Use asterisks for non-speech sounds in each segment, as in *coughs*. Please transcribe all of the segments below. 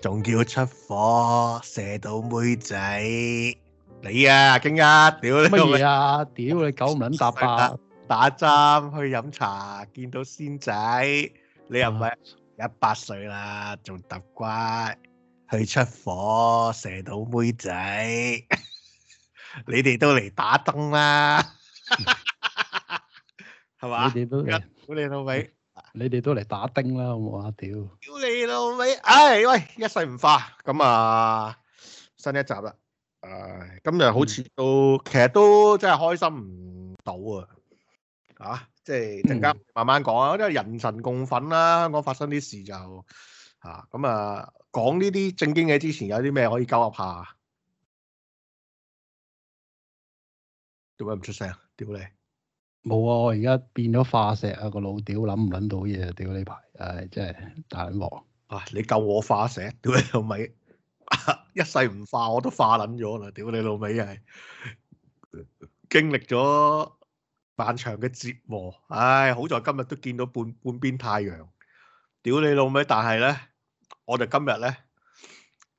仲叫出火射到妹仔，你啊，驚一屌你乜嘢啊？屌你狗唔肯搭八打針去飲茶，見到仙仔，你又咪一百歲啦？仲揼骨去出火射到妹仔，你哋都嚟打燈啦，係嘛？你哋都，你哋都俾。你哋都嚟打丁啦，好冇啊？屌！屌你老味，唉，喂，一世唔化咁啊，新一集啦。唉、哎，今日好似都，嗯、其實都真係開心唔到啊。啊，即係陣間慢慢講啊，嗯、因為人神共憤啦，香港發生啲事就嚇咁啊，啊。講呢啲正經嘅之前，有啲咩可以交合下？點解唔出聲啊？屌你！冇啊！我而家變咗化石啊！個老屌諗唔諗到嘢啊！屌你排！唉、哎，真係大鑊啊、哎！你救我化石屌你老味， *laughs* 一世唔化我都化撚咗啦！屌你老味係 *laughs* 經歷咗漫長嘅折磨。唉、哎，好在今日都見到半半邊太陽。屌你老味，但係咧，我哋今日咧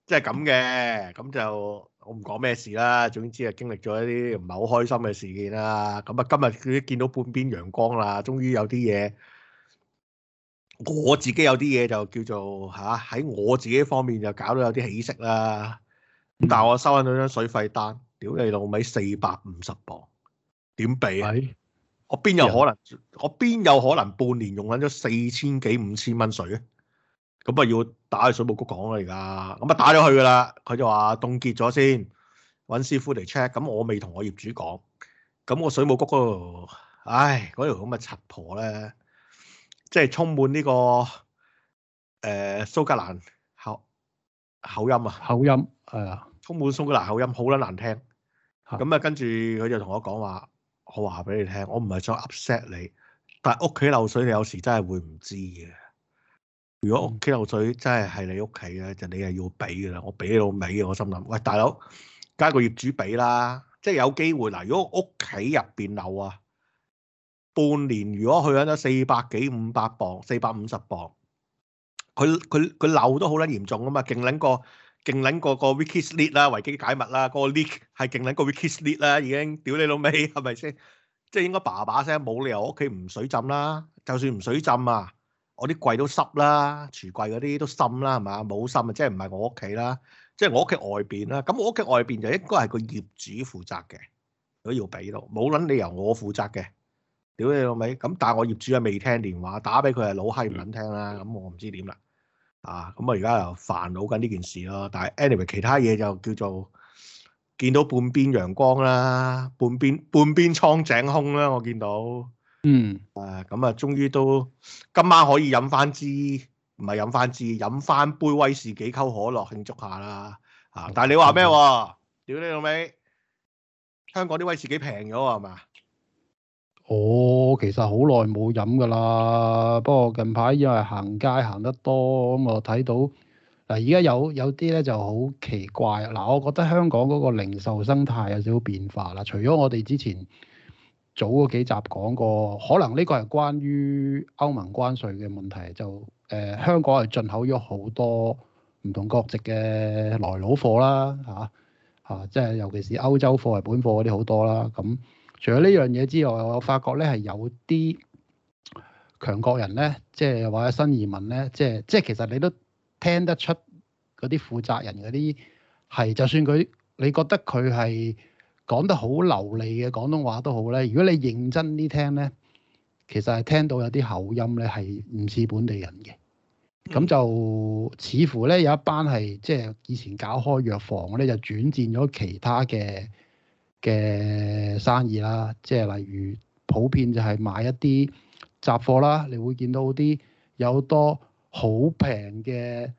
即係咁嘅咁就。我唔講咩事啦，總之係經歷咗一啲唔係好開心嘅事件啦。咁啊，今日佢都見到半邊陽光啦，終於有啲嘢。我自己有啲嘢就叫做嚇喺、啊、我自己方面就搞到有啲起色啦。但係我收緊咗張水費單，屌你老味四百五十磅，點俾的我邊有可能？人我邊有可能半年用緊咗四千幾五千蚊水啊？咁啊，要打去水務局講啦而家，咁啊打咗去噶啦，佢就話凍結咗先，揾師傅嚟 check。咁我未同我業主講，咁我水務局嗰度，唉，嗰條咁嘅柒婆咧，即係充滿呢個誒蘇格蘭口口音啊，口音係啊，充滿蘇格蘭口音，好啦難聽。咁啊的，跟住佢就同我講話，我話俾你聽，我唔係想 upset 你，但係屋企漏水，你有時真係會唔知嘅。如果屋企漏水真係係你屋企咧，就你係要俾噶啦。我俾你老味，我心諗喂，大佬加個業主俾啦。即係有機會嗱，如果屋企入邊漏啊，半年如果去咗四百幾、五百磅、四百五十磅，佢佢佢漏都好捻嚴重啊嘛。勁撚過勁撚過個 Wiki Leak 啦，維基解密啦，嗰個 Leak 係勁撚過 Wiki Leak 啦，已經屌你老味。係咪先？即係應該叭叭聲，冇理由我屋企唔水浸啦。就算唔水浸啊。我啲櫃都濕啦，廚櫃嗰啲都濕啦，係嘛？冇滲啊，即係唔係我屋企啦，即係我屋企外邊啦。咁我屋企外邊就應該係個業主負責嘅，都要俾到。冇撚理由我負責嘅，屌你老味。咁但係我業主啊未聽電話，打俾佢係老閪唔撚聽啦。咁、嗯嗯、我唔知點啦。啊，咁啊而家又煩惱緊呢件事咯。但係 anyway 其他嘢就叫做見到半邊陽光啦，半邊半邊蒼井空啦，我見到。嗯，啊，咁啊，終於都今晚可以飲翻支，唔係飲翻支，飲翻杯威士忌溝可樂慶祝下啦，嚇、啊！但係你話咩喎？屌你老味，嗯、香港啲威士忌平咗喎，係咪啊？我、哦、其實好耐冇飲噶啦，不過近排因為行街行得多，咁我睇到嗱，而家有有啲咧就好奇怪。嗱，我覺得香港嗰個零售生態有少少變化啦。除咗我哋之前。早嗰幾集講過，可能呢個係關於歐盟關稅嘅問題。就誒、呃，香港係進口咗好多唔同國籍嘅來佬貨啦，嚇、啊、嚇，即、啊、係、啊、尤其是歐洲貨、日本貨嗰啲好多啦。咁、嗯、除咗呢樣嘢之外，我發覺咧係有啲強國人咧，即係或者新移民咧，即係即係其實你都聽得出嗰啲負責人嗰啲係，就算佢你覺得佢係。講得好流利嘅廣東話都好咧，如果你認真啲聽咧，其實係聽到有啲口音咧係唔似本地人嘅，咁就似乎咧有一班係即係以前搞開藥房嘅咧，就轉戰咗其他嘅嘅生意啦，即係例如普遍就係買一啲雜貨啦，你會見到啲有多好平嘅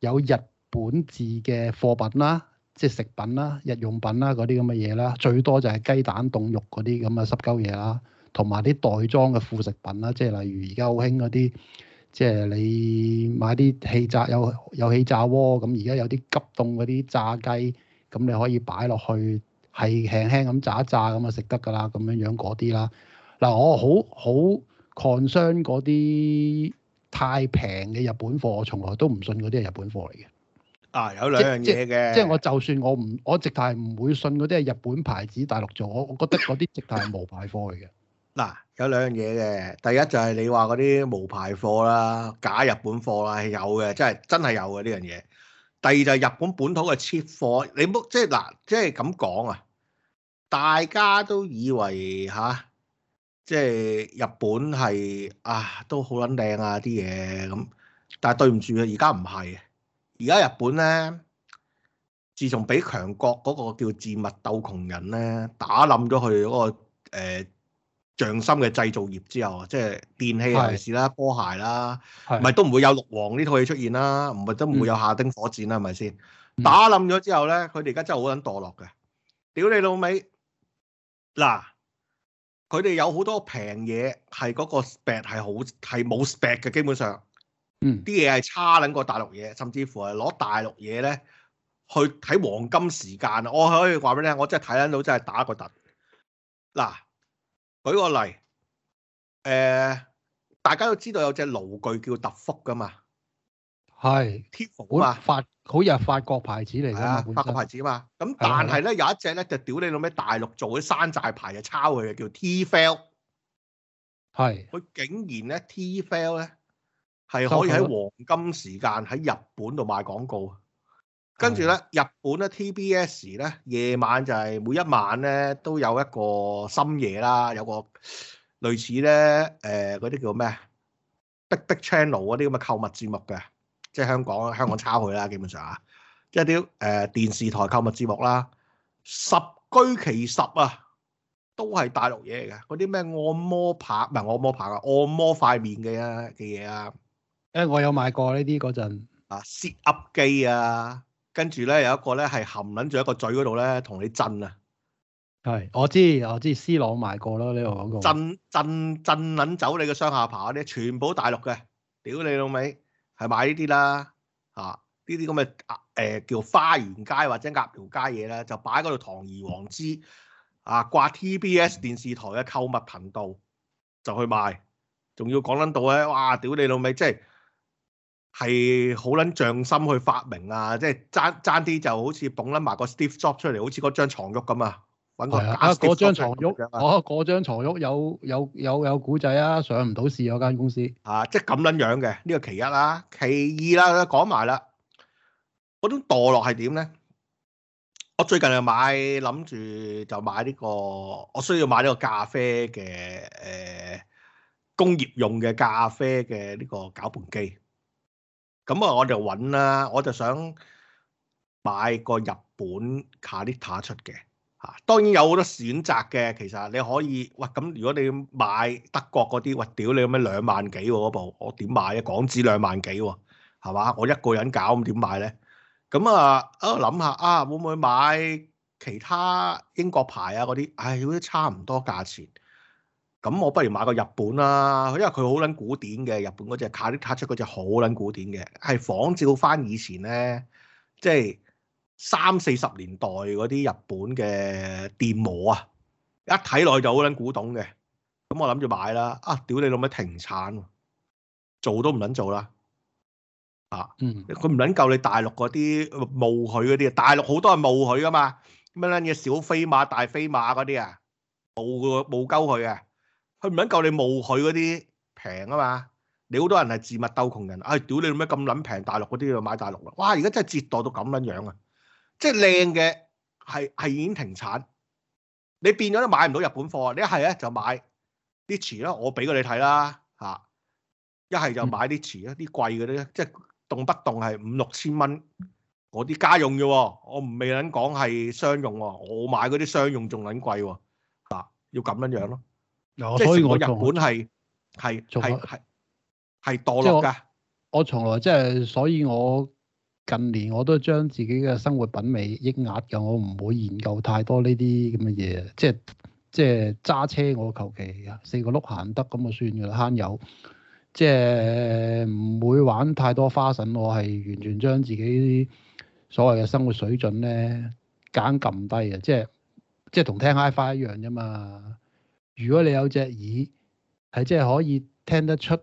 有日本字嘅貨品啦。即係食品啦、日用品啦嗰啲咁嘅嘢啦，最多就係雞蛋、凍肉嗰啲咁嘅濕鳩嘢啦，同埋啲袋裝嘅副食品啦，即係例如而家好興嗰啲，即係你買啲氣炸有有氣炸鍋，咁而家有啲急凍嗰啲炸雞，咁你可以擺落去，係輕輕咁炸一炸咁啊食得㗎啦，咁樣樣嗰啲啦。嗱，我好好 concern 嗰啲太平嘅日本貨，我從來都唔信嗰啲係日本貨嚟嘅。啊，有兩樣嘢嘅，即係我就算我唔，我直頭係唔會信嗰啲係日本牌子大陸做，我我覺得嗰啲直頭係無牌貨嚟嘅。嗱，有兩樣嘢嘅，第一就係你話嗰啲無牌貨啦、假日本貨啦，係有嘅，真係真係有嘅呢樣嘢。第二就係日本本土嘅 cheap 貨，你冇即係嗱，即係咁講啊，大家都以為吓、啊，即係日本係啊都好撚靚啊啲嘢咁，但係對唔住啊，而家唔係。而家日本咧，自從俾強國嗰個叫賤物鬥窮人咧打冧咗佢嗰個呃、匠心嘅製造業之後，即係電器又係啦，波鞋啦，唔係是都唔會有陸王呢套嘢出現啦，唔係都唔會有下町火箭啦，係咪先？打冧咗之後咧，佢哋而家真係好撚墮落嘅。屌你、嗯、老味！嗱，佢哋有多好多平嘢係嗰個 spec 係好係冇 spec 嘅基本上。嗯，啲嘢係差撚過大陸嘢，甚至乎係攞大陸嘢咧去睇黃金時間。我可以話俾你聽，我真係睇撚到真係打一個突。嗱，舉個例，誒，大家都知道有隻爐具叫特福噶嘛，係 Tefal 嘛，法好又係法國牌子嚟㗎嘛，法國牌子啊嘛。咁但係咧有一隻咧就屌你老味，大陸做啲山寨牌就抄佢嘅，叫 Tefal 係。佢竟然咧 Tefal 咧。係可以喺黃金時間喺日本度賣廣告，跟住咧日本咧 TBS 咧夜晚就係每一晚咧都有一個深夜啦，有個類似咧誒嗰啲叫咩啊 Big Big Channel 嗰啲咁嘅購物節目嘅，即係香港香港抄佢啦，基本上啊，即係啲誒電視台購物節目啦，十居其十啊，都係大陸嘢嚟嘅，嗰啲咩按摩拍，唔係按摩拍，啊，按摩塊面嘅嘅嘢啊～誒，我有買過呢啲嗰陣，啊，set up 機啊，跟住咧有一個咧係含捻住一個嘴嗰度咧，同你震啊，係，我知我知，C 朗買過啦。呢個廣告，震震震捻走你個雙下巴嗰啲，全部大陸嘅，屌你老味，係賣呢啲啦，啊，呢啲咁嘅誒叫花園街或者鴨寮街嘢咧，就擺喺嗰度堂而皇之，啊掛 TBS 電視台嘅購物頻道就去賣，仲要講捻到咧，哇，屌你老味，即係。即係好捻匠心去發明啊！即係爭爭啲就好似捧捻埋個 Steve Jobs 出嚟，好似嗰張床褥咁啊！揾個假、啊、s 嗰張、啊、床褥，哦，嗰張床褥有有有有古仔啊！上唔到市嗰間公司。啊，即係咁捻樣嘅呢個其一啦，其二啦，講埋啦，嗰種墮落係點咧？我最近就買諗住就買呢、這個，我需要買呢個咖啡嘅誒、欸、工業用嘅咖啡嘅呢個攪拌機。咁啊，我就揾啦，我就想買個日本卡利塔出嘅吓，當然有好多選擇嘅。其實你可以，哇！咁如果你買德國嗰啲，哇！屌你咁樣兩萬幾嗰、啊、部，我點買啊？港紙兩萬幾，係嘛？我一個人搞，咁點買咧？咁啊，喺度諗下啊，會唔會買其他英國牌啊？嗰啲唉，嗰、哎、啲差唔多價錢。咁我不如買個日本啦，因為佢好撚古典嘅。日本嗰隻卡迪卡出嗰隻好撚古典嘅，係仿照返以前咧，即係三四十年代嗰啲日本嘅電模啊，一睇落去就好撚古董嘅。咁我諗住買啦。啊，屌你老母停產，做都唔撚做啦。啊，嗯，佢唔撚夠你大陸嗰啲冒佢嗰啲，大陸好多人冒佢噶嘛，咩撚嘢小飛馬、大飛馬嗰啲啊，冇個冒鳩佢啊。冒冒佢唔肯夠你，冇佢嗰啲平啊嘛！你好多人係自物鬥窮人，哎屌你做咩咁撚平？大陸嗰啲要買大陸啦！哇！而家真係折墮到咁撚樣啊！即係靚嘅係係已經停產，你變咗都買唔到日本貨啊！你一係咧就買啲瓷啦，我俾過你睇啦嚇。一係就買啲瓷咯，啲貴嗰啲即係動不動係五六千蚊，嗰啲家用嘅喎，我唔未撚講係商用喎。我買嗰啲商用仲撚貴喎，要咁樣樣咯。所以我日本係係係係墮落噶。我從來即係，所以我近年我都將自己嘅生活品味抑壓嘅，我唔會研究太多呢啲咁嘅嘢。即係即係揸車我，我求其四個轆行得咁就算嘅慳油。即係唔會玩太多花神，我係完全將自己所謂嘅生活水準咧減撳低啊！即係即係同聽 Hi-Fi 一樣啫嘛。如果你有隻耳，係即係可以聽得出，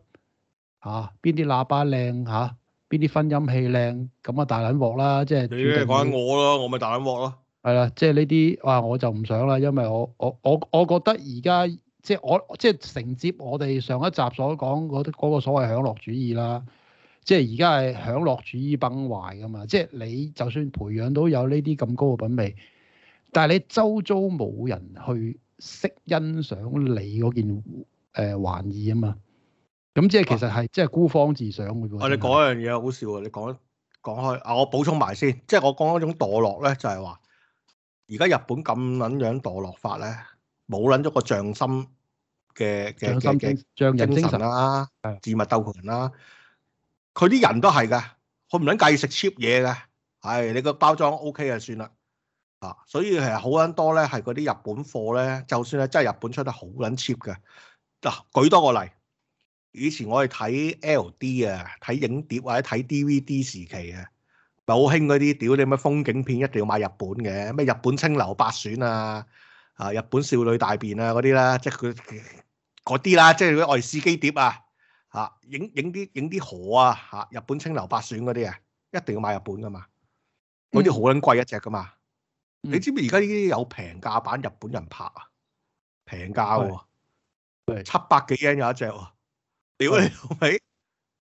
啊邊啲喇叭靚吓，邊、啊、啲分音器靚，咁啊大撚鑊啦，即係你咧講我咯，我咪大撚鑊咯。係啦，即係呢啲哇，我就唔想啦，因為我我我我覺得而家即係我即係承接我哋上一集所講嗰嗰個所謂享樂主義啦，即係而家係享樂主義崩壞噶嘛，即係你就算培養到有呢啲咁高嘅品味，但係你周遭冇人去。識欣賞你嗰件誒、呃、玩意啊嘛，咁即係其實係、啊、即係孤芳自賞嘅、啊、你講樣嘢好笑啊！你講講開啊，我補充埋先，即係我講一種墮落咧，就係話而家日本咁撚樣墮落法咧，冇撚咗個匠心嘅嘅嘅匠心精，匠人精神啦，神啊、的自力鬥窮啦、啊，佢啲人都係㗎，佢唔撚介意食 cheap 嘢㗎，係、哎、你個包裝 OK 就算啦。啊，所以其實好捻多咧，係嗰啲日本貨咧，就算係真係日本出得好捻 cheap 嘅嗱，舉多個例，以前我哋睇 LD 啊，睇影碟或者睇 DVD 時期啊，咪好興嗰啲屌你乜風景片一、啊啊啊啊，一定要買日本嘅，咩日本清流百選啊，啊日本少女大便啊嗰啲啦，即係佢嗰啲啦，即係外視機碟啊，吓影影啲影啲河啊，吓日本清流百選嗰啲啊，一定要買日本噶嘛，嗰啲好捻貴一隻噶嘛。嗯你知唔知而家呢啲有平價版日本人拍啊？平價喎，七百幾蚊有一隻喎，屌是你老味！是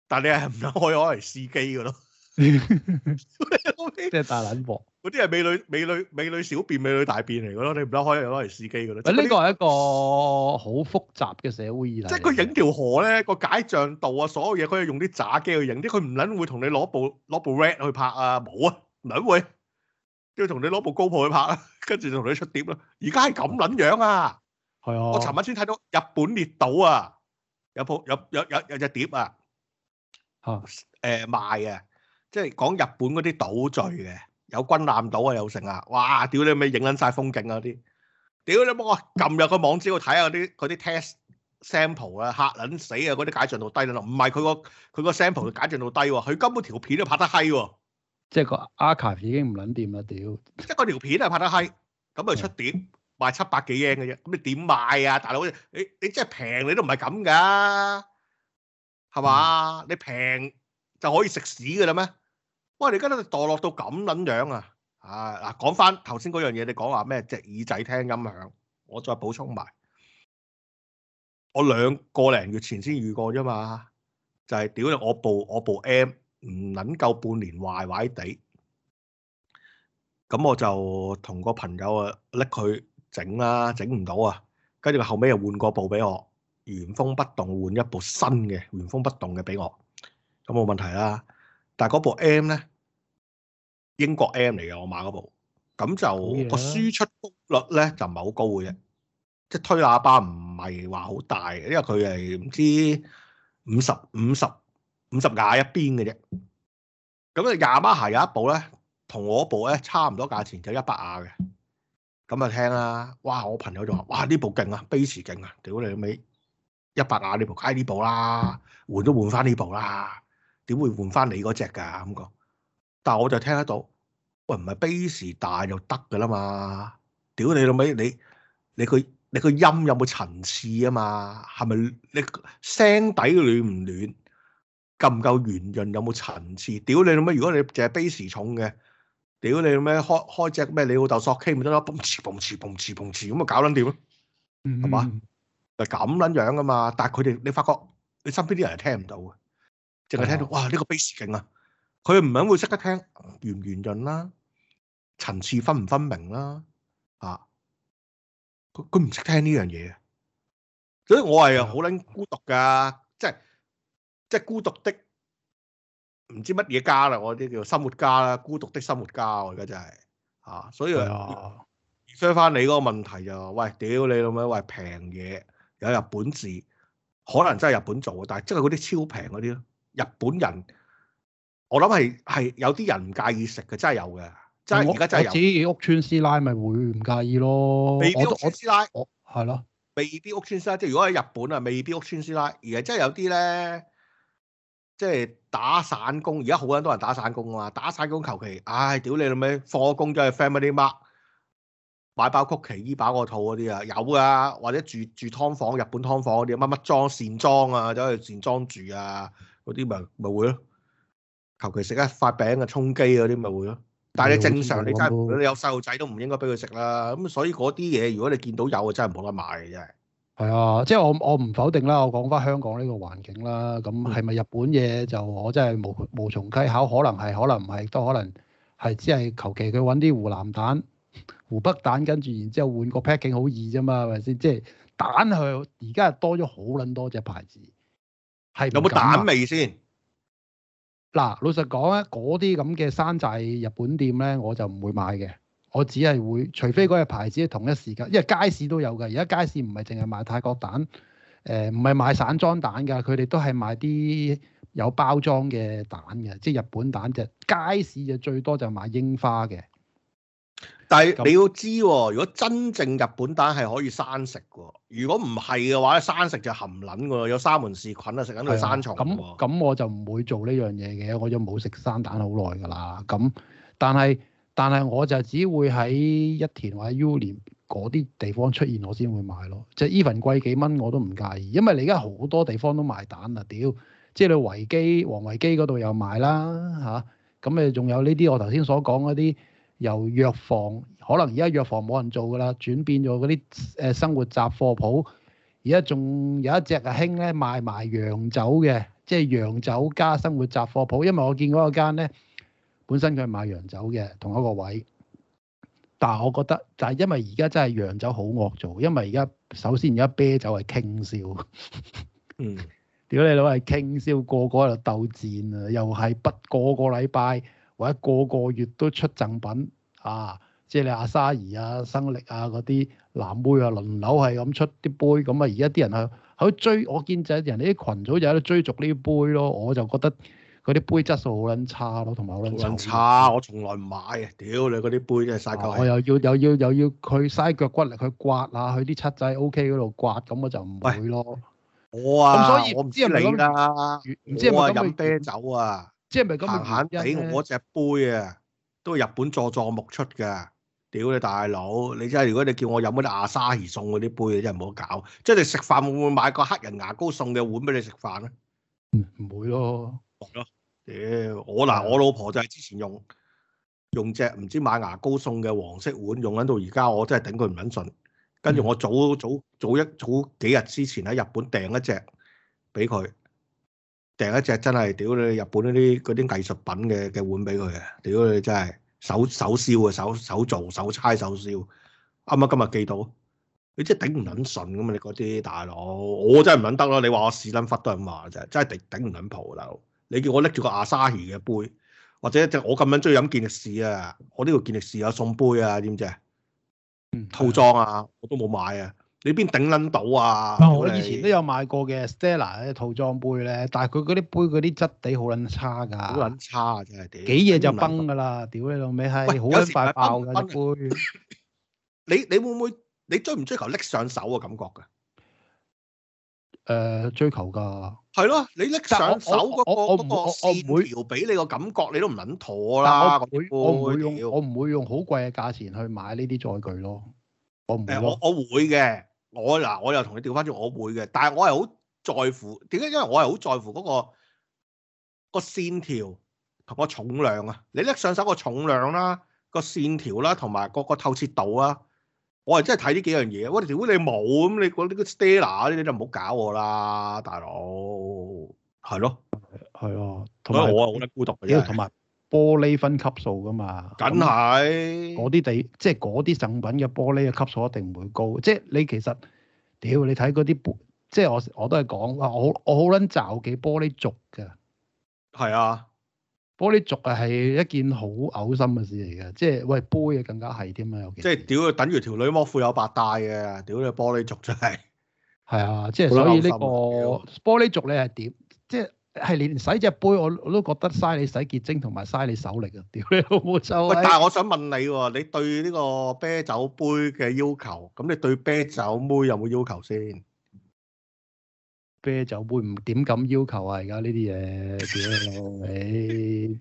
但你係唔得可以攞嚟試機噶咯？ *laughs* 你即係大卵博，嗰啲係美女、美女、美女小便美女大便嚟噶咯，你唔得可以攞嚟試機噶咯。呢個係一個好複雜嘅社會議題。即係佢影條河咧，個解像度啊，所有嘢佢係用啲炸機去影啲，佢唔卵會同你攞部攞部 RED 去拍啊，冇啊，唔卵會。都要同你攞部 GoPro 去拍啦，跟住同你出碟啦。而家係咁撚樣啊，係啊的。我尋日先睇到日本列島啊，有部有有有有隻碟啊，誒、啊呃、賣嘅，即係講日本嗰啲島嶼嘅，有軍艦島啊，有成啊。哇！屌你咪影緊晒風景啊啲。屌你幫我撳入個網址去睇下啲嗰啲 test sample 啊，嚇撚死啊！嗰啲解像度低啦，唔係佢個佢個 sample 解像度低喎，佢根本條片都拍得閪喎。即係個 arker 已經唔撚掂啦，屌！即係嗰條片係拍得閪，咁咪出碟賣七百幾英嘅啫，咁你點賣啊，大佬？你你即係平你都唔係咁㗎，係嘛？你平就可以食屎㗎啦咩？喂，你而家都墮落到咁撚樣啊！啊嗱，講翻頭先嗰樣嘢，你講話咩隻耳仔聽音響，我再補充埋，我兩個零月前先遇過啫嘛，就係屌我部我部 M。唔能夠半年壞壞地，咁我就同個朋友啊拎佢整啦，整唔到啊，跟住佢後尾又換過部俾我，原封不動換一部新嘅原封不動嘅俾我，咁冇問題啦。但係嗰部 M 咧，英國 M 嚟嘅，我買嗰部，咁就個輸出功率咧就唔係好高嘅啫，即係推喇叭唔係話好大嘅，因為佢係唔知五十五十。五十瓦一邊嘅啫，咁你亞馬鞋有一部咧，同我部咧差唔多價錢，就一百瓦嘅。咁啊，聽啦，哇！我朋友就話：哇，呢部勁啊，base 勁啊，屌你老味。一百瓦呢部，唉呢部啦，換都換翻呢部啦，點會換翻你嗰隻㗎？咁講。但係我就聽得到，喂，唔係 base 大就得㗎啦嘛？屌你老味。你你個你個音有冇層次啊？嘛係咪你聲底暖唔暖？夠唔夠圓潤，有冇層次？屌你老咩！如果你淨係 base 重嘅，屌你老咩！開開隻咩你老豆索 K 咪得咯，嘣刺嘣刺嘣刺嘣刺咁啊搞捻掂咯，係嘛？係咁捻樣噶嘛？但係佢哋你發覺你身邊啲人係聽唔到嘅，淨係聽到、嗯、哇呢、這個 base 勁啊！佢唔肯會識得聽圓唔圓潤啦，層次分唔分明啦，啊！佢佢唔識聽呢樣嘢嘅，所以我係好捻孤獨噶，即、就、係、是。就是即係孤獨的唔知乜嘢家啦，我啲叫生活家啦，孤獨的生活家，我而家真係嚇，所以啊，而衰翻你嗰個問題就，喂，屌你老味，喂平嘢有日本字，可能真係日本做，但係即係嗰啲超平嗰啲咯，日本人，我諗係係有啲人唔介意食嘅，真係有嘅，真係而家真係有。我自己屋村師奶咪會唔介意咯。未必我師奶，我係咯，未必屋村師奶，即係如果喺日本啊，未必屋村師奶，而係真係有啲咧。即係打散工，而家好多人打散工啊嘛。打散工求其，唉，屌你老味，放工走去 FamilyMart 買包曲奇，醫飽個肚嗰啲啊有啊，或者住住劏房、日本劏房嗰啲乜乜裝、善裝啊，走去善裝住啊，嗰啲咪咪會咯。求其食一塊餅啊，充飢嗰啲咪會咯。但係你正常你真係，你有細路仔都唔應該俾佢食啦。咁所以嗰啲嘢，如果你見到有，真係冇得買嘅，真係啊，即係我我唔否定啦，我講翻香港呢個環境啦，咁係咪日本嘢就我真係無無從稽考，可能係，可能唔係，都可能係只係求其佢揾啲湖南蛋、湖北蛋跟，跟住然之後換個 packing 好易啫嘛，係咪先？即係蛋係而家係多咗好撚多隻牌子，係有冇蛋味先？嗱，老實講咧，嗰啲咁嘅山寨日本店咧，我就唔會買嘅。我只係會，除非嗰隻牌子同一時間，因為街市都有㗎。而家街市唔係淨係賣泰國蛋，誒唔係賣散裝蛋㗎，佢哋都係賣啲有包裝嘅蛋嘅，即係日本蛋啫。街市就最多就買櫻花嘅。但係咁樣你要知喎、哦，如果真正日本蛋係可以生食嘅喎，如果唔係嘅話，生食就含撚㗎喎，有沙門氏菌啊、嗯，食緊佢生蟲㗎喎。咁咁我就唔會做呢樣嘢嘅，我就冇食生蛋好耐㗎啦。咁但係。但係我就只會喺一田或者 U 連嗰啲地方出現，我先會買咯。即係依份貴幾蚊我都唔介意，因為你而家好多地方都賣蛋啦，屌！即係你維基、黃維基嗰度又賣啦，嚇、啊！咁你仲有呢啲我頭先所講嗰啲由藥房，可能而家藥房冇人做㗎啦，轉變咗嗰啲誒生活雜貨鋪。而家仲有一隻啊，興咧賣埋洋酒嘅，即係洋酒加生活雜貨鋪。因為我見嗰個間咧。本身佢係賣洋酒嘅，同一個位，但係我覺得，但係因為而家真係洋酒好惡做，因為而家首先而家啤酒係傾銷，嗯，屌 *laughs* 你老味傾銷個個喺度鬥戰啊，又係不個個禮拜或者個個月都出贈品啊，即係你阿沙爾啊、生力啊嗰啲藍杯啊，輪流係咁出啲杯，咁啊而家啲人係好追，我見就人哋啲群組就喺度追逐呢杯咯，我就覺得。嗰啲杯質素好撚差咯，同埋好撚差。差啊、差我從來唔買啊！屌你嗰啲杯真係嘥舊。我又要又要又要佢嘥腳骨嚟去刮啊！去啲七仔 OK 嗰度刮，咁我就唔會咯、哎。我啊，所以我唔知你啦，唔知係咪咁我飲、啊、啤酒啊，即係咪咁？閒閒我隻杯啊，都係日本佐佐木出嘅。屌你大佬，你真係如果你叫我飲嗰啲阿莎而送嗰啲杯，你真係唔好搞。即係你食飯會唔會買個黑人牙膏送嘅碗俾你食飯咧？唔、嗯、會咯。咯，屌、yeah,！我嗱我老婆就係之前用用隻唔知買牙膏送嘅黃色碗，用緊到而家，我真係頂佢唔撚順。跟住我早早早一早幾日之前喺日本訂一隻俾佢，訂一隻真係屌你！日本嗰啲嗰啲藝術品嘅嘅碗俾佢嘅，屌你真係手手燒啊手手做手搓手燒，啱啱今日寄到，你真係頂唔撚順咁嘛？你嗰啲大佬，我真係唔撚得咯！你話我屎捻忽都咁話啫，真係頂頂唔撚蒲大佬。你叫我拎住個 Asahi 嘅杯，或者即我咁樣鍾意飲健力士啊！我呢度健力士有、啊、送杯啊，點啫？嗯，套裝啊，我都冇買啊！你邊頂撚到啊？我以前都有買過嘅 Stella 嘅套裝杯咧，但係佢嗰啲杯嗰啲質地好撚差㗎，好撚差啊！真係幾嘢就崩㗎啦！屌你老味，閪，好快爆㗎啲杯。 *laughs* 你你會唔會你追唔追求拎上手嘅感覺㗎？誒、呃，追求㗎。係咯，你拎上手嗰個嗰個線條俾你個感覺，你都唔捻妥啦。我唔會用，我唔會用好貴嘅價錢去買呢啲載具咯。我唔會。欸，我我會嘅，我嗱我又同你調翻轉，我會嘅。但係我係好在乎，點解？因為我係好在乎嗰個個線條同個重量啊。你拎上手個重量啦，個線條啦，同埋個個透徹度啊。我係真係睇呢幾樣嘢。喂，如果你冇咁，你嗰啲個 Stella 嗰你就唔好搞我啦！大佬係咯，係啊，同埋我啊好得孤獨嘅，同埋且玻璃分級數噶嘛，梗係嗰啲地即係嗰啲贈品嘅玻璃嘅級數一定唔會高，即係你其實屌你睇嗰啲，即係我我都係講啊，我我好撚紮幾玻璃族㗎，係啊。玻璃族啊，係一件好嘔心嘅事嚟㗎，即係喂杯啊更加係添啊，尤其即係屌佢等於條女摸富有白帶嘅，屌你玻璃族真係係啊，即係所以呢個玻璃族咧係點？即係係連洗隻杯我我都覺得嘥你洗潔精同埋嘥你手力啊，屌你老母臭！喂，但係我想問你喎，你對呢個啤酒杯嘅要求，咁你對啤酒妹有冇要求先？啤酒妹唔點敢要求啊！而家呢啲嘢，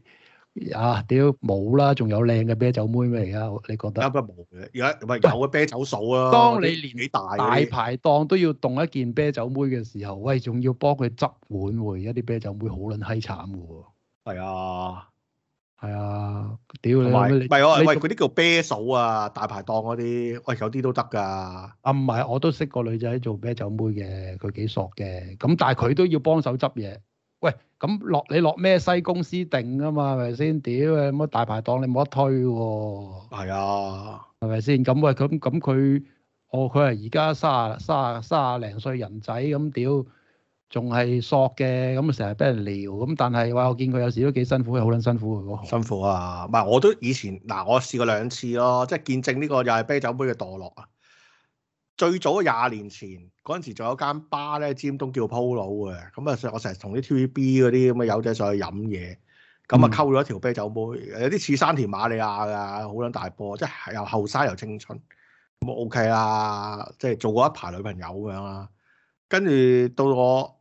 你啊屌冇啦，仲有靚嘅啤酒妹咩？而家你覺得？啊，冇嘅，而家唔有嘅啤酒數啊！當你連起大大排檔都要凍一件啤酒妹嘅時候，喂，仲要幫佢執碗，而家啲啤酒妹好撚閪慘嘅喎。係啊、哎。係啊，屌你！唔係我話喂，嗰啲喂喂叫啤酒啊，大排檔嗰啲，喂有啲都得噶。啊唔係，我都識個女仔做啤酒妹嘅，佢幾索嘅。咁但係佢都要幫手執嘢。喂，咁落你落咩西公司定啊嘛？係咪先？屌，咁啊大排檔你冇得推喎。係啊，係咪先？咁喂咁咁佢，哦佢係而家卅卅卅零歲人仔咁屌。仲係索嘅，咁啊成日俾人撩，咁但係話我見佢有時都幾辛苦，又好撚辛苦嘅辛苦啊，唔係我都以前嗱、啊，我試過兩次咯，即係見證呢個又係啤酒妹嘅墮落啊！最早廿年前嗰陣時，仲有間巴咧，尖東叫 Polo 嘅，咁啊，我成日同啲 TVB 嗰啲咁嘅友仔上去飲嘢，咁啊溝咗一條啤酒妹，嗯、有啲似山田瑪利亞㗎，好撚大波，即係又後生又青春，咁啊 OK 啦，即係做過一排女朋友咁樣啦，跟住到我。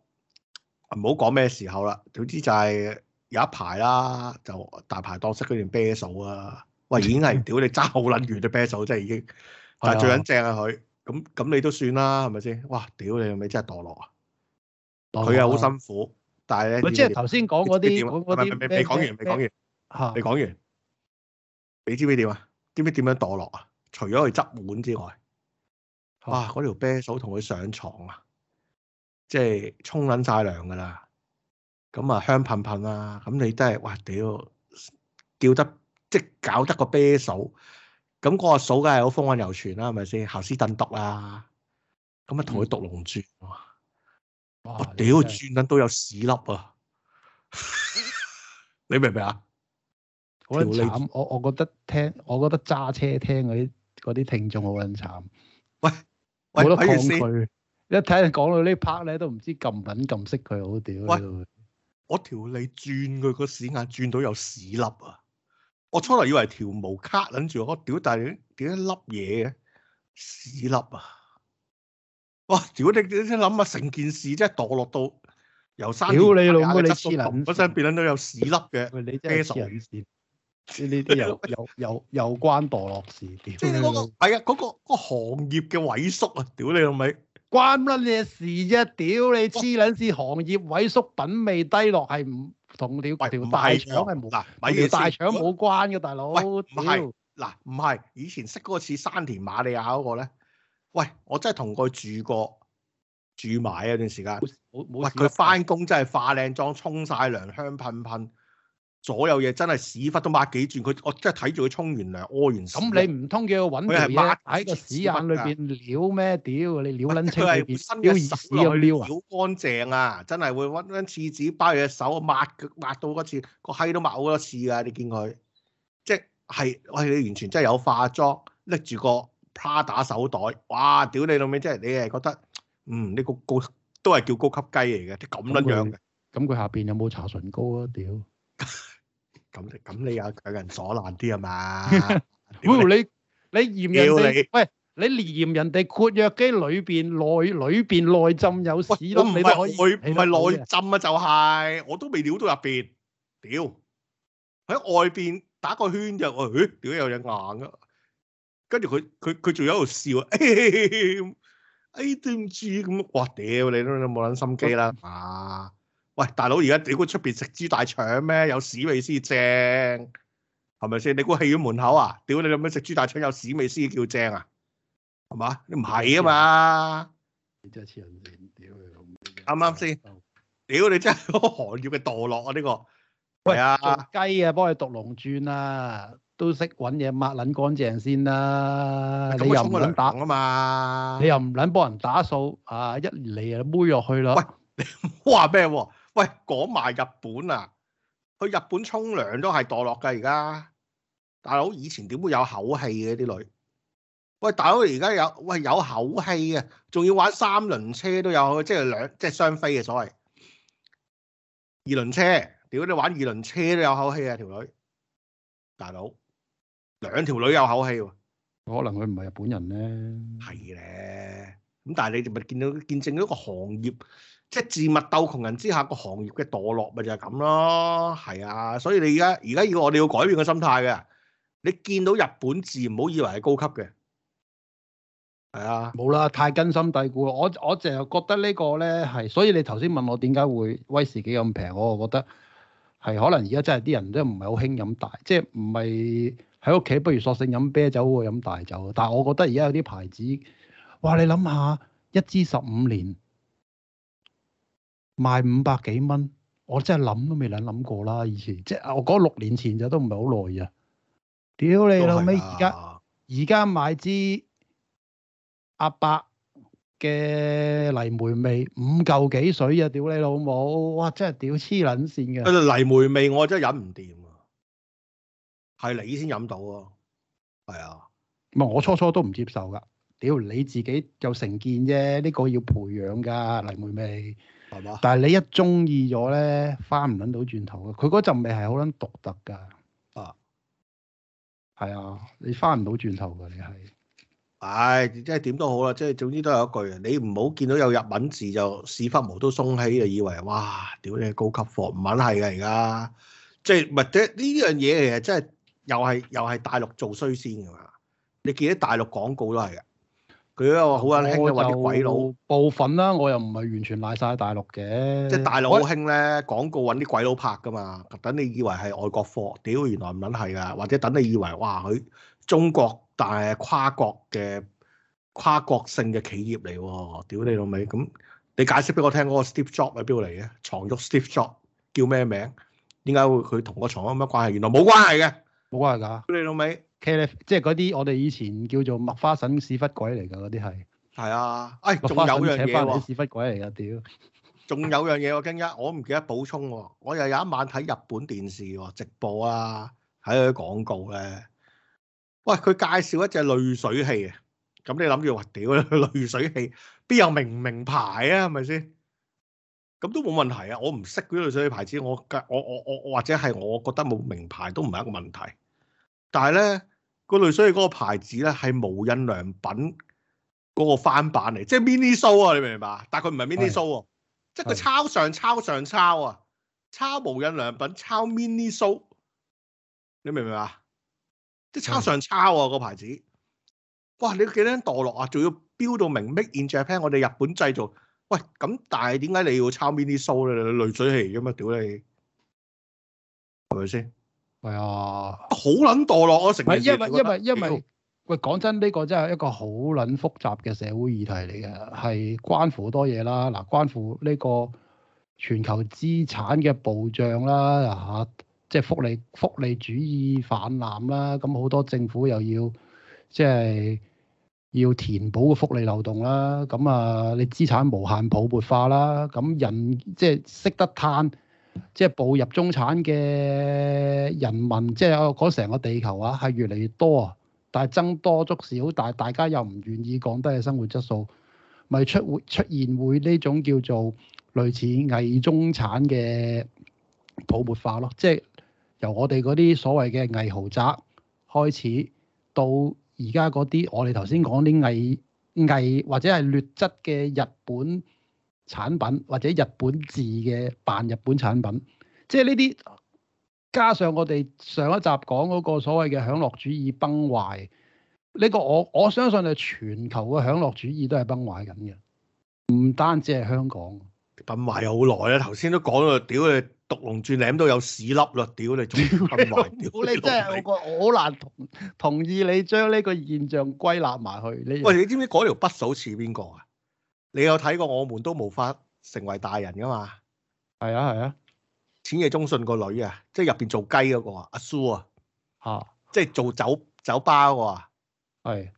唔好講咩時候啦，總之就係有一排啦，就大排檔識嗰段啤酒啊，喂已經係屌你揸好撚完嘅啤酒，真係已經，但係最緊正係佢，咁咁你都算啦，係咪先？哇，屌你係咪真係墮落啊！佢又好辛苦，但係咧，即係頭先講嗰啲，未未講完，未講完吓，未講完，你知唔知點啊？知唔知點樣墮落啊？除咗去執碗之外，哇，嗰條啤酒同佢上床啊！即係沖捻晒涼噶啦，咁啊香噴噴啊，咁你都係哇屌叫得即係搞得個啤嫂，咁、那、嗰個嫂梗係好風韻猶存啦，係咪先？姣屍扽篤啦，咁啊同佢讀龍珠哇，屌，轉捻都有屎粒啊！你， *laughs* 你明唔明啊？好慘，我我覺得聽我覺得揸車聽嗰啲嗰啲聽眾好慘喂，喂，冇得抗拒。一睇你講到呢 part 咧，都唔知撳品撳識佢好屌。喂，我條脷轉佢個屎眼轉到有屎粒啊！我初頭以為條毛卡，諗住我屌，但係點一粒嘢嘅屎粒啊！哇，屌你！一諗下，成件事即係墮落到由屌你老母你黐線，我身邊諗到有屎粒嘅，你真係你呢啲有又又又關墮落事？即係嗰個哎啊，嗰個個行業嘅萎縮啊！屌你老味！關乜嘢事啫、啊？屌你黐捻線！哇行業萎縮、品味低落，係唔同條條大腸係冇，條大腸冇關嘅、啊，大佬。喂，唔係嗱，唔係以前識嗰個似山田瑪利亞嗰個咧？喂，我真係同佢住過，住埋啊段時間。冇冇佢翻工真係化靚妝，沖晒涼，香噴噴。所有嘢真係屎忽都抹幾轉，佢我真係睇住佢沖完涼，屙完屎。咁你唔通叫佢搵？佢係抹喺個屎眼裏邊撩咩？屌你了了！撩捻清佢，佢係伸隻手去撩啊！撩乾淨啊！真係會搵張廁紙包住隻手抹，抹到嗰次個閪都抹好多次啊！你見佢即係我係你完全真係有化妝，拎住個 Prada 手袋，哇！屌你老味，真係你係覺得嗯呢個高都係叫高級雞嚟嘅，啲咁捻樣嘅。咁佢下邊有冇搽唇膏啊？屌！咁咁 *laughs* 你有強人所難啲啊嘛？你 *laughs* *laughs* 你嫌人 *laughs* 喂，你嫌人哋括約肌裏邊內裏邊內，內浸有屎卵，你都唔係內浸啊，就係我都未撩到入邊，屌喺外邊打個圈就話咦，有人硬嘅？跟住佢佢佢仲喺度笑，哎，對唔住，咁？哇屌你都冇捻心機啦嘛！喂，大佬，而家你估出邊食豬大腸咩？有屎味先正，係咪先？你估戲院門口啊？屌你諗咩食豬大腸有屎味先叫正啊？係嘛？你唔係啊嘛？你真係黐人線，屌你老味啱啱先？屌你真係個行業嘅墮落啊！呢、這個喂雞啊，做雞啊，幫佢毒龍轉啦，都識搵嘢抹捻乾淨先啦。你又唔捻打啊嘛？你又唔捻幫人打掃啊？一嚟啊，黐落去啦！喂，你話咩？喂，講埋日本啊！去日本沖涼都係墮落㗎，而家大佬以前點會有口氣嘅啲女？喂，大佬，而家有喂有口氣啊，仲要玩三輪車都有，即係兩即係雙飛嘅所謂二輪車。屌你玩二輪車都有口氣啊，條女！大佬兩條女有口氣喎，可能佢唔係日本人咧，係咧。咁但係你哋咪見到見證咗個行業？即係自物鬥窮人之下，個行業嘅墮落咪就係咁咯，係啊，所以你而家而家要我哋要改變個心態嘅。你見到日本字唔好以為係高級嘅，係啊，冇啦，太根深蒂固啦。我我淨係覺得呢個咧係，所以你頭先問我點解會威士忌咁平，我啊覺得係可能而家真係啲人都唔係好興飲大，即係唔係喺屋企不如索性飲啤酒會飲大酒。但係我覺得而家有啲牌子，哇！你諗下一支十五年。賣五百幾蚊，我真係諗都未諗諗過啦。以前即係我講六年前，就都唔係好耐呀。屌你老尾，而家而家買支阿伯嘅泥梅味五嚿幾水呀！屌你老母，哇真係屌黐撚綫嘅。泥梅味我真係忍唔掂啊，係你先飲到啊，係啊，唔係我初初都唔接受噶。屌你自己有成見啫，呢個要培養噶泥梅味。但係你一中意咗咧，翻唔捻到轉頭嘅。佢嗰陣味係好捻獨特噶。啊，係啊，你翻唔到轉頭噶，你係。唉、哎，即係點都好啦，即係總之都有一句啊。你唔好見到有日文字就屎忽毛都鬆起，就以為哇，屌你係高級貨，唔捻係噶而家。即係唔係即係呢樣嘢，其實真係又係又係大陸做衰先噶嘛。你見啲大陸廣告都係嘅。佢又話好興，又揾啲鬼佬部分啦，我又唔係完全賴曬大陸嘅。即係大陸好興咧，廣告揾啲鬼佬拍噶嘛。等你以為係外國貨，屌原來唔撚係噶。或者等你以為哇，佢中國大跨國嘅跨國性嘅企業嚟喎，屌你老味。咁、嗯、你解釋俾我聽，嗰、那個 Steve Jobs 係邊度嚟嘅？藏族 Steve Jobs 叫咩名？點解會佢同個藏有乜關係？原來冇關係嘅，冇關係㗎。屌你老味。care 咧，即係嗰啲我哋以前叫做麥花臣屎忽鬼嚟㗎，嗰啲係係啊，誒仲有樣嘢喎，麥花臣扯翻起屎忽鬼嚟啊屌！仲有樣嘢喎，晶一，我唔記得補充喎，我又有一晚睇日本電視喎，直播啊，睇嗰啲廣告咧，喂，佢介紹一隻濾水器啊，咁你諗住話屌濾水器邊有名唔名牌啊？係咪先？咁都冇問題啊，我唔識嗰啲濾水器牌子，我我我我我或者係我覺得冇名牌都唔係一個問題，但係咧。個濾水器嗰個牌子咧係無印良品嗰個翻版嚟，即係 mini show 啊！你明唔明白啊？但係佢唔係 mini show 喎，即係佢抄上抄上抄啊！抄無印良品，抄 mini show，你明唔明啊？即係抄上抄啊！個牌子，哇！你幾撚墮落啊？仲要標到明 make in Japan，我哋日本製造。喂，咁但係點解你要抄 mini show 咧？濾水器咁啊！屌你，係咪先？係啊，好撚墮落我成。唔因為因為因為喂，講真呢個真係一個好撚複雜嘅社會議題嚟嘅，係關乎好多嘢啦。嗱，關乎呢個全球資產嘅暴漲啦，啊，即係福利福利主義泛濫啦。咁好多政府又要即係要填補個福利漏洞啦。咁啊，你資產無限普遍化啦。咁人即係識得嘆。即係步入中產嘅人民，即係嗰成個地球啊，係越嚟越多啊，但係增多足少，但係大家又唔願意降低嘅生活質素，咪出會出現會呢種叫做類似偽中產嘅泡沫化咯。即係由我哋嗰啲所謂嘅偽豪宅開始，到而家嗰啲我哋頭先講啲偽偽或者係劣質嘅日本產品或者日本字嘅扮日本產品，即係呢啲加上我哋上一集講嗰個所謂嘅享樂主義崩壞，呢個我我相信係全球嘅享樂主義都係崩壞緊嘅，唔單止係香港。崩壞咗好耐啦，頭先都講咗屌你獨龍轉嶺都有屎粒啦，屌你仲要崩壞。屌 *laughs* 你真係 *laughs* 我我好難同同意你將呢個現象歸納埋去。你喂，你知唔知嗰條筆數似邊個啊？你有睇過？我們都無法成為大人噶嘛？係啊係啊，淺野忠信個女啊，女即係入邊做雞嗰、那個蘇啊，阿蘇啊，吓，即係做酒酒吧嗰、那個啊，係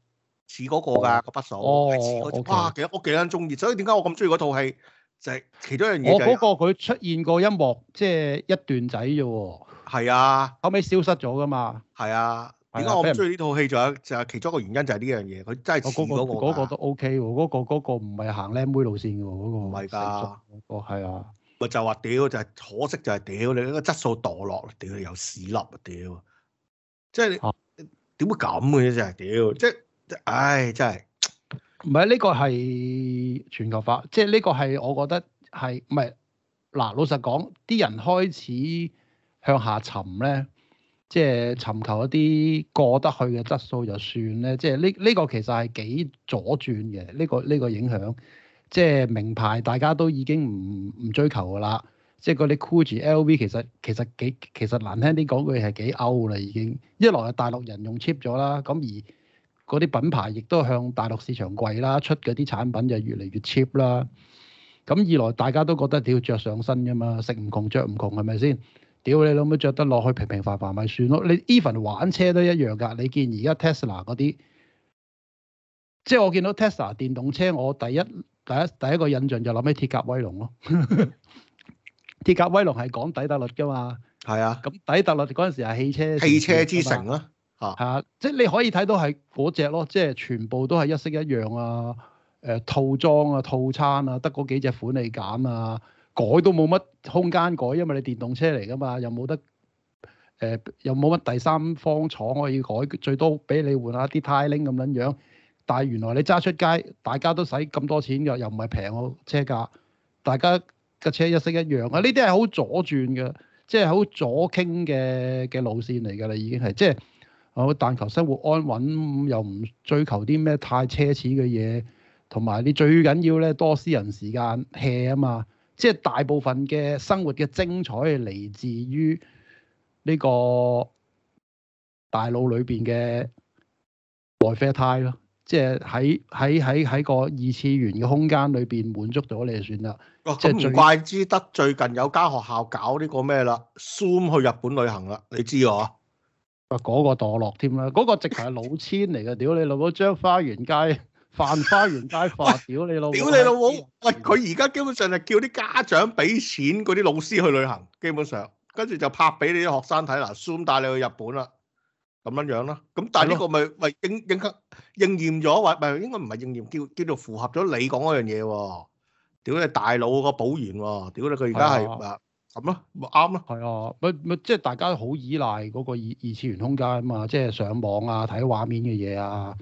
似嗰個噶個筆數，似嗰哇幾我幾撚中意，所以點解我咁中意嗰套戲？就係、是、其中一樣嘢、就是。我嗰個佢出現過一幕，即、就、係、是、一段仔咋喎。係啊，後尾消失咗噶嘛。係啊。點解我唔中意呢套戲？仲有，就係其中一個原因就，就係呢樣嘢，佢真係遲咗。嗰個都 OK 喎，嗰個嗰個唔係行靚妹路線嘅喎，嗰個唔係㗎。哦，係啊，咪就話屌，就係可惜，就係屌你個質素墮落，屌又屎粒，屌，即係點會咁嘅嘢啫？屌，即係唉，真係唔係呢個係全球化，即係呢個係我覺得係唔係嗱？老實講，啲人開始向下沉咧。即係尋求一啲過得去嘅質素就算咧，即係呢呢個其實係幾左轉嘅呢個呢個影響。即係名牌大家都已經唔唔追求噶啦，即係嗰啲 Gucci LV 其實其實幾其，其實難聽啲講句係幾歐啦已經。一來係大陸人用 cheap 咗啦，咁而嗰啲品牌亦都向大陸市場貴啦，出嗰啲產品就越嚟越 cheap 啦。咁二來大家都覺得你要着上身噶嘛，食唔窮着唔窮係咪先？是屌你老母着得落去平平凡凡咪算咯！你 even 玩車都一樣㗎。你見而家 Tesla 嗰啲，即係我見到 Tesla 電動車，我第一第一第一，第一個印象就諗起鐵甲威龍咯。鐵 *laughs* 甲威龍係講底特律㗎嘛？係啊。咁底特律嗰陣時係汽車事事汽車之城咯。嚇！係啊，啊即係你可以睇到係嗰隻咯，即係全部都係一式一樣啊，誒、呃、套裝啊、套餐啊，得嗰幾隻款你揀啊。改都冇乜空間改，因為你電動車嚟噶嘛，又冇得誒、呃，又冇乜第三方廠可以改，最多俾你換下啲呔鈴咁撚樣。但係原來你揸出街，大家都使咁多錢嘅，又唔係平我車價。大家嘅車一式一樣啊，呢啲係好左轉嘅，即係好左傾嘅嘅路線嚟㗎啦，已經係即係我、哦、但求生活安穩，又唔追求啲咩太奢侈嘅嘢，同埋你最緊要咧多私人時間 hea 啊嘛～即係大部分嘅生活嘅精彩係嚟自於呢個大腦裏邊嘅外啡肽咯，即係喺喺喺喺個二次元嘅空間裏邊滿足到你就算啦。哦，咁唔怪之得最近有間學校搞呢個咩啦，Zoom 去日本旅行啦，你知㗎？嗱，嗰個墮落添啦，嗰、嗰個直頭係老千嚟嘅，屌 *laughs* 你老母張花園街！繁花如街，煩喂！屌你老，屌你老母！喂，佢而家基本上係叫啲家長俾錢嗰啲老師去旅行，基本上跟住就拍俾你啲學生睇啦。Zoom 帶你去日本啦，咁樣樣啦。咁但係呢個咪咪應應應驗咗，或咪應該唔係應驗，叫叫做符合咗你講嗰樣嘢喎。屌你大佬個保研喎，屌你！佢而家係啊咁咯，咪啱咯，係啊，咪咪即係大家好依賴嗰個二二次元空間啊嘛，即係上網啊，睇畫面嘅嘢啊。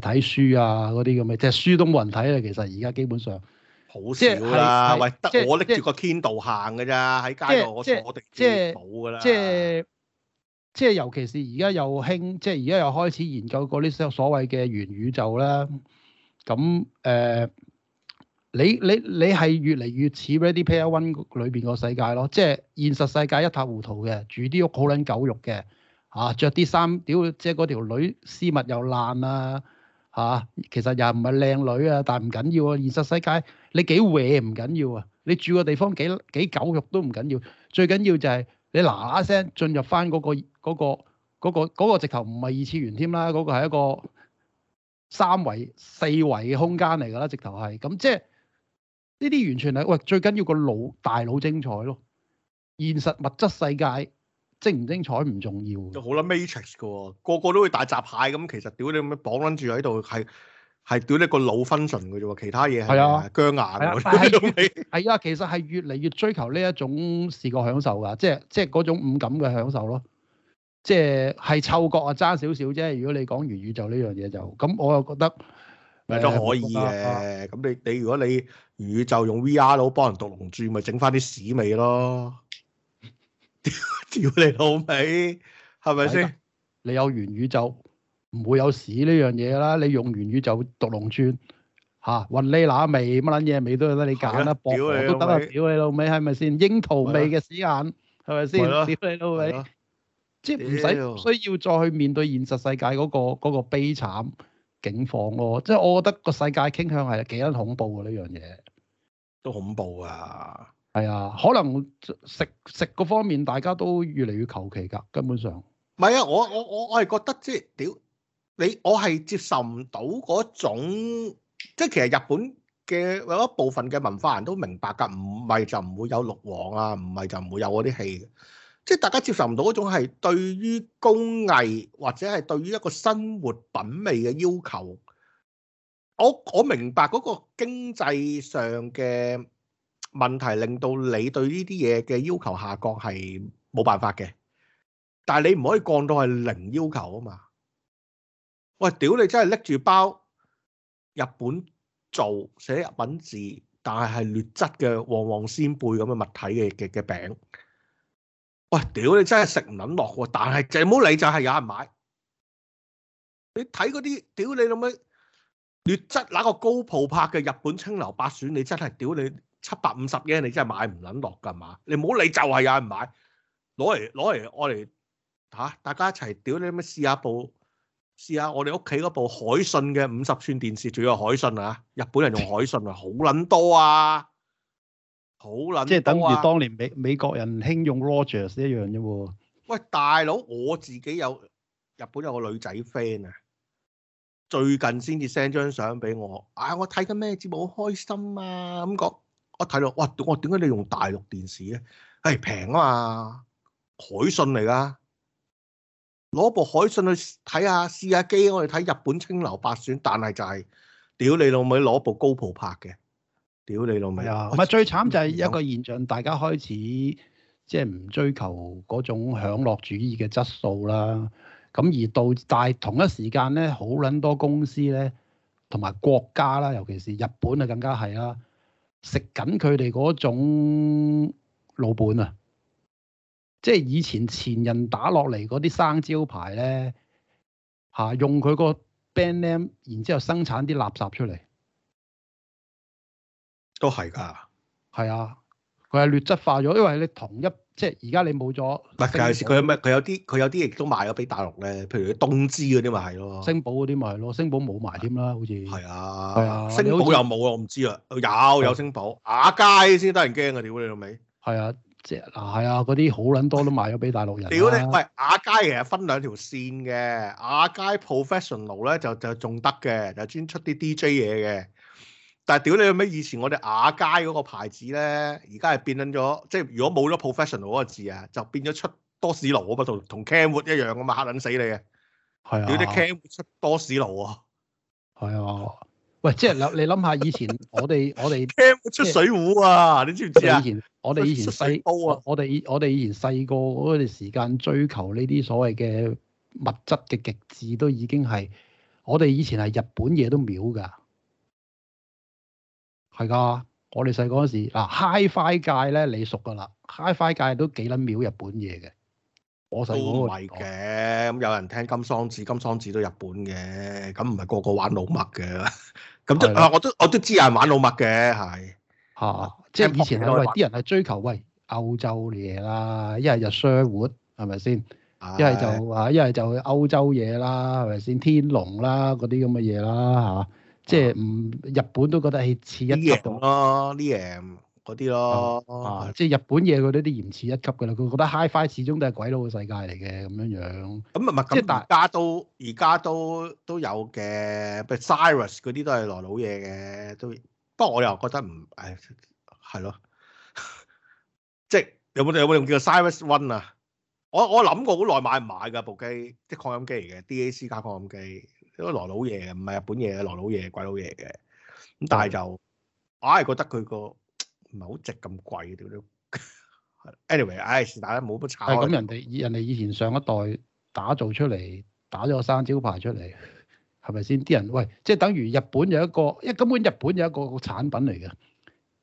誒睇書啊，嗰啲咁嘅，即係書都冇人睇啦。其實而家基本上好少啦。喂，得我拎住個 Kindle 行嘅咋喺街度，我我哋即係冇㗎啦。即係即係，尤其是而家又興，即係而家又開始研究嗰啲相所謂嘅元宇宙啦。咁誒，你你你係越嚟越似 Ready Player One 裏邊個世界咯。即係現實世界一塌糊塗嘅，住啲屋好撚狗肉嘅，嚇著啲衫屌，即係嗰條女絲襪又爛啊！嚇、啊，其實又唔係靚女啊，但係唔緊要啊。現實世界你幾搲唔緊要啊，你住個地方幾幾狗肉都唔緊要啊。最緊要就係你嗱嗱聲進入翻、嗰個、嗰個嗰、嗰個直頭唔係二次元添啦，嗰、嗰個係一個三維四維嘅空間嚟㗎啦，直頭係咁即係呢啲完全係喂，最緊要個腦大腦精彩咯，現實物質世界。精唔精彩唔重要，好啦，matrix、哦、個個都會大閘蟹咁，其實屌你咁樣綁撚住喺度，係係屌你個腦 function 嘅啫喎，其他嘢係啊，僵硬嗰啲，係啊， *laughs* 啊，其實係越嚟越追求呢一種視覺享受㗎，即係即係嗰種五感嘅享受咯，即係係嗅覺啊爭少少啫。如果你講完宇宙呢樣嘢就，咁我又覺得誒都可以嘅。咁、嗯啊、你你如果你宇宙用 VR 佬幫人讀《龍珠》，咪整翻啲屎味咯～屌 *laughs* 你老味，係咪先？你有元宇宙，唔會有屎呢樣嘢啦。你用元宇宙讀龍村，吓、啊，雲呢拿味，乜撚嘢味都有得你揀啦，薄荷都得，屌你老味，係咪先？櫻桃味嘅屎眼，係咪先？屌你老味，即係唔使需要再去面對現實世界嗰、嗰個、嗰個嗰個悲慘境況咯。即係我覺得個世界傾向係幾狠恐怖嘅呢樣嘢，都恐怖啊！係啊，可能食食個方面，大家都越嚟越求其噶，根本上。唔係啊，我我我我係覺得即係屌你，我係接受唔到嗰種，即係其實日本嘅，有一部分嘅文化人都明白噶，唔係就唔會有陸王啊，唔係就唔會有嗰啲戲嘅，即係大家接受唔到嗰種係對於工藝或者係對於一個生活品味嘅要求。我我明白嗰個經濟上嘅。問題令到你對呢啲嘢嘅要求下降係冇辦法嘅，但係你唔可以降到係零要求啊嘛！喂，屌你真係拎住包日本造寫日文字，但係係劣質嘅旺旺仙貝咁嘅物體嘅嘅嘅餅。喂，屌你真係食唔撚落喎！但係就冇理，就係有人買。你睇嗰啲屌你老味劣質那個高泡拍嘅日本清流白薯，你真係屌你！七百五十億你真係買唔撚落㗎嘛？你唔好理，就係、是、有人買，攞嚟攞嚟我嚟嚇，大家一齊屌你乜試下部，試下我哋屋企嗰部海信嘅五十寸電視，仲要係海信啊！日本人用海信啊，好撚 *laughs* 多啊，好撚多、啊、即係等於當年美美國人興用 Rogers 一樣啫喎。喂，大佬，我自己有日本有個女仔 friend 啊，最近先至 send 張相俾我，啊、哎，我睇緊咩節目好開心啊咁講。我睇落，哇！我點解你用大陸電視咧？誒、哎，平啊嘛，海信嚟噶，攞部海信去睇下試下機，我哋睇日本清流百選，但係就係，屌你老味，攞部高普拍嘅，屌你老味啊！唔係最慘就係一個現象，大家開始即係唔追求嗰種享樂主義嘅質素啦。咁而到但係同一時間咧，好撚多公司咧，同埋國家啦，尤其是日本啊，更加係啦。食緊佢哋嗰種老本啊，即係以前前人打落嚟嗰啲生招牌咧，吓、啊、用佢個 band name，然之後生產啲垃圾出嚟，都係噶，係啊，佢係劣質化咗，因為你同一。即係而家你冇咗，唔係佢有咩？佢有啲佢有啲亦都賣咗俾大陸咧，譬如東芝嗰啲咪係咯，星寶嗰啲咪係咯，星寶冇埋添啦，好似係啊，係啊，星寶又冇啊，我唔知啊，有有星寶，亞佳先得人驚啊！屌你老味，係啊，即係嗱，係啊，嗰啲好撚多都賣咗俾大陸人。屌你，喂，亞佳其實分兩條線嘅，亞、啊、佳 Professional 咧就就仲得嘅，就專出啲 DJ 嘢嘅。但係屌你有咩？以前我哋雅佳嗰個牌子咧，而家係變緊咗，即係如果冇咗 professional 嗰個字啊，就變咗出多士爐嗰個同同 Camwood 一樣噶嘛，嚇撚死你嘅。係啊，屌啲 Camwood 出多士爐啊！係啊，喂，即係你諗下，以前我哋我哋 Camwood 出水壺啊， *laughs* 你知唔知以前以前啊？我哋以前細我哋我哋以前細個嗰啲時間追求呢啲所謂嘅物質嘅極致，都已經係我哋以前係日本嘢都秒㗎。係噶，我哋細嗰陣時嗱、啊、，Hi-Fi 界咧你熟噶啦，Hi-Fi 界都幾撚秒日本嘢嘅。我細、嗰個都唔係嘅，咁有人聽金桑子，金桑子都日本嘅，咁唔係個個玩老麥嘅，咁即係我都我都,我都知有人玩老麥嘅，係啊，啊即係以前係喂啲人係追求喂歐洲嘢啦，一係就 Sherwood，e 係咪先？一係就啊，一係就歐洲嘢啦，係咪先？天龍啦嗰啲咁嘅嘢啦，吓。即係唔日本都覺得係次一級咯，啲嘢嗰啲咯，啊即係日本嘢嗰啲都嫌次一級㗎啦。佢覺得 Hi-Fi 始終都係鬼佬嘅世界嚟嘅咁樣樣。咁唔係大家都而家都都有嘅，譬如 Cyrus 嗰啲都係來佬嘢嘅，都不過我又覺得唔誒係咯。即係有冇有冇用叫做 Cyrus One 啊？我我諗過好耐買唔買㗎部機，即係擴音機嚟嘅 DAC 加擴音機。一個羅老嘢唔係日本嘢嘅，羅老嘢、鬼老嘢嘅。咁但係就，我係的、哎、覺得佢、那個唔係好值咁貴。屌 *laughs* ，anyway，我、哎、係是但啦，冇乜炒。係咁，人哋人哋以前上一代打造出嚟，打咗個生招牌出嚟，係咪先？啲人喂，即係等於日本有一個，因為根本日本有一個個產品嚟嘅，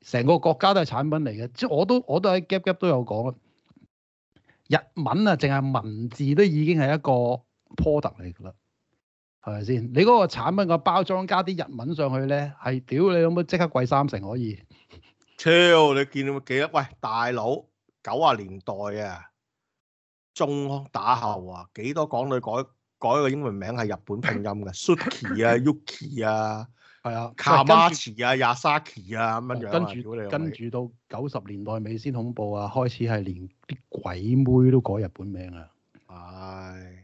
成個國家都係產品嚟嘅。即係我都我都喺 gap gap 都有講，日文啊，淨係文字都已經係一個 product 嚟噶啦。係咪先？你嗰個產品個包裝加啲日文上去咧，係屌你咁樣即刻貴三成可以。超你見到幾多？喂，大佬九啊年代啊，中學打後啊，幾多港女改改個英文名係日本拼音嘅 Suki 啊，Yuki 啊，係啊 Kamachi *laughs* 啊，Yasaki 啊咁樣樣，跟住跟住到九十年代尾先恐怖啊，開始係連啲鬼妹都改日本名啊。唉。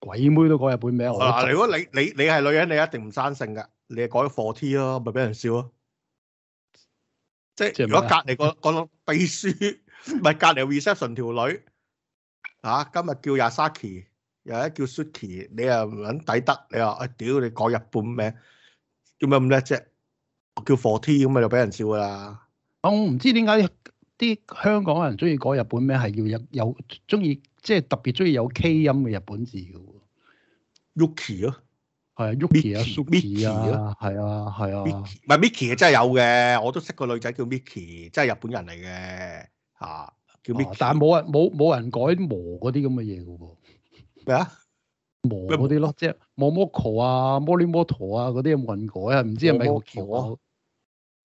鬼妹都改日本名，嗱，如果你你你係女人，你一定唔生性嘅，你啊改個 forti 咯，咪俾人笑咯。即係如果隔籬個個秘書唔係隔籬 reception 條女，啊今日叫 Yasaki，又喺叫 Suki，你又搵抵得，你話誒屌你改日本名，做咩咁叻啫？叫 forti 咁咪就俾人笑㗎啦。我唔知點解啲香港人中意改日本名係要有有中意。即係特別中意有 K 音嘅日本字嘅喎，Yuki 咯，係啊，Yuki 啊 Yuki 啊，係啊，係啊，咪 Miki 啊，真係有嘅，我都識個女仔叫 Miki，真係日本人嚟嘅，吓，叫 Miki。但係冇人冇冇人改磨嗰啲咁嘅嘢嘅喎。咩啊？磨嗰啲咯，即係 Momoko 啊，摩哩摩陀啊，嗰啲有冇人改啊？唔知係咪個橋啊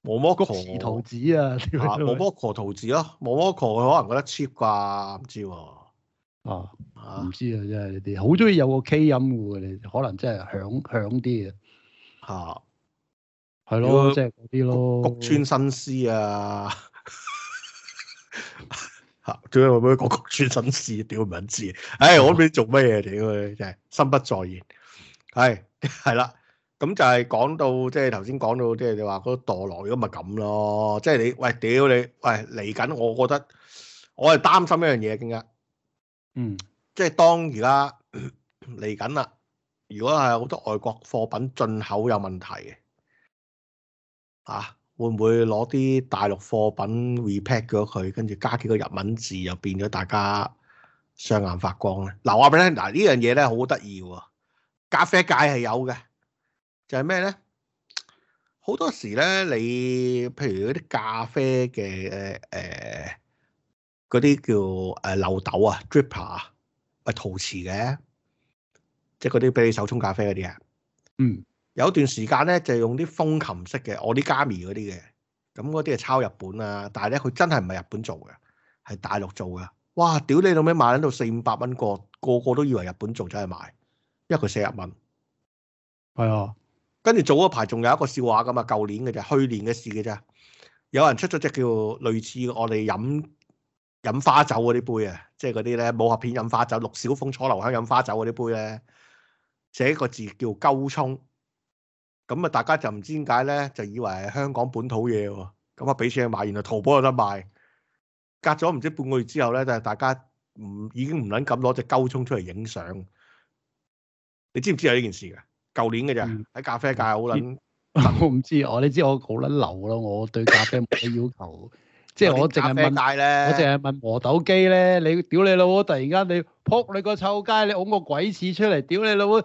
？Momoko 桃子啊？m 嚇，Momoko 桃子咯，Momoko 佢可能覺得 cheap 啩，唔知喎。啊，唔知啊，真係，你哋好中意有個 K 音嘅，你可能真係響響啲啊，吓係的如咯，即係啲咯，谷村新司啊，吓仲有冇咩谷谷村新司、啊？屌唔知，唉、啊哎，我唔知做咩嘢，屌真係心不在焉，係係啦，咁就係講到即係頭先講到即係你話嗰墮落，咁咪咁咯，即係你喂屌你喂嚟緊，我覺得我係擔心一樣嘢，更加。嗯，即係當而家嚟緊啦，如果係好多外國貨品進口有問題，啊，會唔會攞啲大陸貨品 repack 咗佢，跟住加幾個日文字，又變咗大家雙眼發光咧？嗱、啊，話俾你聽，嗱、啊，呢樣嘢咧好得意嘅，咖啡界係有嘅，就係咩咧？好多時咧，你譬如嗰啲咖啡嘅誒。呃嗰啲叫誒漏斗啊，dripper，係啊陶瓷嘅啊，即係嗰啲俾你手沖咖啡嗰啲啊。嗯，有一段時間咧就用啲風琴式嘅，Origami 嗰啲嘅，咁嗰啲係抄日本啊，但係咧佢真係唔係日本做嘅，係大陸做嘅。哇，屌你老味賣喺度四五百蚊個，個個都以為日本做就係賣，一個四十蚊。係啊，跟住早嗰排仲有一個笑話噶嘛，舊年嘅啫，去年嘅事嘅啫，有人出咗隻叫類似，類似，類似我哋飲。飲花酒嗰啲杯啊，即係嗰啲咧，武俠片飲花酒，陸小鳳、楚留香飲花酒嗰啲杯咧，寫一個字叫鳩蔥，咁啊，大家就唔知點解咧，就以為係香港本土嘢喎，咁啊，俾錢去買，原來淘寶有得賣。隔咗唔知半個月之後咧，就大家唔已經唔撚敢攞隻鳩蔥出嚟影相。你知唔知有呢件事㗎？舊年嘅咋，喺咖啡界好撚，嗯、我唔知我，知 *laughs* 我知你知我好撚流咯，我對咖啡冇乜要求。 *laughs* 即係我淨係問，呢我淨係問磨豆機咧，你屌你老母！突然間你撲你個臭街，你拱個鬼屎出嚟，屌你老母！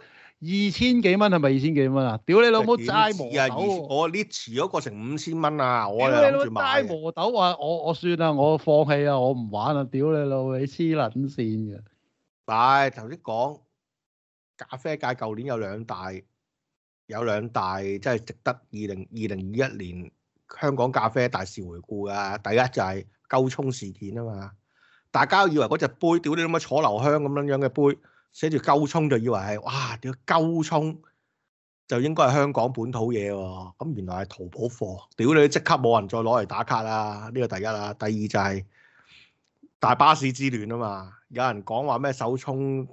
二千幾蚊係咪二千幾蚊啊？屌你老母！債磨豆，我呢遲嗰個成五千蚊啊！屌你老母！債磨豆啊！我我，我算啦，我放棄啊，我唔玩啊！屌你老母，你黐撚線嘅。唔係頭先講咖啡界舊年有兩大，有兩大真係值得二零二零二一年。香港咖啡大事回顧啊！第一就係鳩沖事件啊嘛，大家以為嗰隻杯，屌你咁啊，楚留香咁樣樣嘅杯，寫住鳩沖就以為係，哇，屌鳩沖就應該係香港本土嘢喎，咁、啊、原來係淘寶貨，屌你即刻冇人再攞嚟打卡啦！呢個第一啦、啊，第二就係大巴士之亂啊嘛，有人講話咩手沖，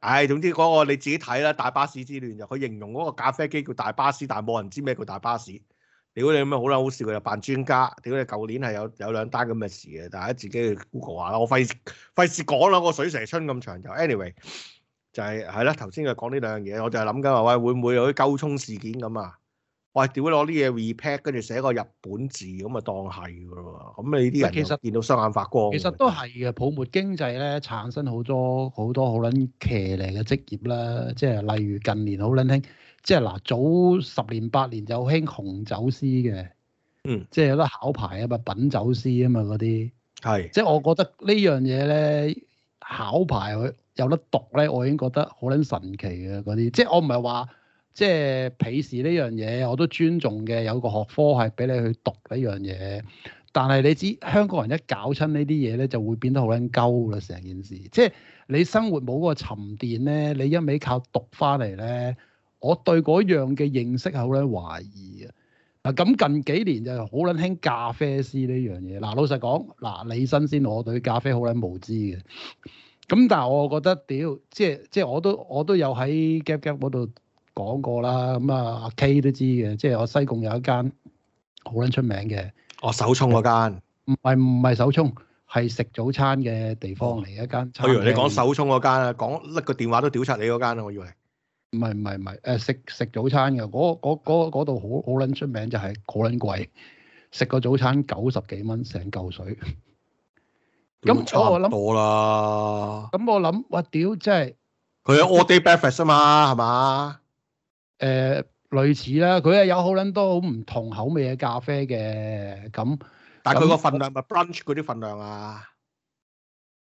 唉、哎，總之嗰個你自己睇啦，大巴士之亂就佢形容嗰個咖啡機叫大巴士，但係冇人知咩叫大巴士。屌你咁啊！好撚好笑，佢又扮專家。屌你，舊年係有有兩單咁嘅事嘅，大家自己去 Google 下啦。我費費事講啦，個水蛇春咁長 Any way, 就 anyway 就係係啦。頭先佢講呢兩樣嘢，我就係諗緊話喂，會唔會有啲鳩衝事件咁啊？喂，屌你，攞啲嘢 repeat 跟住寫個日本字咁啊，當係噶咯喎。咁你啲人其實見到雙眼發光其。其實都係嘅，泡沫經濟咧，產生好多好多好撚騎呢嘅職業啦，即係例如近年好撚興。即係嗱，早十年八年就興紅酒師嘅，嗯，即係有得考牌啊嘛，品酒師啊嘛嗰啲，係，即係我覺得呢樣嘢咧，考牌去有得讀咧，我已經覺得好撚神奇嘅嗰啲。即係我唔係話即係鄙視呢樣嘢，我都尊重嘅。有個學科係俾你去讀呢樣嘢，但係你知香港人一搞親呢啲嘢咧，就會變得好撚鳩啦，成件事。即係你生活冇個沉澱咧，你一味靠讀翻嚟咧。我對嗰樣嘅認識係好撚懷疑啊！嗱，咁近幾年就好撚興咖啡師呢樣嘢。嗱、啊，老實講，嗱、啊，你新鮮，我對咖啡好撚無知嘅。咁、啊、但係我覺得屌，即係即係我都我都有喺 Gap Gap 嗰度講過啦。咁啊，阿 K 都知嘅，即係我西貢有一間好撚出名嘅。哦，首衝手沖嗰間唔係唔係手沖，係食早餐嘅地方嚟、哦、一間。譬如你講手沖嗰間啊，講甩個電話都屌柒你嗰間啊，我以為。唔係唔係唔係，誒，食食早餐嘅嗰嗰嗰嗰度好好卵出名就係好卵貴，食個早餐九十幾蚊成嚿水。咁 *laughs* 我錯啦，咁我諗我屌即係。佢有 all day breakfast 啊嘛，係嘛？誒、呃，類似啦，佢係有好卵多好唔同口味嘅咖啡嘅，咁但係佢個份量咪 brunch 嗰啲份量啊。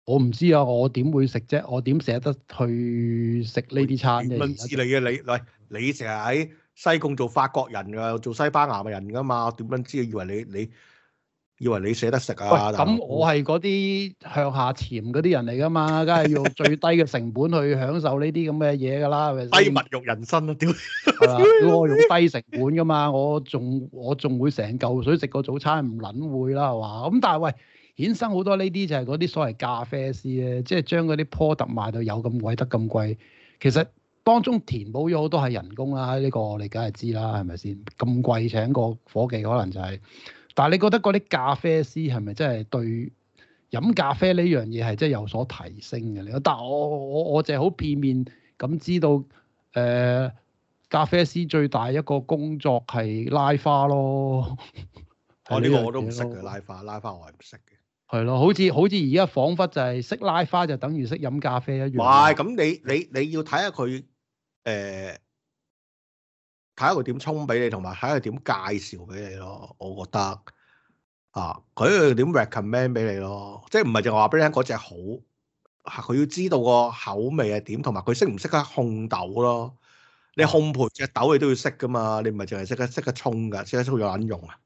我唔知啊，我點會食啫？我點捨得去食呢啲餐嘅？點知你嘅你喂，你成日喺西貢做法國人噶，做西班牙嘅人噶嘛？點樣知？以為你你以為你捨得食啊？咁我係嗰啲向下潛嗰啲人嚟噶嘛？梗係用最低嘅成本去享受呢啲咁嘅嘢噶啦， *laughs* 低物欲人生啊！屌、啊，我 *laughs* 用低成本噶嘛，我仲我仲會成嚿水食個早餐，唔捻會啦，係嘛？咁但係喂。衍生好多呢啲就係嗰啲所謂咖啡師咧，即係將嗰啲 product 賣到有咁貴得咁貴，其實當中填補咗好多係人工啦。呢、這個你梗係知啦，係咪先咁貴請個伙計可能就係、是。但係你覺得嗰啲咖啡師係咪真係對飲咖啡呢樣嘢係真係有所提升嘅？但係我我我，我就好片面咁知道，誒、呃、咖啡師最大一個工作係拉花咯。啊，呢 *laughs* 個我都唔識嘅，拉花拉花我係唔識嘅。係咯，好似好似而家，仿佛就係識拉花就等於識飲咖啡一樣。唔係咁，你你你要睇下佢誒睇下佢點衝俾你，同埋睇下佢點介紹俾你咯。我覺得啊，佢點 recommend 俾你咯，即係唔係就話俾你嗰隻好？佢、啊、要知道個口味係點，同埋佢識唔識得烘豆咯？你烘焙隻豆你都要識噶嘛？你唔係淨係識得識得衝噶，識得識佢撚用啊？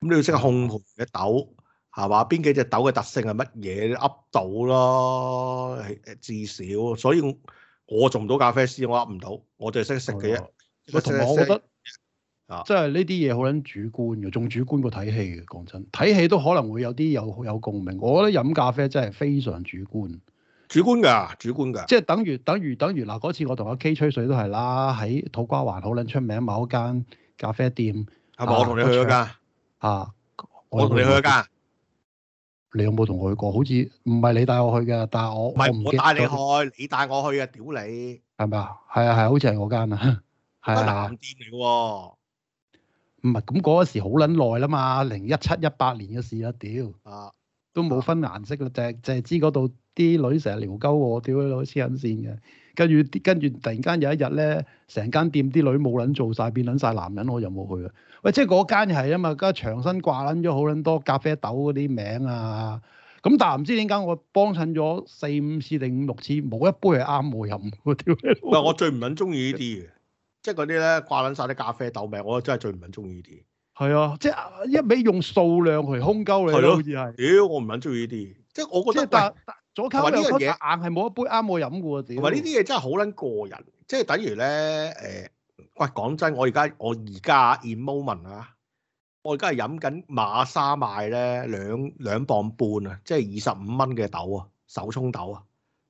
咁、嗯、你要識得烘焙嘅豆。係嘛？邊幾隻豆嘅特性係乜嘢？噏到咯，至少。所以我做唔到咖啡師，我噏唔到，我就識食嘅啫。我同埋我覺得啊，即係呢啲嘢好撚主觀嘅，仲主觀過睇戲嘅。講真，睇戲都可能會有啲有有共鳴。我覺得飲咖啡真係非常主觀，主觀㗎，主觀㗎。即係等於等於等於嗱，嗰次我同阿 K 吹水都係啦，喺土瓜灣好撚出名某間咖啡店。係嘛、啊、我同你去一間。啊，我同你去一間。你有冇同我去過？好似唔係你帶我去嘅，但係我是我唔記得。唔會帶你去，你帶我去嘅，屌你！係咪啊？係啊係，好似係嗰間啊，係啊。難店嚟嘅喎。唔係，咁嗰時好捻耐啦嘛，零一七一八年嘅事啊，屌！啊，都冇分顏色嘅，就係就係知嗰度啲女成日撩溝我，屌你老黐捻綫嘅。跟住，跟住突然間有一日咧，成間店啲女冇撚做晒，變撚晒男人，我又，我就冇去啦。喂，即係嗰間係啊嘛，家長身掛撚咗好撚多咖啡豆嗰啲名啊。咁但係唔知點解我幫襯咗四五次定五六次，冇一杯係啱我飲。嗰我最唔撚中意呢啲嘅，即係嗰啲咧掛撚晒啲咖啡豆名，我真係最唔撚中意呢啲。係啊，即係一味用數量去兇鳩你咯，好似係。屌、哎，我唔撚中意呢啲，即係我覺得。左呢個嘢硬係冇一杯啱我飲嘅喎，點？同埋呢啲嘢真係好撚個人，即係等於咧誒。喂、呃，講真，我而家我而家 in moment 啊，我而家係飲緊馬莎麥咧，兩兩磅半啊，即係二十五蚊嘅豆啊，手沖豆啊，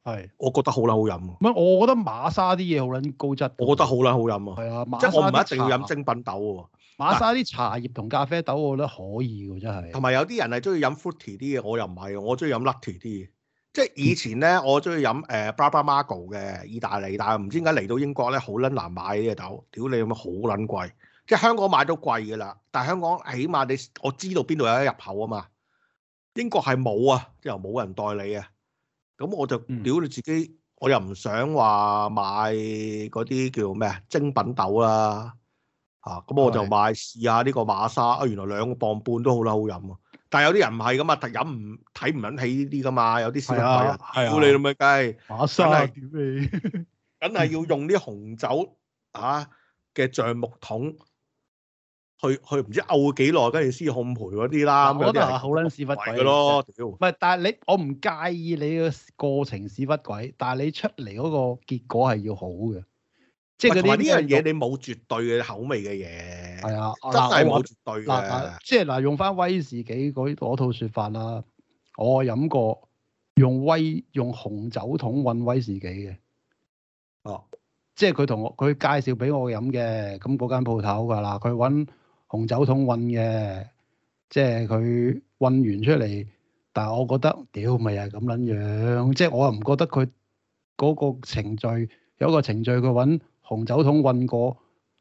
係是我覺得好撚好飲。唔係我覺得馬莎啲嘢好撚高質，我覺得好撚好飲啊。係啊，即係我唔係一定要飲精品豆喎。馬莎啲茶葉同咖啡豆，我覺得可以喎，真係。同埋有啲人係中意飲 fruity 啲嘅，我又唔係，我中意飲 lucky 啲嘅。即係以前咧，我中意飲誒布拉巴瑪戈嘅意大利，但係唔知點解嚟到英國咧，好撚難買呢隻豆，屌你咁好撚貴，即係香港買都貴㗎啦。但係香港起碼你我知道邊度有一入口啊嘛，英國係冇啊，即係冇人代理啊。咁我就屌你自己，嗯、我又唔想話買嗰啲叫咩精品豆啦，嚇、啊、咁我就買的試下呢個瑪莎啊，原來兩個磅半都好撈飲啊！但有啲人唔係噶嘛，特飲唔睇唔飲起呢啲噶嘛，有啲屎忽鬼啊，係啊，係、就是、 *laughs* 啊，副你老味雞，梗係點嚟？梗係要用啲紅酒啊嘅橡木桶去去唔知漚幾耐，跟住先烘焙嗰啲啦，嗰個係好撚屎忽鬼咯，屌、啊！唔係、嗯，啊、但係你我唔介意你個過程屎忽鬼，但係你出嚟嗰個結果係要好嘅，即係嗰啲呢樣嘢你冇絕對嘅口味嘅嘢。係啊，嗱冇絕對嘅，即係嗱用翻威士忌嗰套説法啦，我飲過用威用紅酒桶混威士忌嘅。哦，即係佢同我佢介紹俾我飲嘅，咁嗰間鋪頭噶啦，佢揾紅酒桶混嘅，即係佢混完出嚟，但係我覺得屌咪又係咁撚樣，即係我又唔覺得佢嗰個程序有個程序佢揾紅酒桶混過。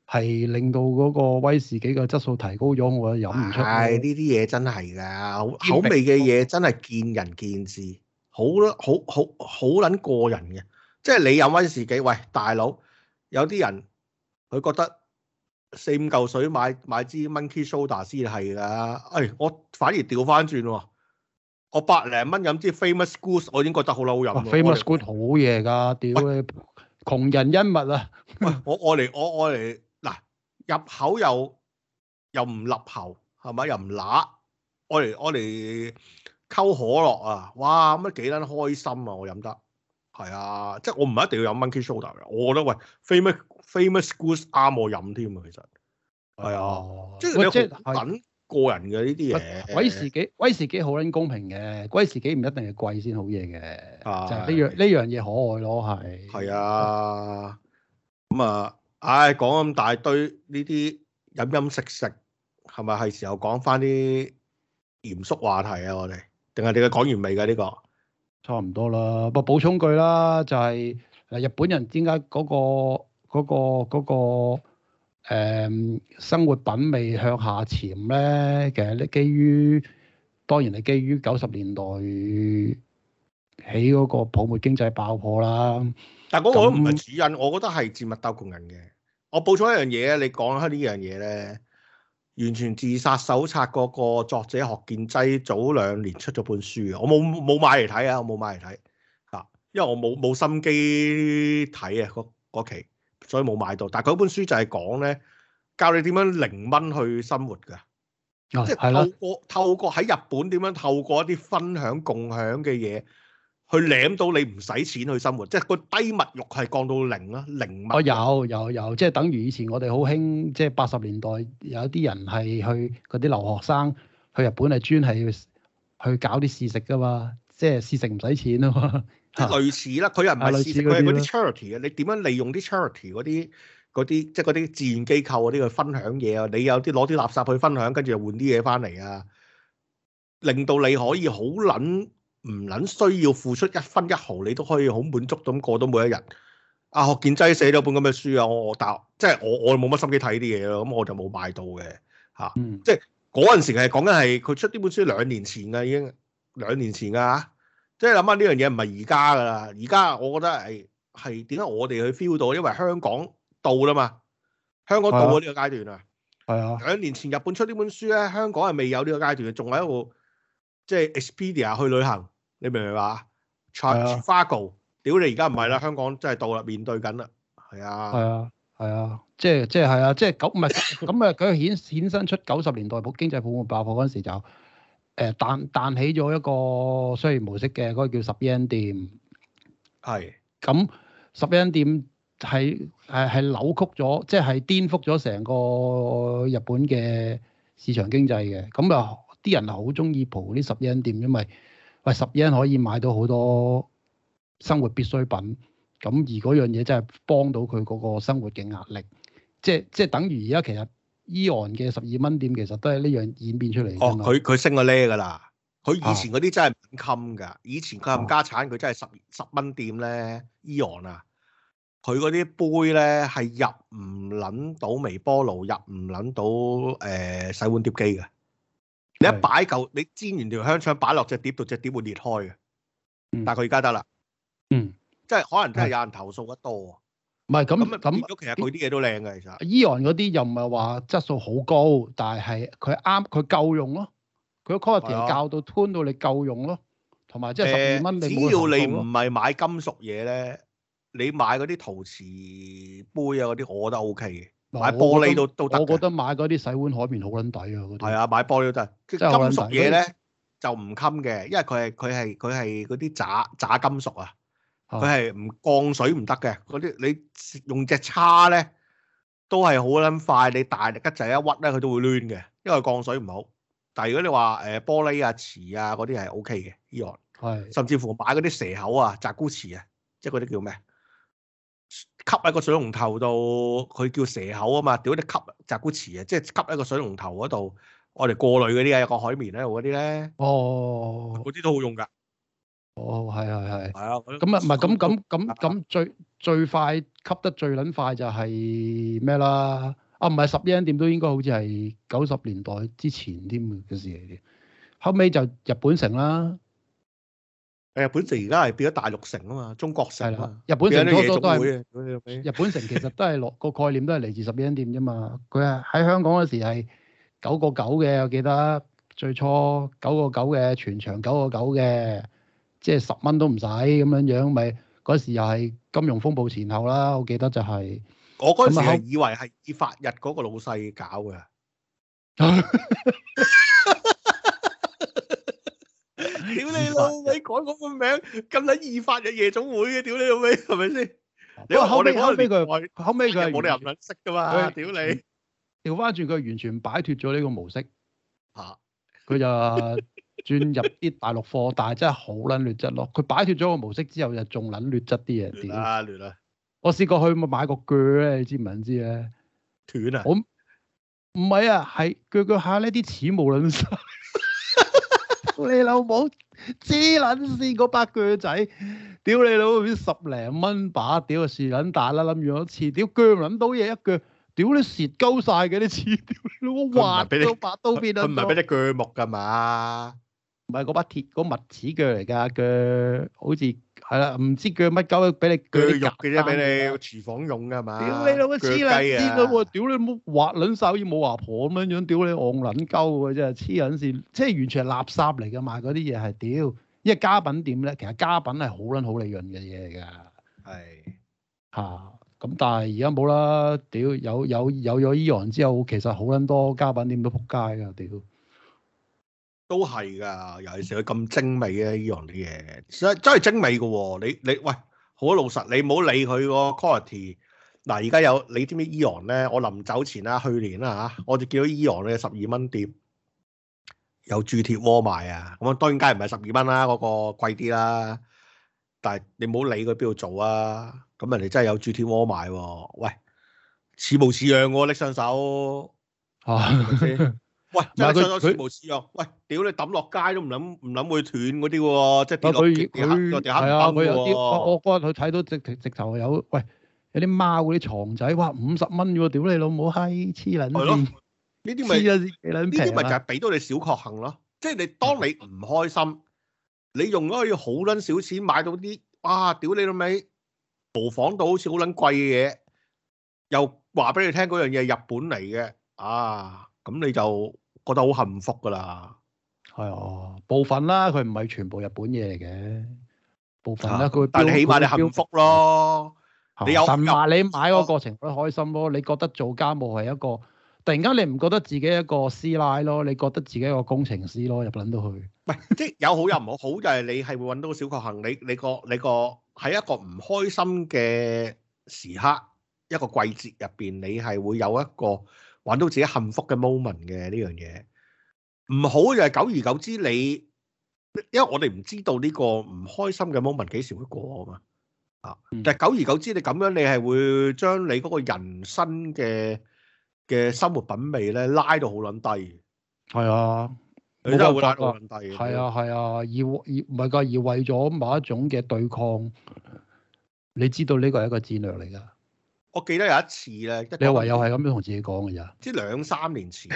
係令到嗰個威士忌嘅質素提高咗，我得飲唔出。係呢啲嘢真係㗎，口味嘅嘢真係見仁見智，好咯，好好好撚個人嘅。即係你飲威士忌，喂大佬，有啲人佢覺得四五嚿水買買支 Monkey Soda 先係㗎。誒，我反而調翻轉喎，我百零蚊飲支 Famous g o o d s 我已經覺得好嬲飲。Famous g o o s 好嘢㗎，屌窮人恩物啊！我我嚟我我嚟。入口又又唔立喉，係咪又唔辣？我嚟我嚟溝可樂啊！哇，乜幾撚開心啊！我飲得係啊，即係我唔係一定要飲 Monkey Shoulder 嘅、er。我覺得喂 Famous Famous Grouse 啱我飲添啊，其實係啊，即係你即係揾個人嘅呢啲嘢，威士忌，威士忌好撚公平嘅，威士忌唔一定係貴先好嘢嘅，就係呢樣呢樣嘢可愛咯，係係啊，咁啊～唉、哎，講咁大堆呢啲飲飲食食，係咪係時候講翻啲嚴肅話題啊？我哋定係你解講完未㗎？呢、呢個差唔多啦，我補充句啦，就係、係、誒日本人點解嗰個嗰、嗰個、嗰個嗰個嗯、生活品味向下潛咧？其實咧，基於當然係基於九十年代起嗰個泡沫經濟爆破啦。但嗰都唔係主因，我覺得係自物鬥共人嘅。我報錯一樣嘢，你講下呢樣嘢咧，完全自殺手冊嗰個作者鶴見濟早兩年出咗本書啊！我冇冇買嚟睇啊！我冇買嚟睇啊，因為我冇冇心機睇啊個期，所以冇買到。但係本書就係講咧，教你點樣零蚊去生活㗎，即係透過、啊、透過喺的日本點樣透過一啲分享共享嘅嘢。去舐到你唔使錢去生活，即係個低物欲係降到零啦，零物、哦。有有有，即係、就是、等於以前我哋好興，即係八十年代有啲人係去嗰啲留學生去日本係專係去，去搞啲試食㗎嘛，即係試食唔使錢啊嘛。即係類似啦，佢又唔係試食，佢係嗰啲 charity 啊。你點樣利用啲 charity 嗰啲啲，即係嗰啲慈善機構嗰啲去分享嘢啊？你有啲攞啲垃圾去分享，跟住又換啲嘢翻嚟啊，令到你可以好撚。唔撚需要付出一分一毫，你都可以好滿足咁過到每一日。阿、啊、學建劑寫咗本咁嘅書我我我我我我啊，我答、嗯，即係我我冇乜心機睇啲嘢咯，咁我就冇買到嘅嚇。即係嗰陣時係講緊係佢出呢本書兩年前㗎，已經兩年前㗎。即係諗下呢樣嘢唔係而家㗎啦，而家我覺得係係點解我哋去 feel 到，因為香港到啦嘛，香港到咗呢個階段啦。係啊，兩年前日本出呢本書咧，香港係未有呢個階段，仲係一個即係、就、Expedia、是、去旅行。你明唔明白、Char、t ago, 啊 t 屌你而家唔係啦，香港真係到啦，面對緊啦，係、哎、啊，係啊，係啊，即係即係係啊，即係九唔係咁啊？佢衍衍生出九十年代普經濟泡沫爆破嗰陣時就誒、呃、彈彈起咗一個商業模式嘅嗰、那個叫十円店，係咁十円店係係係扭曲咗，即係顛覆咗成個日本嘅市場經濟嘅咁啊！啲人好中意蒲啲十円店，因為咪十円可以買到好多生活必需品，咁而嗰樣嘢真係幫到佢嗰個生活嘅壓力，即係即係等於而家其實伊昂嘅十二蚊店其實都係呢樣演變出嚟。哦，佢佢升咗叻㗎啦，佢以前嗰啲真係襟㗎，以前佢冚家產佢真係十十蚊店咧，伊、e、昂啊，佢嗰啲杯咧係入唔撚到微波爐，入唔撚到誒、呃、洗碗碟機嘅。你一擺嚿，是你煎完條香腸擺落隻碟度，隻碟，碟會裂開嘅。但係佢而家得啦。嗯，嗯即係可能真係有人投訴得多。唔係咁咁。樣那其實佢啲嘢都靚嘅，其實。依 o 嗰啲又唔係話質素好高，但係佢啱佢夠用咯。佢 quality 教到攤、啊、到，到你夠用咯，同埋即係十二蚊只要你唔係買金屬嘢咧，你買嗰啲陶瓷杯啊嗰啲，我覺得 OK 嘅。買玻璃都都得，我覺得買嗰啲洗碗海綿好撚抵啊！啲係啊，買玻璃都得。金屬嘢咧些就唔襟嘅，因為佢係佢係佢係嗰啲渣渣金屬啊，佢係唔降水唔得嘅。嗰啲你用隻叉咧都係好撚快，你大力吉仔一屈咧佢都會攣嘅，因為降水唔好。但係如果你話誒、呃、玻璃啊、瓷啊嗰啲係 OK 嘅 iron 係甚至乎買嗰啲蛇口啊、集古瓷啊，即係嗰啲叫咩？吸喺個水龍頭度，佢叫蛇口啊嘛，屌你吸雜古池啊，即係吸喺個水龍頭嗰度，我哋過濾嗰啲啊，個海綿喺度咧，嗰啲咧，哦，嗰啲都好用㗎，哦，係係係，係啊那，咁啊唔係咁咁咁咁最最快吸得最撚快就係咩啦？啊唔係十一間店都應該好似係九十年代之前添嘅事嚟嘅，後尾就日本城啦。日本城而家係變咗大陸城啊嘛，中國城啊嘛，日本城都係日本城，其實都係落 *laughs* 個概念都係嚟自十蚊店啫嘛。佢喺香港嗰時係九個九嘅，我記得最初九個九嘅全場九個九嘅，即係十蚊都唔使咁樣樣。咪嗰時又係金融風暴前後啦，我記得就係、是、我嗰時係以為係以法日嗰個老細搞嘅。 *laughs* 屌你老味，改咁個名咁撚易發嘅夜總會嘅，屌你老味，係咪先？你話後尾後尾佢是後尾佢冇理由唔識噶嘛？屌你，調翻轉佢完全擺脫咗呢個模式嚇，佢、啊、就轉入啲大陸貨，但係真係好撚劣質咯。佢擺脫咗個模式之後，就仲撚劣質啲嘢。斷啦，斷啦！我試過去買個腳咧，你知唔知？知咧斷啊！唔唔係啊，係腳腳下呢啲齒冇撚。 *laughs* 你老母黐撚線嗰把鋸仔，屌你老母，十零蚊把，屌樹撚蛋啦，諗住攞刺，屌鋸唔到嘢一鋸，屌你蝕鳩晒嘅啲刺，屌你我滑到把刀邊啊！唔係俾隻鋸木㗎嘛？唔係嗰把鐵嗰墨齒鋸嚟噶鋸，好似係啦，唔知鋸乜鳩俾你鋸肉嘅啫，俾你廚房用噶、啊、嘛？屌你老母黐線嘅喎！屌你冇滑撚手好似冇阿婆咁樣樣，屌你戇撚鳩嘅真係黐線，線即係完全係垃圾嚟噶嘛。嗰啲嘢係屌，因為家品店咧，其實家品係好撚好利潤嘅嘢嚟噶。係吓咁，但係而家冇啦，屌有有有咗依樣之後，其實好撚多家品店都仆街噶屌。都係噶尤其是佢咁精美嘅依昂啲嘢，真真係精美噶。你你喂，好老實，你唔好理佢個 quality。嗱，而家有你知唔知依昂咧？我臨走前啦，去年啦吓，我哋見到依昂咧十二蚊碟有鑄鐵鍋賣啊。咁當然梗唔係十二蚊啦，嗰個貴啲啦。但係你唔好理佢邊度做啊。咁人哋真係有鑄鐵鍋賣喎。喂，似模似樣喎，拎上手，係咪先？喂，即係上咗全部市啊！喂，屌你抌落街都唔諗唔諗會斷嗰啲喎，即係跌落地下跌下崩㗎喎。我我嗰日佢睇到直直頭有，喂有啲貓嗰啲牀仔，哇五十蚊啫喎，屌你老母閪黐撚線。係咯，呢啲咪黐撚平？呢啲咪就係俾到你小確幸咯。即係你當你唔開心，你用咗可以好撚少錢買到啲，哇！屌你老味，模仿到好似好撚貴嘅嘢，又話俾你聽嗰樣嘢係日本嚟嘅，啊咁你就～覺得好幸福㗎啦，係啊，部分啦，佢唔係全部日本嘢嚟嘅，部分啦，佢。但係起碼你幸福咯，你有同埋你買嗰個過程好開心咯，你覺得做家務係一個突然間你唔覺得自己一個師奶咯，你覺得自己一個工程師咯，入撚到去。唔係，即係有好有唔好，好就係你係會搵到小確幸，你你個你個喺一個唔開心嘅時刻，一個季節入邊，你係會有一個。搵到自己幸福嘅 moment 嘅呢樣嘢，唔好就係久而久之你，因為我哋唔知道呢個唔開心嘅 moment 幾時會過啊嘛，啊！但係久而久之你咁樣，你係會將你嗰個人生嘅嘅生活品味咧拉到好撚低，係啊，你真係會拉到好撚低，係啊係啊，而而唔係㗎，而為咗某一種嘅對抗，你知道呢個係一個戰略嚟㗎。我記得有一次咧，你又係咁樣同自己講嘅咋？即兩三年前，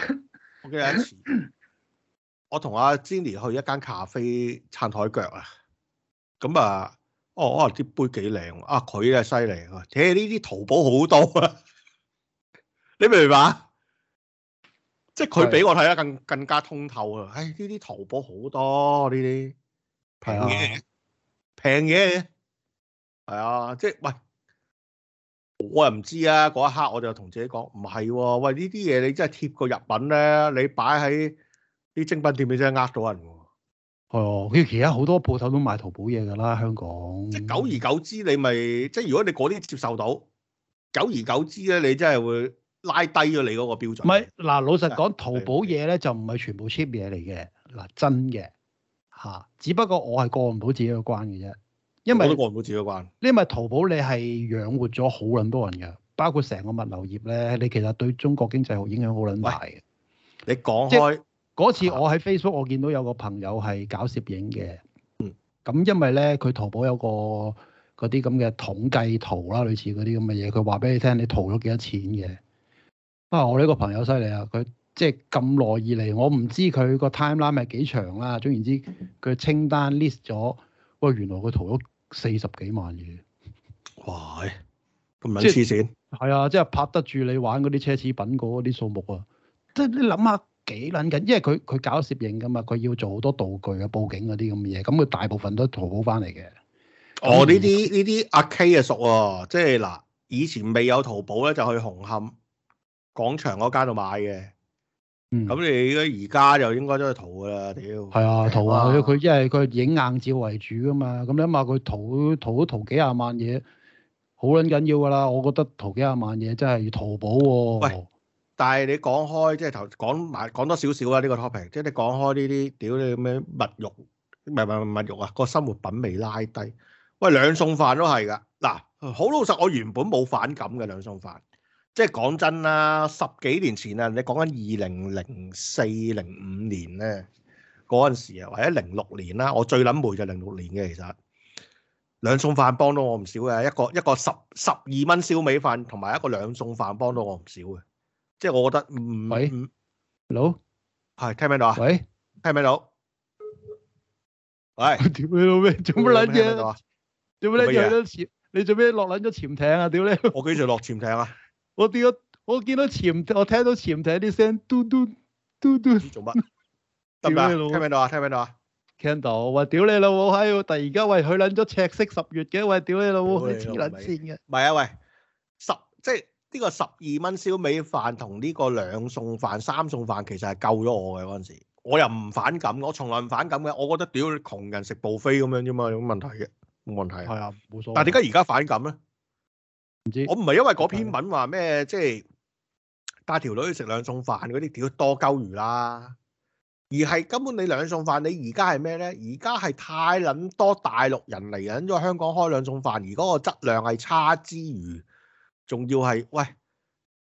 我記得有一次，我同阿 Jenny 去一間咖啡撐台腳啊，咁啊，哦，啲杯幾靚啊，佢咧犀利啊，睇下呢啲淘寶好多啊， *laughs* 你明唔明白？即佢比我睇得更是更加通透啊！唉、哎，呢啲淘寶好多呢啲平嘢，平嘢，係宜啊，啊，即喂。我又唔知啊！嗰一刻我就同自己講：唔係喎，喂，呢啲嘢你真係貼個日品咧，你擺喺啲精品店你真係呃到人喎。係喎，哦，其他好多鋪頭都賣淘寶嘢㗎啦，香港。即久而久之，你咪即係如果你嗰啲接受到，久而久之咧，你真係會拉低咗你嗰個標準。唔係嗱，老實講，淘寶嘢咧就唔係全部 cheap 嘢嚟嘅。嗱，真嘅吓、啊，只不過我係過唔到自己個關嘅啫。因為我人冇接咗慣，呢咪淘寶你係養活咗好撚多人嘅，包括成個物流業咧，你其實對中國經濟影響好撚大嘅。你講開嗰次我喺 Facebook，我見到有個朋友係搞攝影嘅，嗯，咁因為咧佢淘寶有個嗰啲咁嘅統計圖啦，類似嗰啲咁嘅嘢，佢話俾你聽你淘咗幾多錢嘅。啊，我呢個朋友犀利啊，佢即係咁耐以嚟，我唔知佢個 timeline 係幾長啦。總言之，佢清單 list 咗，喂，原來佢淘咗。四十幾萬嘢，哇！咁撚黐線，係啊，即係拍得住你玩嗰啲奢侈品嗰啲數目啊！即係你諗下幾撚緊，因為佢佢搞攝影噶嘛，佢要做好多道具啊、佈景嗰啲咁嘅嘢，咁佢大部分都係淘寶翻嚟嘅。哦，呢啲呢啲阿 K 啊熟啊。即係嗱，以前未有淘寶咧，就去紅磡廣場嗰間度買嘅。咁，嗯，你而家就應該都係淘噶啦，屌！係啊，淘嗎啊，佢即係佢影硬照為主噶嘛，咁你諗下佢淘淘都淘幾廿萬嘢，好捻緊要噶啦！我覺得淘幾十淘幾廿萬嘢真係要淘寶喎。喂，但係你講開，即係頭講埋講多少少啊？呢個 topic，即係你講開呢啲，屌你咩物欲，唔係唔係物欲啊？個生活品味拉低。喂，兩餸飯都係噶，嗱，好老實，我原本冇反感嘅兩餸飯。即係講真啦，十幾年前啊，你講緊二零零四零五年咧，嗰陣時啊，或者零六年啦，我最捻霉就零六年嘅，其實兩餸飯幫到我唔少嘅，一個一個十十二蚊燒味飯同埋一個兩餸飯幫到我唔少嘅，即係我覺得唔，喂，hello，係聽唔聽到啊？喂，聽唔聽到？喂，屌你老味，做乜捻嘢啊？做乜捻入咗潛？你做咩落捻咗潛艇啊？屌你！我幾時落潛艇啊？我哋我我見到潛，我聽到潛艇啲聲嘟嘟嘟嘟，做乜？聽唔聽到啊？聽唔聽到啊？聽得到，喂，屌你老母閪！喺度突然間喂佢諗咗赤色十月嘅，喂，屌你老母，你黐卵線嘅。唔係啊喂，十即係呢個十二蚊燒味飯同呢個兩餸飯三餸飯，其實係救咗我嘅嗰陣時，我又唔反感，我從來唔反感嘅。我覺得屌，窮人食 buffet 咁樣啫嘛，有乜問題嘅？冇問題。係啊，冇錯。但係點解而家反感咧？唔知我唔係因為嗰篇文話咩？即係帶條女去食兩餸飯嗰啲，屌多鳩魚啦。而係根本你兩餸飯，你而家係咩咧？而家係太捻多大陸人嚟，喺香港開兩餸飯，而嗰個質量係差之餘，仲要係，喂，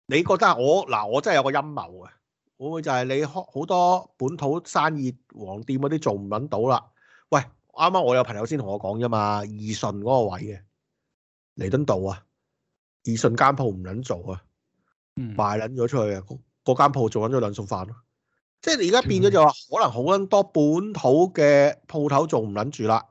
你覺得我嗱，我真係有個陰謀啊，會唔會就係你好多本土生意黃店嗰啲做唔撚到啦？喂，啱啱我有朋友先同我講啫嘛，義順嗰個位嘅，彌敦道啊。二順間鋪唔撚做啊，賣撚咗出去啊。嗰間鋪做緊咗兩餸飯咯，即係你而家變咗就話可能好撚多本土嘅鋪頭做唔撚住啦，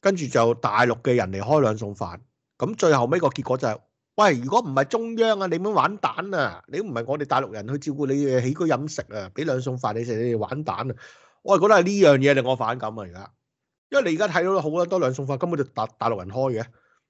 跟住就大陸嘅人嚟開兩餸飯，咁最後尾個結果就係、是，喂，如果唔係中央啊，你唔好玩蛋啊，你唔係我哋大陸人去照顧你嘅起居飲食啊，俾兩餸飯你食，你哋玩蛋啊，我係覺得係呢樣嘢令我反感啊而家，因為你而家睇到好撚多兩餸飯根本就大大陸人開嘅。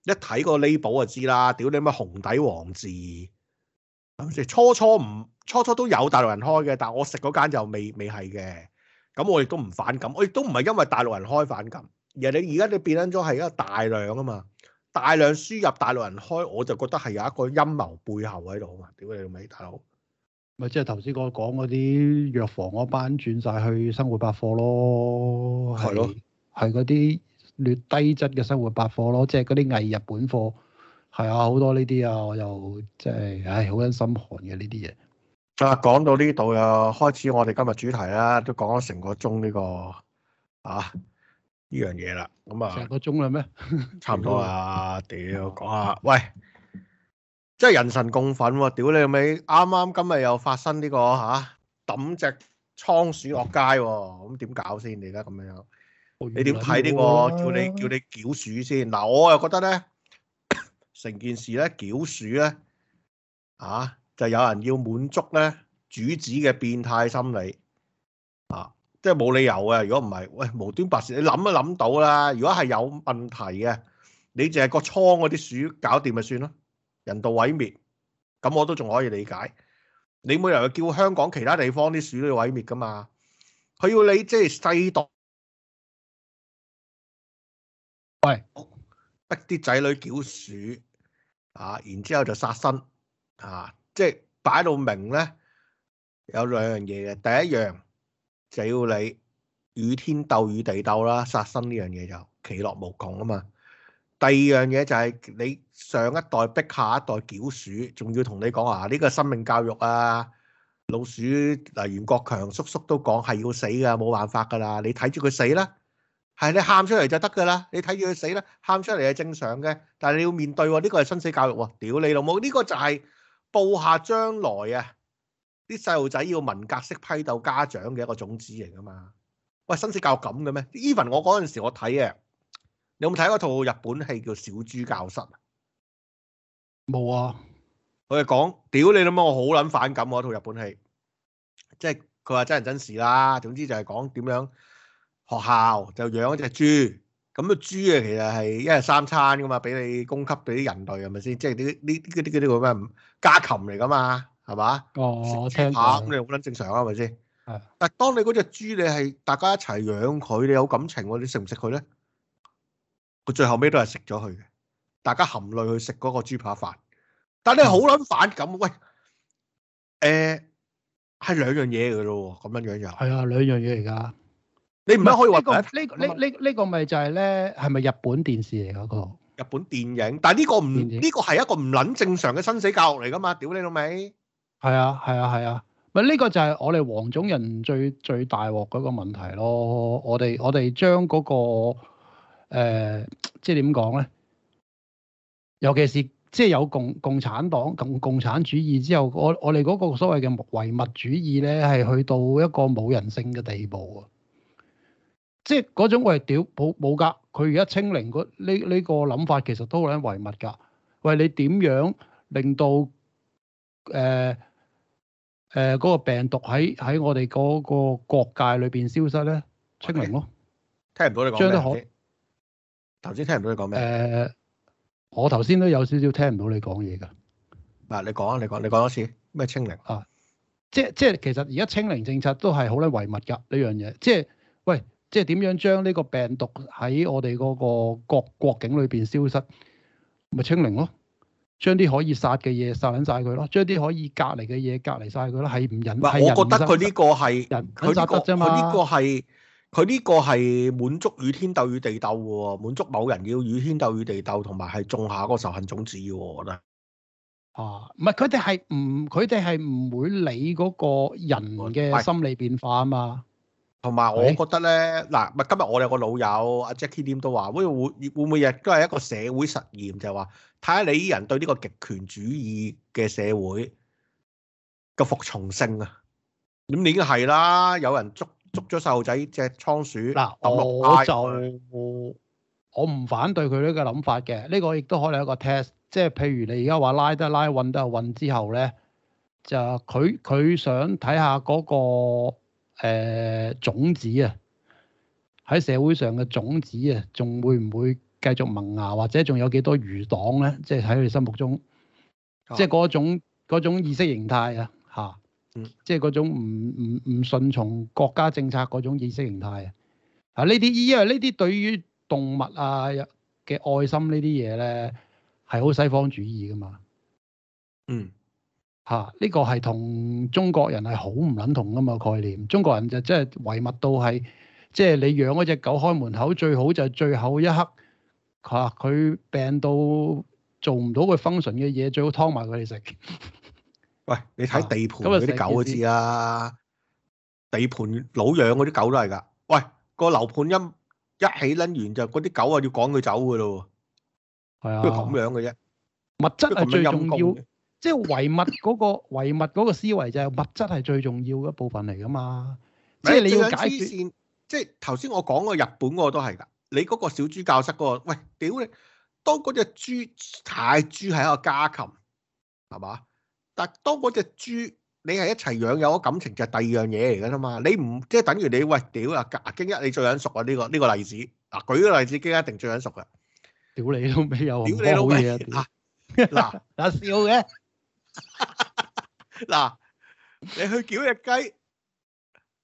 一睇個 label 就知啦，屌你咩紅底黃字，係咪初初唔，初初都有大陸人開嘅，但我食嗰間就未未係嘅，咁我亦都唔反感，我亦都唔係因為大陸人開反感，而你而家你變撚咗係一個大量啊嘛，大量輸入大陸人開，我就覺得係有一個陰謀背後喺度啊嘛，屌你老味，大佬咪即係頭先我講嗰啲藥房嗰班轉晒去生活百貨咯，係咯，係嗰啲。劣低質嘅生活百貨咯，即係嗰啲偽日本貨，係啊好多呢啲啊，我又即係唉，好撚、哎、心寒嘅呢啲嘢。啊，講到呢度啊，開始我哋今日主題啦，都講咗成個鐘呢、呢個啊呢樣嘢啦。咁啊，成、呢個鐘啦咩？啊、差唔多啦。屌、 *laughs* 啊，講下喂，即係人神共憤喎、啊！屌你尾，啱啱今日又發生呢、呢個嚇抌隻倉鼠落街喎，咁、啊、點搞先？你而家咁樣。你點睇呢個叫你叫你剿鼠先？嗱、啊，我又覺得咧，成件事咧，剿鼠咧，啊，就有人要滿足咧主子嘅變態心理啊，即係冇理由啊。如果唔係，喂，無端白事，你諗都諗到啦。如果係有問題嘅，你淨係個倉嗰啲鼠搞掂咪算咯，人道毀滅，咁我都仲可以理解。你冇理由叫香港其他地方啲鼠都要毀滅噶嘛佢要你即係世代。喂，逼啲仔女丟鼠啊，然之後就殺生。啊，即係擺到明咧，有兩樣嘢嘅。第一樣就要你與天鬥與地鬥啦，殺生呢樣嘢就其樂無窮啊嘛。第二樣嘢就係你上一代逼下一代丟鼠，仲要同你講啊，呢個生命教育啊，老鼠嗱，袁國強叔叔都講係要死噶，冇辦法噶啦，你睇住佢死啦。係你喊出嚟就得噶啦，你睇住佢死啦，喊出嚟係正常嘅，但係你要面對喎，呢個係生死教育喎，屌你老母！呢個就係佈下將來啊，啲細路仔要文革式批鬥家長嘅一個種子嚟噶嘛？喂，生死教育咁嘅咩？Even 我嗰陣時我睇呀，你有冇睇過套日本戲叫《小豬教室》啊？冇啊！佢係講屌你老母，我好撚反感喎！套日本戲，即係佢話真人真事啦，總之就係講點樣。學校就養一隻豬，咁啊豬啊其實係一日三餐噶嘛，俾你供給俾啲人類係咪先？即係呢啲嗰啲嗰啲叫咩？家禽嚟噶嘛，係嘛？哦，豬扒咁你好撚正常啊，係咪先？的但係當你嗰隻豬，你係大家一齊養佢，你有感情，你食唔食佢咧？佢最後尾都係食咗佢嘅，大家含淚去食嗰個豬扒飯，但係你好撚反感。喂，誒、呃、係兩樣嘢噶咯，咁樣樣又係啊，兩樣嘢嚟噶。你唔可以話呢個呢呢呢個咪就係咧？係咪日本電視嚟嗰、嗰個？日本電影，但係呢個唔呢個係一個唔捻正常嘅生死教育嚟噶嘛？屌你老味！係啊係啊係啊！咪呢、啊啊呢個就係我哋黃種人最最大鑊嗰個問題咯。我哋我哋將嗰個誒、呃，即係點講咧？尤其是即係有共共產黨共共產主義之後，我我哋嗰個所謂嘅唯物主義咧，係去到一個冇人性嘅地步啊！即係嗰種喂屌冇冇噶，佢而家清零嗰呢呢個諗法其實都好撚唯物噶。喂，你點樣令到誒誒、呃呃嗰個病毒喺喺我哋嗰個國界裏邊消失咧？清零咯，聽唔到你講。張得好，頭先聽唔到你講咩？誒、呃，我頭先都有少少聽唔到你講嘢噶。嗱，你講啊，你講，你講多次咩？清零啊，即係即係其實而家清零政策都係好撚唯物噶呢樣嘢。即係喂。即係點樣將呢個病毒喺我哋嗰個國國境裏邊消失，咪清零咯？將啲可以殺嘅嘢殺撚晒佢咯，將啲可以隔離嘅嘢隔離晒佢咯。係唔忍唔我覺得佢呢個係佢呢個佢呢個係佢呢個係滿足與天鬥與地鬥嘅喎，滿足某人要與天鬥與地鬥，同埋係種下個仇恨種子喎，我覺得。哦、啊，唔係佢哋係唔佢哋係唔會理嗰個人嘅心理變化啊嘛～同埋我覺得咧，嗱是，唔係今日我哋有個老友阿 Jacky Lim 都話，會會會唔會每日都係一個社會實驗，就係話睇下你啲人對呢個極權主義嘅社會嘅服從性啊。咁已經係啦，有人捉捉咗細路仔隻倉鼠，嗱，我就我唔反對佢呢個諗法嘅，呢個亦都可能一個 test，即係譬如你而家話拉得拉，運得運之後咧，就佢佢想睇下嗰個。誒、呃、種子啊，喺社會上嘅種子啊，仲會唔會繼續萌芽，或者仲有幾多餘黨咧？即係喺佢哋心目中，即係嗰種嗰種意識形態啊，嚇，即係嗰種唔唔唔順從國家政策嗰種意識形態啊。啊，呢啲、嗯啊啊、因為呢啲對於動物啊嘅愛心呢啲嘢咧，係好西方主義噶嘛。嗯。吓，呢、啊這個係同中國人係好唔捻同噶嘛、這個、概念。中國人就真係唯物到係，即、就、係、是、你養一隻狗開門口，最好就最後一刻，吓、啊、佢病到做唔到佢 function 嘅嘢，最好劏埋佢哋食。 *laughs* 喂，你睇地盤嗰啲狗就知啊，地盤老養嗰啲狗都係噶。喂，個樓盤一一起捻完就嗰啲狗啊要趕佢走噶咯，係啊，都咁樣嘅啫，物質質係最重要。即係唯物嗰個唯物嗰個思維就係物質係最重要嘅一部分嚟㗎嘛，即係你要解決要。即係頭先我講嗰日本嗰個都係㗎，你嗰個小豬教室嗰、那個，喂，屌你，當嗰隻豬，太豬係一個家禽，係嘛？但當嗰隻豬，你係一齊養有咗感情，就係、是、第二樣嘢嚟㗎啦嘛。你唔即係等於你喂，屌啊，阿經一你最眼熟啊呢、這個呢、這個例子，嗱舉個例子，經一定最眼熟嘅。屌你老味有，屌你老味啊！嗱，嗱笑嘅、 *laughs* 啊。笑笑笑笑嗱， *laughs* 你去屌隻雞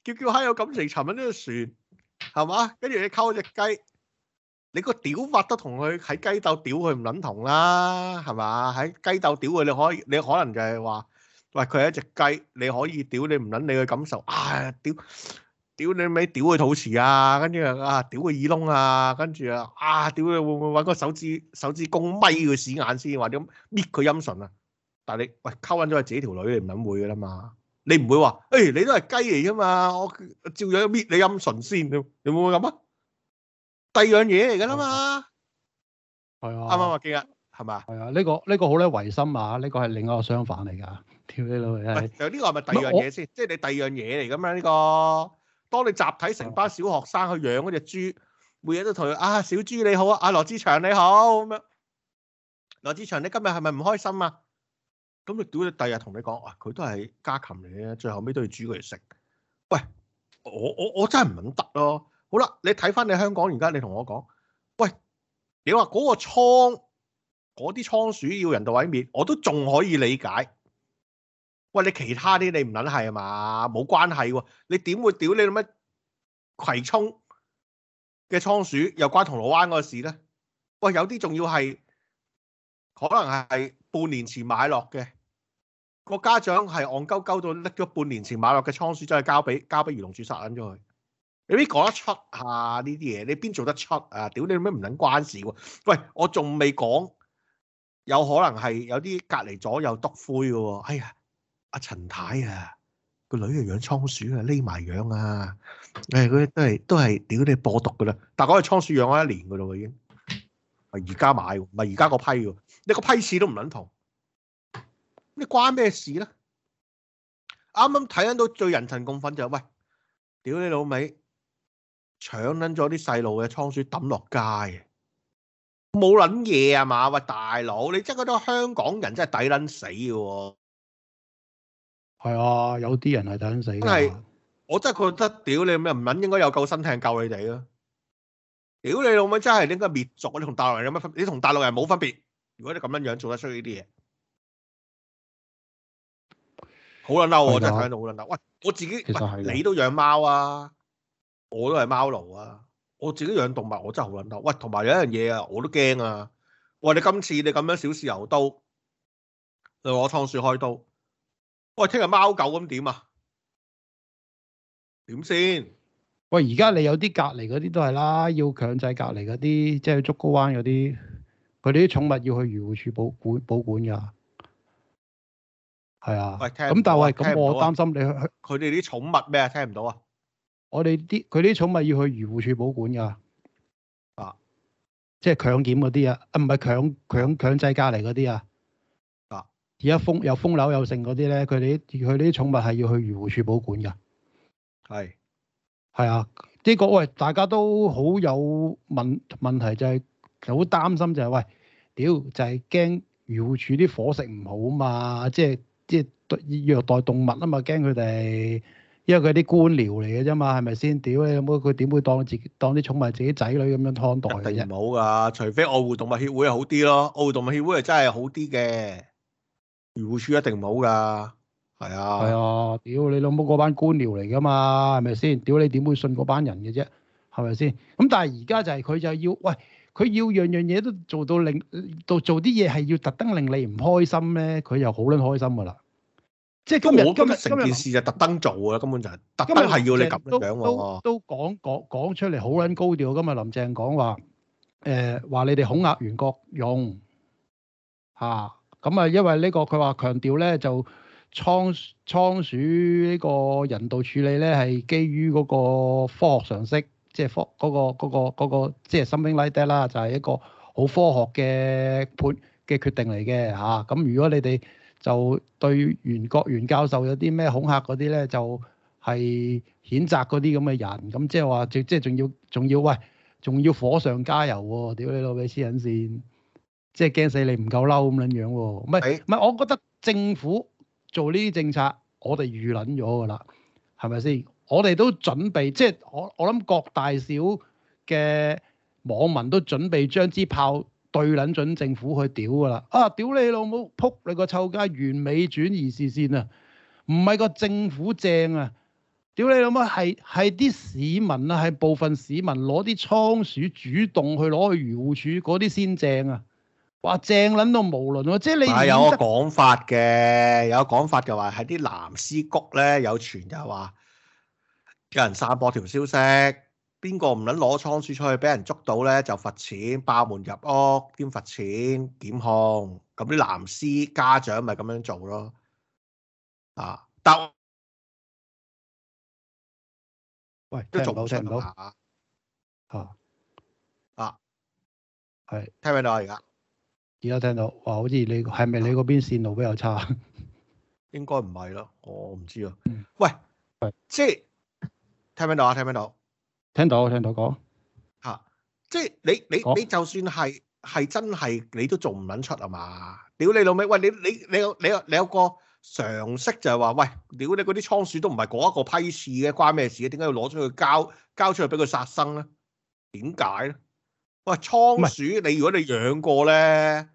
叫叫下有感情沉，沉喺呢個船係嘛？跟住你溝隻雞，你個屌法都同佢喺雞斗屌佢唔撚同啦，係嘛？喺雞斗屌佢，你可以你可能就係話喂，佢係一隻雞，你可以屌你唔撚你嘅感受啊屌屌你咪屌佢肚臍啊，跟住啊屌佢耳窿啊，跟住啊啊屌佢會唔會搵個手指手指公咪佢屎眼先，或者搣佢陰唇啊？但你喂溝緊咗係自己條女，你唔諗會嘅啦嘛？你唔會話誒，你都係雞嚟噶嘛？我照樣搣你陰唇先，你會唔會咁啊？第二樣嘢嚟嘅啦嘛，係啊，啱啱啊？今日係嘛？係啊，呢個呢個好咧，維生啊！呢個係另一個相反嚟㗎。調你腦嚟啊！呢個係咪第二樣嘢先？即係你第二樣嘢嚟㗎嘛？呢個當你集體成班小學生去養嗰隻豬，每日都同佢啊，小豬你好啊，阿羅志祥你好咁樣。羅志祥你今日係咪唔開心啊？咁你屌！你第日同你講，哇！佢都係家禽嚟嘅，最後尾都要煮佢嚟食。喂，我我我真係唔肯得咯。好啦，你睇翻你香港而家，你同我講，喂，你話嗰個倉嗰啲倉鼠要人道毀滅，我都仲可以理解。喂，你其他啲你唔撚係啊嘛，冇關係喎。你點會屌你諗乜葵涌嘅倉鼠又關銅鑼灣嗰事咧？喂，有啲仲要係可能係半年前買落嘅。個家長係戇鳩鳩到拎咗半年前買落嘅倉鼠，真係交俾交俾漁農處殺咗佢。你邊講得出啊呢啲嘢？你邊做得出啊？屌你咩唔撚關事喎、啊？喂，我仲未講，有可能係有啲隔離左右篤灰嘅喎、啊。哎呀，阿陳太啊，個女啊養倉鼠啊，匿埋養啊，誒嗰啲都係都係屌你播毒嘅啦。但嗰個倉鼠養咗一年嘅咯喎，已經係而家買喎，唔係而家個批喎，你個批次都唔撚同。你關咩事咧？啱啱睇緊到最人神共憤就係喂，屌你老味，搶撚咗啲細路嘅倉鼠抌落街，冇捻嘢啊嘛！喂大佬，你真係覺得香港人真係抵捻死嘅，係啊，有啲人係抵捻死。真係，我真係覺得屌你咩唔捻，應該有救生艇救你哋啊。屌你老味，真係應該滅族。你同大陸人有乜分？你同大陸人冇分別。如果你咁樣樣做得出呢啲嘢。好撚嬲我真係喺度好撚嬲，喂！我自己，其實係你都養貓啊，我都係貓奴啊，我自己養動物我真係好撚嬲，喂！同埋有，有一樣嘢啊，我都驚啊！喂，你今次你咁樣小試牛刀，你攞我倉鼠開刀，喂，聽日貓狗咁點啊？點先？喂，而家你有啲隔離嗰啲都係啦，要強制隔離嗰啲，即係竹篙灣嗰啲，佢哋啲寵物要去漁護署保管保管㗎。係啊，喂，咁、啊、但係、啊、我咁我擔心你佢哋啲寵物咩啊？聽唔到啊！我哋啲佢啲寵物要去漁護署保管噶，啊，即係強檢嗰啲啊，啊，唔係強強強制隔離嗰啲啊，啊，而家封有封樓有剩嗰啲咧，佢哋佢啲寵物係要去漁護署保管噶，係是，係啊，呢、這個喂，大家都好有問問題就係好擔心就係、是、喂，屌就係驚漁護署啲伙食唔好嘛，即、就、係、是。就是即係虐待動物啊嘛，驚佢哋，因為佢啲官僚嚟嘅啫嘛，係咪先？屌你老母，佢點會當自己當啲寵物自己仔女咁樣看待啊？一定唔好噶，除非愛護動物協會係好啲咯，愛護動物協會係真係好啲嘅，漁護署一定唔好噶，係啊，係啊，屌你老母嗰班官僚嚟噶嘛，係咪先？屌你點會信嗰班人嘅啫，係咪先？咁但係而家就係、是、佢就要喂。佢要樣樣嘢都做到令到，做做啲嘢係要特登令你唔開心咧，佢又好撚開心噶啦。即係今日今日成件事就特登做噶啦，根本就係。根本係要你咁樣喎。都都講講講出嚟好撚高調。今日林鄭講話，誒話你哋恐嚇袁國勇嚇。咁啊，因為呢個佢話強調咧，就倉倉鼠呢個人道處理咧，係基於嗰個科學常識。即係科嗰、那個嗰、那個、那個、即係 something like that 啦，就係一個好科學嘅判嘅決定嚟嘅嚇。咁、啊、如果你哋就對袁國元教授有啲咩恐嚇嗰啲咧，就係、是、譴責嗰啲咁嘅人。咁即係話即即係仲要仲要喂，仲要火上加油喎、啊！屌你老味黐緊線，即係驚死你唔夠嬲咁撚樣喎、啊。唔係唔係，我覺得政府做呢啲政策，我哋預諗咗㗎啦，係咪先？我哋都準備，即係我我諗各大小嘅網民都準備將支炮對撚準政府去屌㗎啦。啊，屌你老母，撲你個臭街！完美轉移視線啊，唔係個政府正啊，屌你老母係係啲市民啊，係部分市民攞啲倉鼠主動去攞去漁護署嗰啲先正啊，話正撚到無倫喎、啊。即係你、啊、有個講法嘅，有講法就話係啲藍絲谷咧有傳就話。有人散播條消息，邊個唔撚攞倉鼠出去俾人捉到咧，就罰錢、爆門入屋，兼罰錢、檢控？咁啲藍絲家長咪咁樣做咯。啊！但喂，都嘈到，聽唔到吓。啊啊，係是聽唔聽到而家？而家聽到。哇！好似你係咪你嗰邊線路比較差？啊、應該唔係啦，我唔知啊。喂，即係。聽唔聽到啊？聽唔聽到？聽到，聽到講。嚇！即係你你你就算係係真係你都做唔撚出啊嘛！屌你老味！喂你你你你你有個常識就係話喂，屌你嗰啲倉鼠都唔係嗰一個批次嘅，關咩事啊？點解要攞出去交交出去俾佢殺生咧？點解咧？喂，倉鼠你如果你養過咧，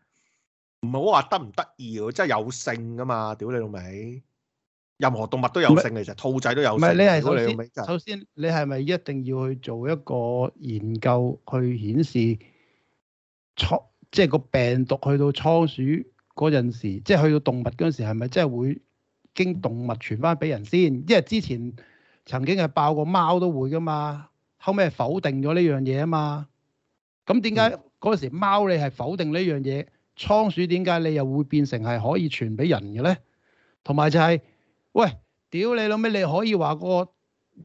唔好話得唔得意喎，真係有性噶嘛！屌你老味。任何動物都有性嘅啫，其實兔仔都有性。唔係是你係首先，首先你係咪一定要去做一個研究去顯示倉，即係、就是、個病毒去到倉鼠嗰陣時，即、就、係、是、去到動物嗰陣時，係咪真係會經動物傳翻俾人先？因為之前曾經係爆過貓都會噶嘛，後尾係否定咗呢樣嘢啊嘛。咁點解嗰陣時貓你係否定呢樣嘢，倉鼠點解你又會變成係可以傳俾人嘅咧？同埋就係、是。喂，屌你老味！你可以話過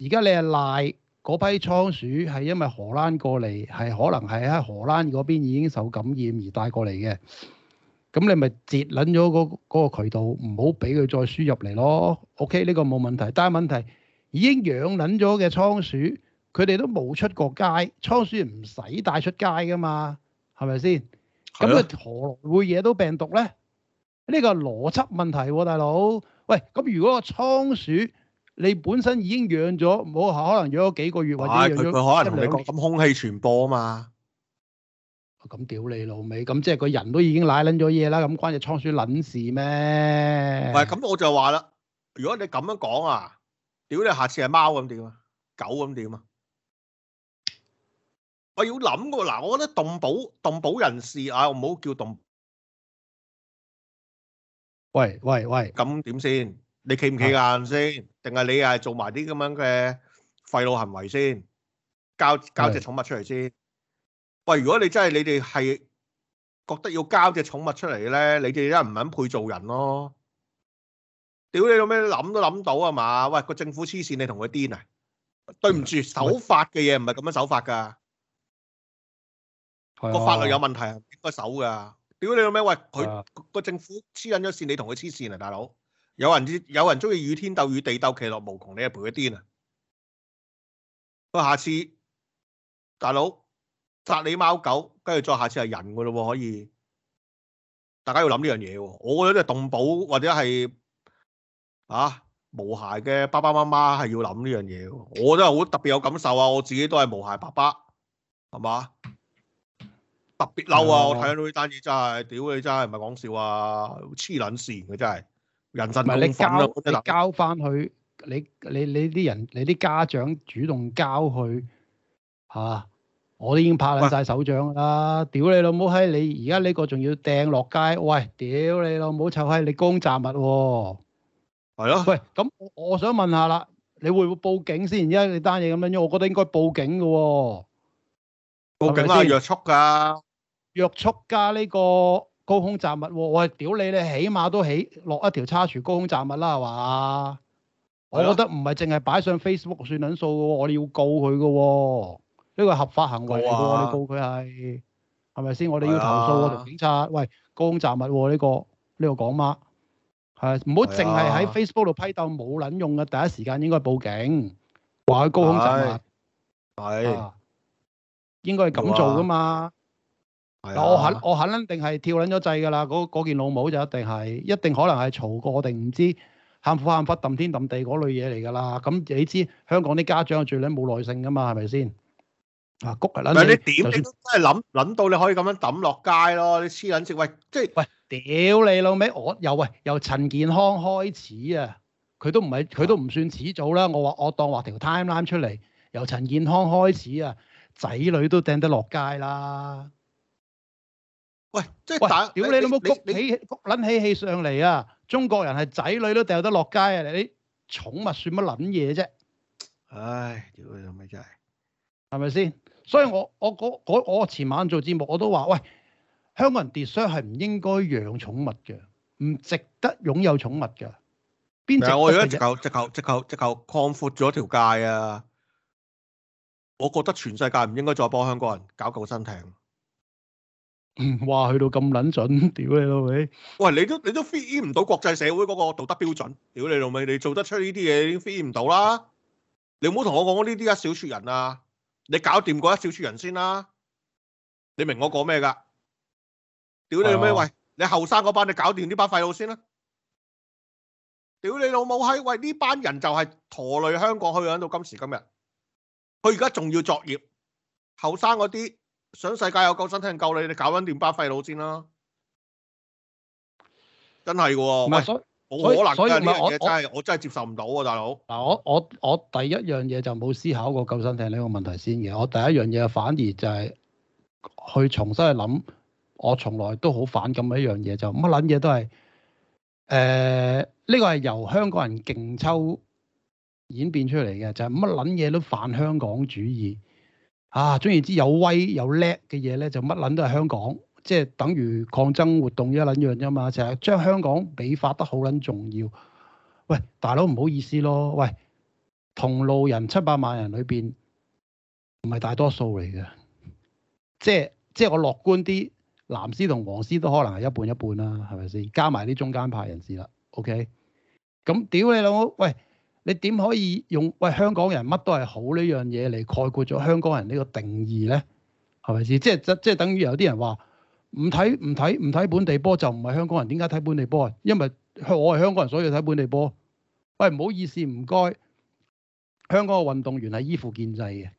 而家你係賴嗰批倉鼠係因為荷蘭過嚟，係可能係喺荷蘭嗰邊已經受感染而帶過嚟嘅。咁你咪截撚咗嗰個渠道，唔好俾佢再輸入嚟咯。OK，呢個冇問題。但係問題已經養撚咗嘅倉鼠，佢哋都冇出過街，倉鼠唔使帶出街噶嘛，係咪先？咁佢、啊、何來會惹到病毒咧？呢個係邏輯問題喎、啊，大佬。喂，咁如果個倉鼠你本身已經養咗，唔好可能養咗幾個月或者佢可能同你講咁空氣傳播啊嘛。咁屌你老味，咁即係個人都已經瀨撚咗嘢啦，咁關隻倉鼠撚事咩？喂，係，咁我就話啦，如果你咁樣講啊，屌你，下次係貓咁點啊，狗咁點啊？我要諗喎，嗱，我覺得動保動保人士啊，唔好叫動。喂喂喂，咁點先？你企唔企硬先？定係、啊、你又係做埋啲咁樣嘅廢老行為先？交交隻寵物出嚟先？的喂，如果你真係你哋係覺得要交隻寵物出嚟咧，你哋真係唔肯配做人咯？屌你老味，諗都諗到啊嘛？喂，個政府黐綫，你同佢癲啊？的對唔住，守法嘅嘢唔係咁樣守法噶，個法律有問題啊，應該守噶。的的屌你老味，喂佢個政府黐撚咗線，你同佢黐線啊，大佬！有人有人中意與天鬥與地鬥其樂無窮，你係陪佢癲啊！佢下次大佬殺你貓狗，跟住再下次係人噶咯，可以大家要諗呢樣嘢。我覺得即係動保或者係啊無孩嘅爸爸媽媽係要諗呢樣嘢。我真係好特別有感受啊！我自己都係無孩爸爸，係嘛？特別嬲啊！哦、我睇到呢單嘢真係，屌你真係唔係講笑啊！黐撚線佢真係，人陣冇係你交，你交翻去，你你你啲人，你啲家長主動交佢吓、啊！我都已經拍撚曬手掌啦！喂屌你老母閪，你而家呢個仲要掟落街，喂，屌你老母臭閪，你光雜物喎、啊，係咯、啊。喂，咁我想問下啦，你會唔會報警先？因為你單嘢咁樣，因我覺得應該報警嘅喎、啊。報警係、啊、約束㗎。約束加呢個高空雜物，我話屌你你起碼都起落一條叉廚高空雜物啦，係嘛？啊、我覺得唔係淨係擺上 Facebook 算撚數我哋要告佢嘅，呢個係合法行為嚟嘅，啊、你告佢係係咪先？我哋要投訴我同警察，啊、喂，高空雜物呢、這個呢、這個講乜？係唔好淨係喺 Facebook 度批鬥，冇撚用嘅，第一時間應該報警，話佢高空雜物係，應該係咁做噶嘛。我肯我肯定係跳撚咗掣㗎啦！嗰件老母就一定係一定可能係嘈過我定唔知喊苦喊忽揼天揼地嗰類嘢嚟㗎啦！咁你知香港啲家長嘅仔女冇耐性㗎嘛？係咪先？啊，谷啊撚你！但你點，算你都真係諗諗到你可以咁樣抌落街咯？你黐撚線喂，即、就、係、是、喂屌你老味！我又喂由陳健康開始啊，佢都唔係佢都唔算始早啦、啊。我話我當話條 timeline 出嚟，由陳健康開始啊，仔女都掟得落街啦。喂，即係打屌喂你老母，焗起焗捻起氣上嚟啊！中國人係仔女都掉得落街啊，你啲寵物算乜捻嘢啫？唉，屌你老味真係，係咪先？所以我我嗰我，我，我前晚做節目我都話，喂，香港人跌 i s 係唔應該養寵物嘅，唔值得擁有寵物嘅。邊？我而家直頭直頭直頭直頭擴闊咗條街啊！我覺得全世界唔應該再幫香港人搞救生艇。哇！去到咁撚準，屌你老味！喂，你都你都 fit 唔到國際社會嗰個道德標準，屌你老味！你做得出呢啲嘢，你 fit 唔到啦！你唔好同我講呢啲一小撮人啊！你搞掂嗰一小撮人先啦！你明我講咩㗎？屌你老味！哎、呀喂，你後生嗰班，你搞掂呢班廢老先啦！屌你老母閪！喂，呢班人就係拖累香港去到今時今日。佢而家仲要作業，後生嗰啲。想世界有救生艇救你，你搞緊掂巴廢佬先啦！真係噶喎，唔係，所以冇可能呢樣嘢，真係我真係接受唔到啊大佬。嗱，我我我第一樣嘢就冇思考過救生艇呢個問題先嘅。我第一樣嘢反而就係去重新去諗。我從來都好反感嘅一樣嘢就乜撚嘢都係，誒、呃、呢、這個係由香港人勁抽演變出嚟嘅，就係乜撚嘢都反香港主義。啊，總而言之有威有叻嘅嘢咧，就乜捻都係香港，即係等於抗爭活動一捻樣啫嘛，就係將香港比發得好捻重要。喂，大佬唔好意思咯，喂，同路人七百萬人裏邊唔係大多數嚟嘅，即係即係我樂觀啲，藍絲同黃絲都可能係一半一半啦，啊，係咪先？加埋啲中間派人士啦，OK，咁屌你老母，喂！你點可以用喂香港人乜都係好呢樣嘢嚟概括咗香港人呢個定義咧？係咪先？即係即係等於有啲人話唔睇唔睇唔睇本地波就唔係香港人，點解睇本地波啊？因為我係香港人，所以睇本地波。喂，唔好意思，唔該。香港嘅運動員係依附建制嘅，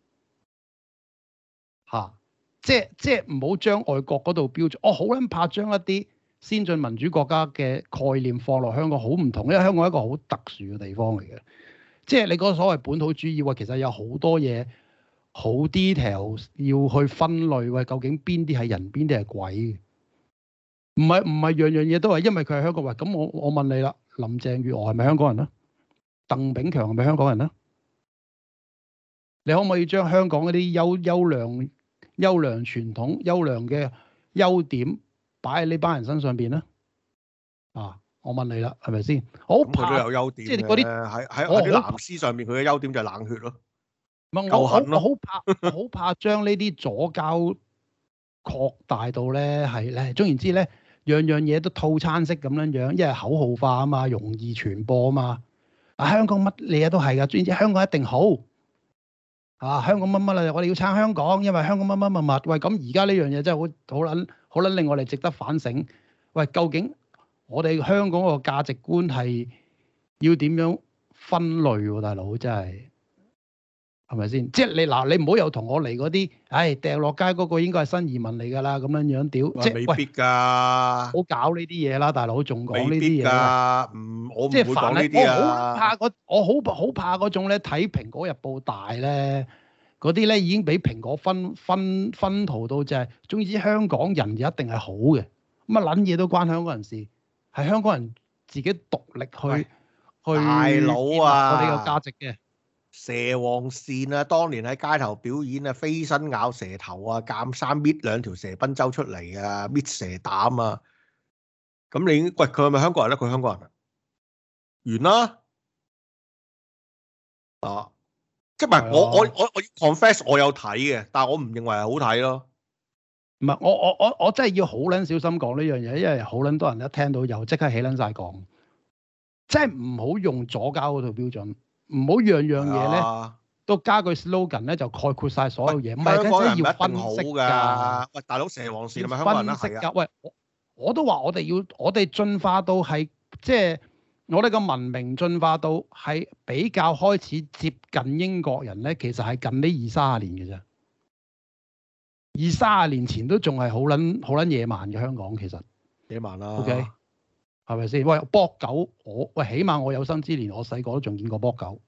吓、啊？即即唔好將外國嗰度標準。我好撚怕將一啲。先進民主國家嘅概念放落香港好唔同，因為香港一個好特殊嘅地方嚟嘅，即係你嗰個所謂本土主義，話其實有好多嘢好 d e t a i l 要去分類，話究竟邊啲係人，邊啲係鬼，唔係唔係樣樣嘢都係，因為佢喺香港話。咁我我問你啦，林鄭月娥係咪香港人咧？鄧炳強係咪香港人咧？你可唔可以將香港嗰啲優優良優良傳統、優良嘅優點？擺喺呢班人身上邊啦，啊！我問你啦，係咪先？好，佢都有優點，即係嗰啲喺喺啲藍絲上面，佢嘅優點就係冷血咯，我好怕，我好怕將呢啲左膠擴大到咧係咧，總言之咧，樣樣嘢都套餐式咁樣樣，因為口號化啊嘛，容易傳播啊嘛。啊，香港乜嘢都係噶，總之香港一定好啊。香港乜乜啦，我哋要撐香港，因為香港乜乜乜物喂。咁而家呢樣嘢真係好好捻。我覺得令我哋值得反省。喂，究竟我哋香港個價值觀係要點樣分類喎，大佬？真係係咪先？即係你嗱，你唔好又同我嚟嗰啲，唉、哎，掟落街嗰個應該係新移民嚟㗎啦，咁樣樣屌。我說 即係未必㗎。唔好搞呢啲嘢啦，大佬。仲講呢啲嘢。未我即係煩呢啲啊。我好怕嗰，我好好怕嗰種咧，睇《蘋果日報大呢》大咧。嗰啲咧已經俾蘋果分分分圖到就係，總之香港人就一定係好嘅。乜撚嘢都關香港人事，係香港人自己獨立去去。大佬啊！我哋有價值嘅。蛇王線啊，當年喺街頭表演啊，飛身咬蛇頭啊，鑑生搣兩條蛇賓周出嚟啊，搣蛇膽啊。咁你喂，佢係咪香港人咧？佢香港人。完啦。啊。即係我我我我 confess 我有睇嘅，但我唔認為係好睇咯。唔係我我我我真係要好撚小心講呢樣嘢，因為好撚多人一聽到又即刻起撚晒講。即係唔好用左膠嗰套標準，唔好樣樣嘢咧都加句 slogan 咧就概括晒所有嘢。唔係香港人要分好噶，喂大佬蛇王線同咪分係咪香港人分析噶。的喂，我,我都話我哋要我哋進化到係即係。我哋個文明進化到係比較開始接近英國人咧，其實係近呢二三十年嘅啫。二三十年前都仲係好撚好撚野蠻嘅香港，其實野蠻啦。O K，係咪先？喂，博狗，我喂，起碼我有生之年，我細個都仲見過博狗。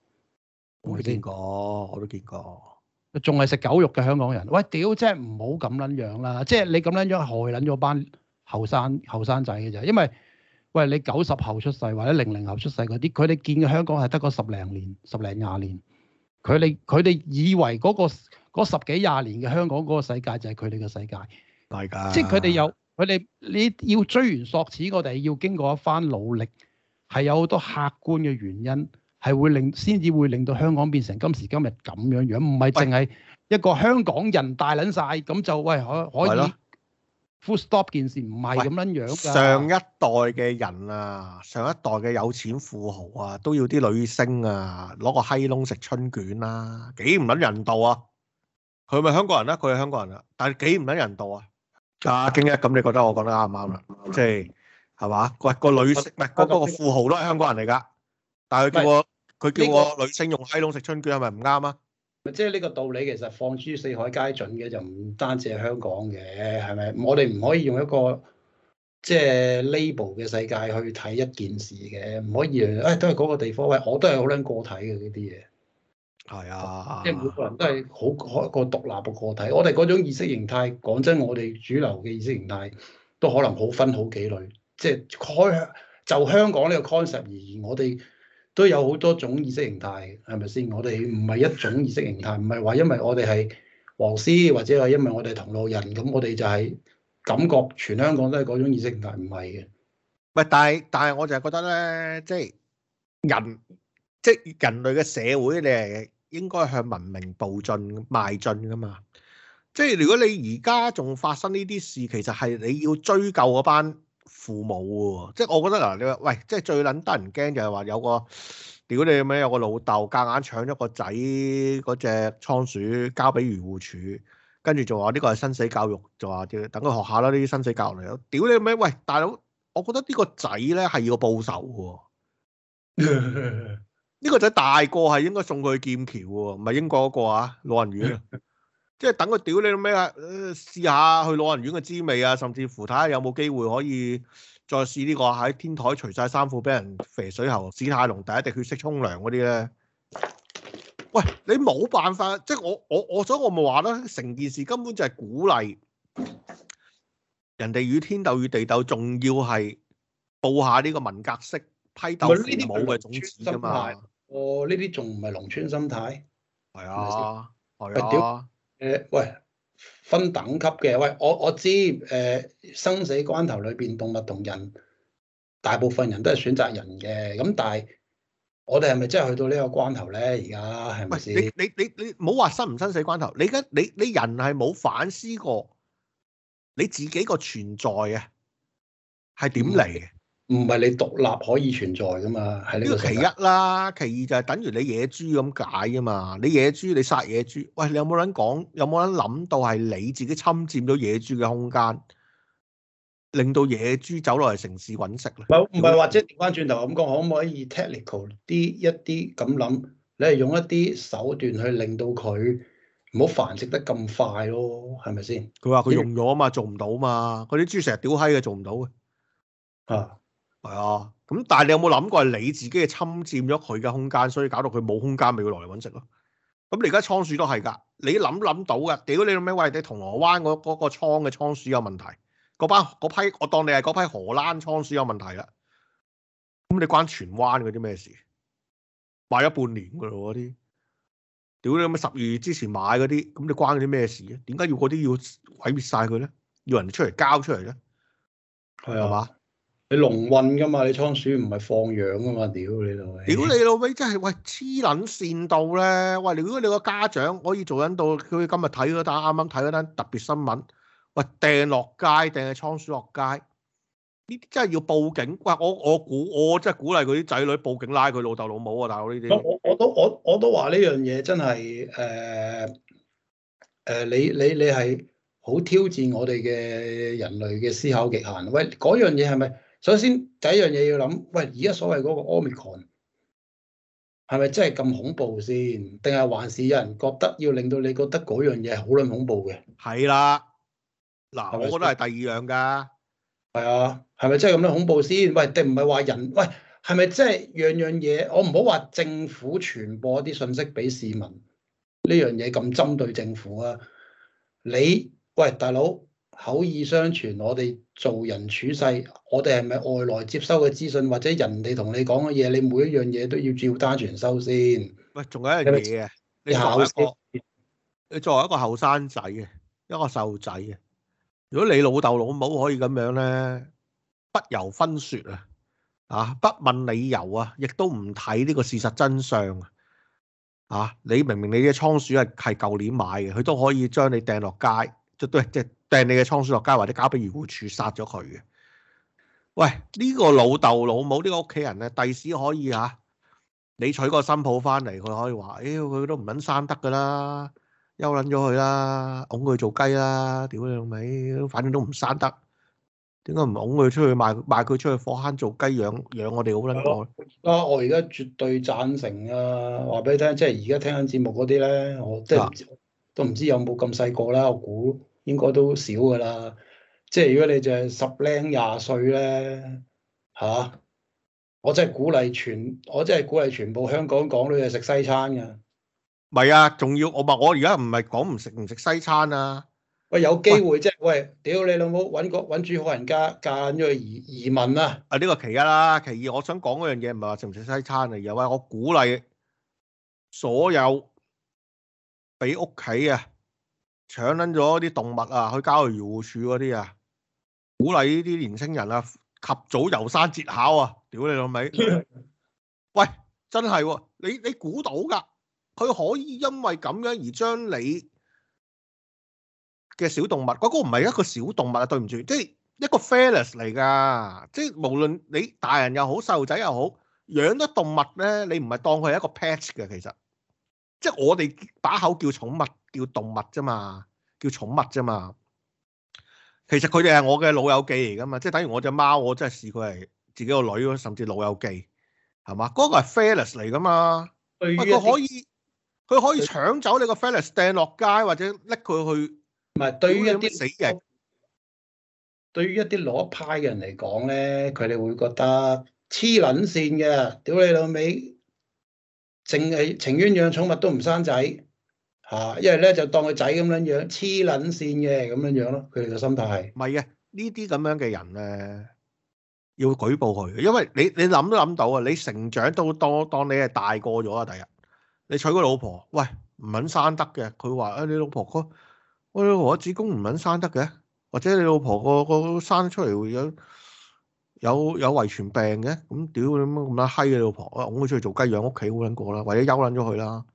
我都見過，吧我都見過。仲係食狗肉嘅香港人。喂，屌，即係唔好咁撚樣啦！即係你咁撚樣害撚咗班後生後生仔嘅啫，因為。喂，你九十後出世或者零零後出世嗰啲，佢哋見嘅香港係得個十零年、十零廿年，佢哋佢哋以為嗰、嗰個十幾廿年嘅香港嗰個世界就係佢哋嘅世界，的即係佢哋有佢哋你要追源溯始，我哋要經過一番努力，係有好多客觀嘅原因，係會令先至會令到香港變成今時今日咁樣樣，唔係淨係一個香港人大撚晒咁就喂可可以。Full stop 件事唔係咁樣樣噶、啊。上一代嘅人啊，上一代嘅有錢富豪啊，都要啲女星啊攞個閪窿食春卷啦、啊，幾唔撚人道啊？佢咪香港人咧、啊？佢係香港人啊，但係幾唔撚人道啊？阿、啊、京一，咁你覺得我講得啱唔啱啊？即係係嘛？喂、嗯就是，個女星唔係嗰個富豪都係香港人嚟噶，但係佢叫我佢喂叫我女星用閪窿食春卷係咪唔啱啊？即係呢個道理，其實放諸四海皆準嘅，就唔單止係香港嘅，係咪？我哋唔可以用一個即係、就是、label 嘅世界去睇一件事嘅，唔可以誒、哎，都係嗰個地方喂，我都係好捻個體嘅呢啲嘢。係啊，即係每個人都係好一個獨立嘅個體。我哋嗰種意識形態，講真，我哋主流嘅意識形態都可能好分好幾類。即係開就香港呢個 concept 而言，我哋。都有好多種意識形態，係咪先？我哋唔係一種意識形態，唔係話因為我哋係黃絲，或者係因為我哋係同路人，咁我哋就係感覺全香港都係嗰種意識形態，唔係嘅。但係但係，我就係覺得咧，即係人，即人類嘅社會，你係應該向文明步進、邁進㗎嘛。即係如果你而家仲發生呢啲事，其實係你要追究嗰班。父母喎，即係我覺得嗱，你話喂，即係最撚得人驚就係話有個屌你咩？有個老豆夾硬搶咗個仔嗰隻倉鼠交俾漁護署，跟住仲話呢個係生死教育，就話叫等佢學下啦呢啲生死教育嚟咯。屌你咩？喂，大佬，我覺得個呢個仔咧係要報仇喎。呢 *laughs* 個仔大個係應該送佢去劍橋喎，唔係英國嗰個啊，老人院。 *laughs* 即係等佢屌你到咩啊？試下去老人院嘅滋味啊，甚至乎睇下有冇機會可以再試呢個喺天台除晒衫褲俾人肥水喉，史泰龍第一滴血式沖涼嗰啲咧。喂，你冇辦法，即係我我我所以我咪話啦，成件事根本就係鼓勵人哋與天鬥與地鬥，仲要係播下呢個文革式批鬥父母嘅種子啊嘛。哦，呢啲仲唔係農村心態？係、哦、啊，係啊。誒、呃，喂，分等級嘅，喂，我我知，誒、呃，生死關頭裏邊，動物同人，大部分人都係選擇人嘅，咁但係我哋係咪真係去到呢個關頭咧？而家係咪先？你你你你，唔好話生唔生死關頭，你而家你你人係冇反思過你自己個存在呀係點嚟嘅？嗯唔係你獨立可以存在噶嘛？係呢個其一啦，其二就係等於你野豬咁解啊嘛！你野豬，你殺野豬。喂，你有冇人講？有冇人諗到係你自己侵佔咗野豬嘅空間，令到野豬走落嚟城市揾食咧？唔唔係，或者翻轉頭咁講，可唔可以 technical 啲一啲咁諗？你係用一啲手段去令到佢唔好繁殖得咁快咯？係咪先？佢話佢用咗啊嘛，做唔到啊嘛，嗰啲豬成日屌閪嘅，做唔到嘅啊！嗯係啊，咁但係你有冇諗過係你自己嘅侵佔咗佢嘅空間，所以搞到佢冇空間，咪要落嚟搵食咯？咁你而家倉鼠都係噶，你諗諗到噶，屌你老味，你銅鑼灣嗰嗰個倉嘅倉鼠有問題，嗰班嗰批，我當你係嗰批荷蘭倉鼠有問題啦。咁你關荃灣嗰啲咩事？買咗半年噶咯嗰啲，屌你咁啊！十二月之前買嗰啲，咁你關啲咩事啊？點解要嗰啲要毀滅晒佢咧？要人哋出嚟交出嚟咧？係嘛的？你龍運噶嘛？你倉鼠唔係放養噶嘛？屌你老味！屌你老味真係喂黐捻線到咧！喂，如果你個家長可以做緊到，佢今日睇嗰單，啱啱睇嗰單特別新聞，喂，掟落街，掟係倉鼠落街，呢啲真係要報警！喂，我我估我真係鼓勵佢啲仔女報警拉佢老豆老母啊！大佬呢啲，我都我，我都我我都話呢樣嘢真係誒誒，你你你係好挑戰我哋嘅人類嘅思考極限！喂，嗰樣嘢係咪？首先第一樣嘢要諗，喂，而家所謂嗰個 Omicron 係咪真係咁恐怖先？定係還是有人覺得要令到你覺得嗰樣嘢好撚恐怖嘅？係啦，嗱，我覺得係第二樣噶。係啊，係咪真係咁撚恐怖先？喂，定唔係話人？喂，係咪真係樣樣嘢？我唔好話政府傳播啲信息俾市民呢樣嘢咁針對政府啊？你喂大佬？口意相傳，我哋做人處世，我哋係咪外來接收嘅資訊，或者人哋同你講嘅嘢，你每一樣嘢都要照單全收先？喂，仲有一樣嘢啊！你作為一個，你作為一個後生仔嘅，一個細路仔嘅，如果你老豆老母可以咁樣呢，不由分說啊，啊，不問理由啊，亦都唔睇呢個事實真相啊！你明明你嘅倉鼠係係舊年買嘅，佢都可以將你掟落街，即都即。掟你嘅倉鼠落街，或者交俾漁護處殺咗佢嘅。喂，呢個老竇老母，呢個屋企人咧，第時可以嚇你娶個新抱翻嚟，佢可以話，妖佢都唔肯生得噶啦，休撚咗佢啦，擁佢做雞啦，屌你老味，反正都唔生得。點解唔擁佢出去賣賣佢出去火坑做雞養養我哋好撚耐？啊！我而家絕對贊成啊！話俾你聽，即係而家聽緊節目嗰啲咧，我即係都唔知有冇咁細個啦，我估。應該都少㗎啦，即係如果你就係十靚廿歲咧吓、啊？我真係鼓勵全，我真係鼓勵全部香港港女係食西餐㗎。唔係啊，仲要我話我而家唔係講唔食唔食西餐啊。喂，有機會即係喂，屌喂你老母，揾個揾住好人家嫁咗去移移民啊。啊，呢個其一啦、啊，其二我想講嗰樣嘢唔係話食唔食西餐啊，而係我鼓勵所有俾屋企啊。搶捻咗啲動物啊，去郊遊護署嗰啲啊，鼓勵呢啲年青人啊及早遊山折巧啊！屌你老味， *laughs* 喂，真係喎、啊！你你估到噶，佢可以因為咁樣而將你嘅小動物，嗰個唔係一個小動物啊，對唔住，即係一個 fella 嚟噶，即係無論你大人又好，細路仔又好，養得動物咧，你唔係當佢係一個 pet 嘅，其實。即係我哋把口叫寵物，叫動物啫嘛，叫寵物啫嘛。其實佢哋係我嘅老友記嚟㗎嘛，即係等於我隻貓，我真係視佢係自己個女咯，甚至老友記，係、那個、嘛？嗰個係 fella 嚟㗎嘛，佢可以佢可以搶走你個 fella 掟落街，或者拎佢去。唔係是，對於一啲死人贏，對於一啲攞派嘅人嚟講咧，佢哋會覺得黐撚線嘅，屌你老味。淨係情願養寵物都唔生仔，嚇、啊！一係咧就當佢仔咁樣養，黐撚線嘅咁樣樣咯，佢哋嘅心態係。唔係嘅，呢啲咁樣嘅人咧，要舉報佢，因為你你諗都諗到啊！你成長到當當你係大個咗啊，第日你娶個老婆，喂，唔肯生得嘅，佢話啊你老婆個我個子宮唔肯生得嘅，或者你老婆個、嗰個生出嚟會有。有有遺傳病嘅，咁屌你乜咁閪嘅老婆，我㧬佢出去做雞養屋企好撚過啦，或者休撚咗佢啦。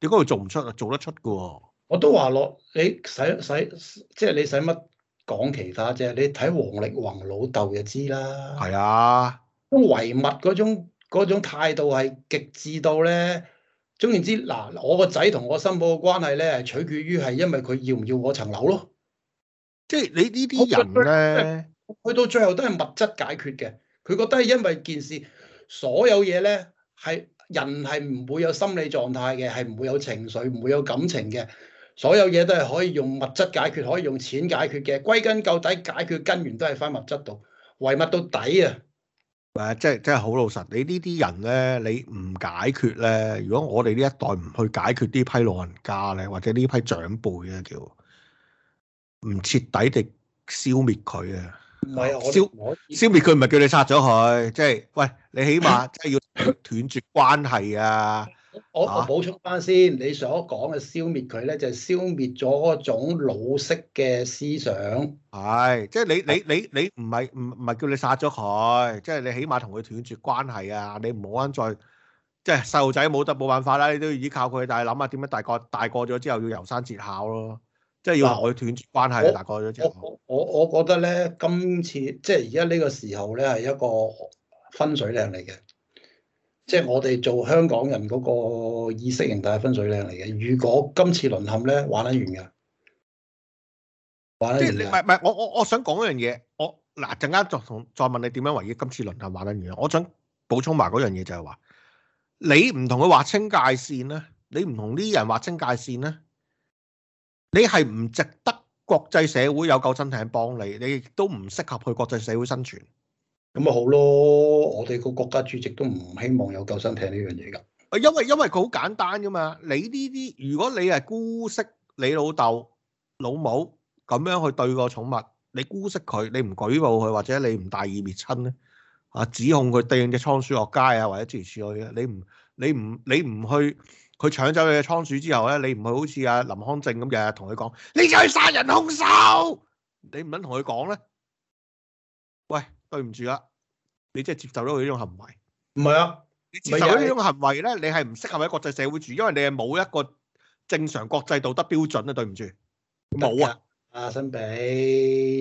點解佢做唔出啊？做得出㗎喎。我都話落你使使，即係你使乜講其他啫？你睇王力宏老豆就知啦。係啊，咁遺物嗰種嗰種態度係極致到咧。總言之，嗱，我個仔同我新抱嘅關係咧，係取決於係因為佢要唔要我層樓咯。即係你呢啲人咧。 *laughs* 去到最後都係物質解決嘅。佢覺得係因為件事，所有嘢咧係人係唔會有心理狀態嘅，係唔會有情緒，唔會有感情嘅，所有嘢都係可以用物質解決，可以用錢解決嘅。歸根究底，解決根源都係翻物質度，唯物到底啊。誒、即係，即係真係好老實，你呢啲人咧，你唔解決咧，如果我哋呢一代唔去解決呢批老人家咧，或者呢批長輩咧，叫唔徹底地消滅佢啊！唔係我消消滅佢，唔係叫你殺咗佢，即係喂，你起碼即係要斷絕關係啊！ *laughs* 啊我我補充翻先，你所講嘅消滅佢咧，就係消滅咗嗰種老式嘅思想。係即係你你你你唔係唔唔係叫你殺咗佢，即係你起碼同佢斷絕關係啊！你唔好再即係細路仔冇得冇辦法啦，你都要依靠佢，但係諗下點樣大個大個咗之後要由山節考咯。即係要同佢斷絕關係，我大概咁樣我。我我覺得咧，今次即係而家呢個時候咧，係一個分水嶺嚟嘅。即係我哋做香港人嗰個意識形態係分水嶺嚟嘅。如果今次淪陷咧，玩得完㗎。即係你唔係唔係我我我想講一樣嘢，我嗱陣間再同再問你點樣維護今次淪陷玩得完，完？我想補充埋嗰樣嘢就係話，你唔同佢劃清界線咧，你唔同呢人劃清界線咧。你係唔值得國際社會有救生艇幫你，你亦都唔適合去國際社會生存。咁咪好咯，我哋個國家主席都唔希望有救生艇呢樣嘢㗎。啊，因為因為佢好簡單㗎嘛。你呢啲，如果你係姑息你老豆老母咁樣去對個寵物，你姑息佢，你唔舉報佢，或者你唔大義滅親咧，啊，指控佢掟隻倉鼠落街啊，或者諸如此類嘅，你唔你唔你唔去。佢搶走你嘅倉鼠之後咧，你唔會好似阿林康正咁日日同佢講，你係殺人兇手，你唔肯同佢講咧。喂，對唔住啦，你即係接受咗佢呢種行為。唔係啊，接受咗呢種行為咧，你係唔適合喺國際社會住，因為你係冇一個正常國際道德標準啊。對唔住，冇啊。阿新比，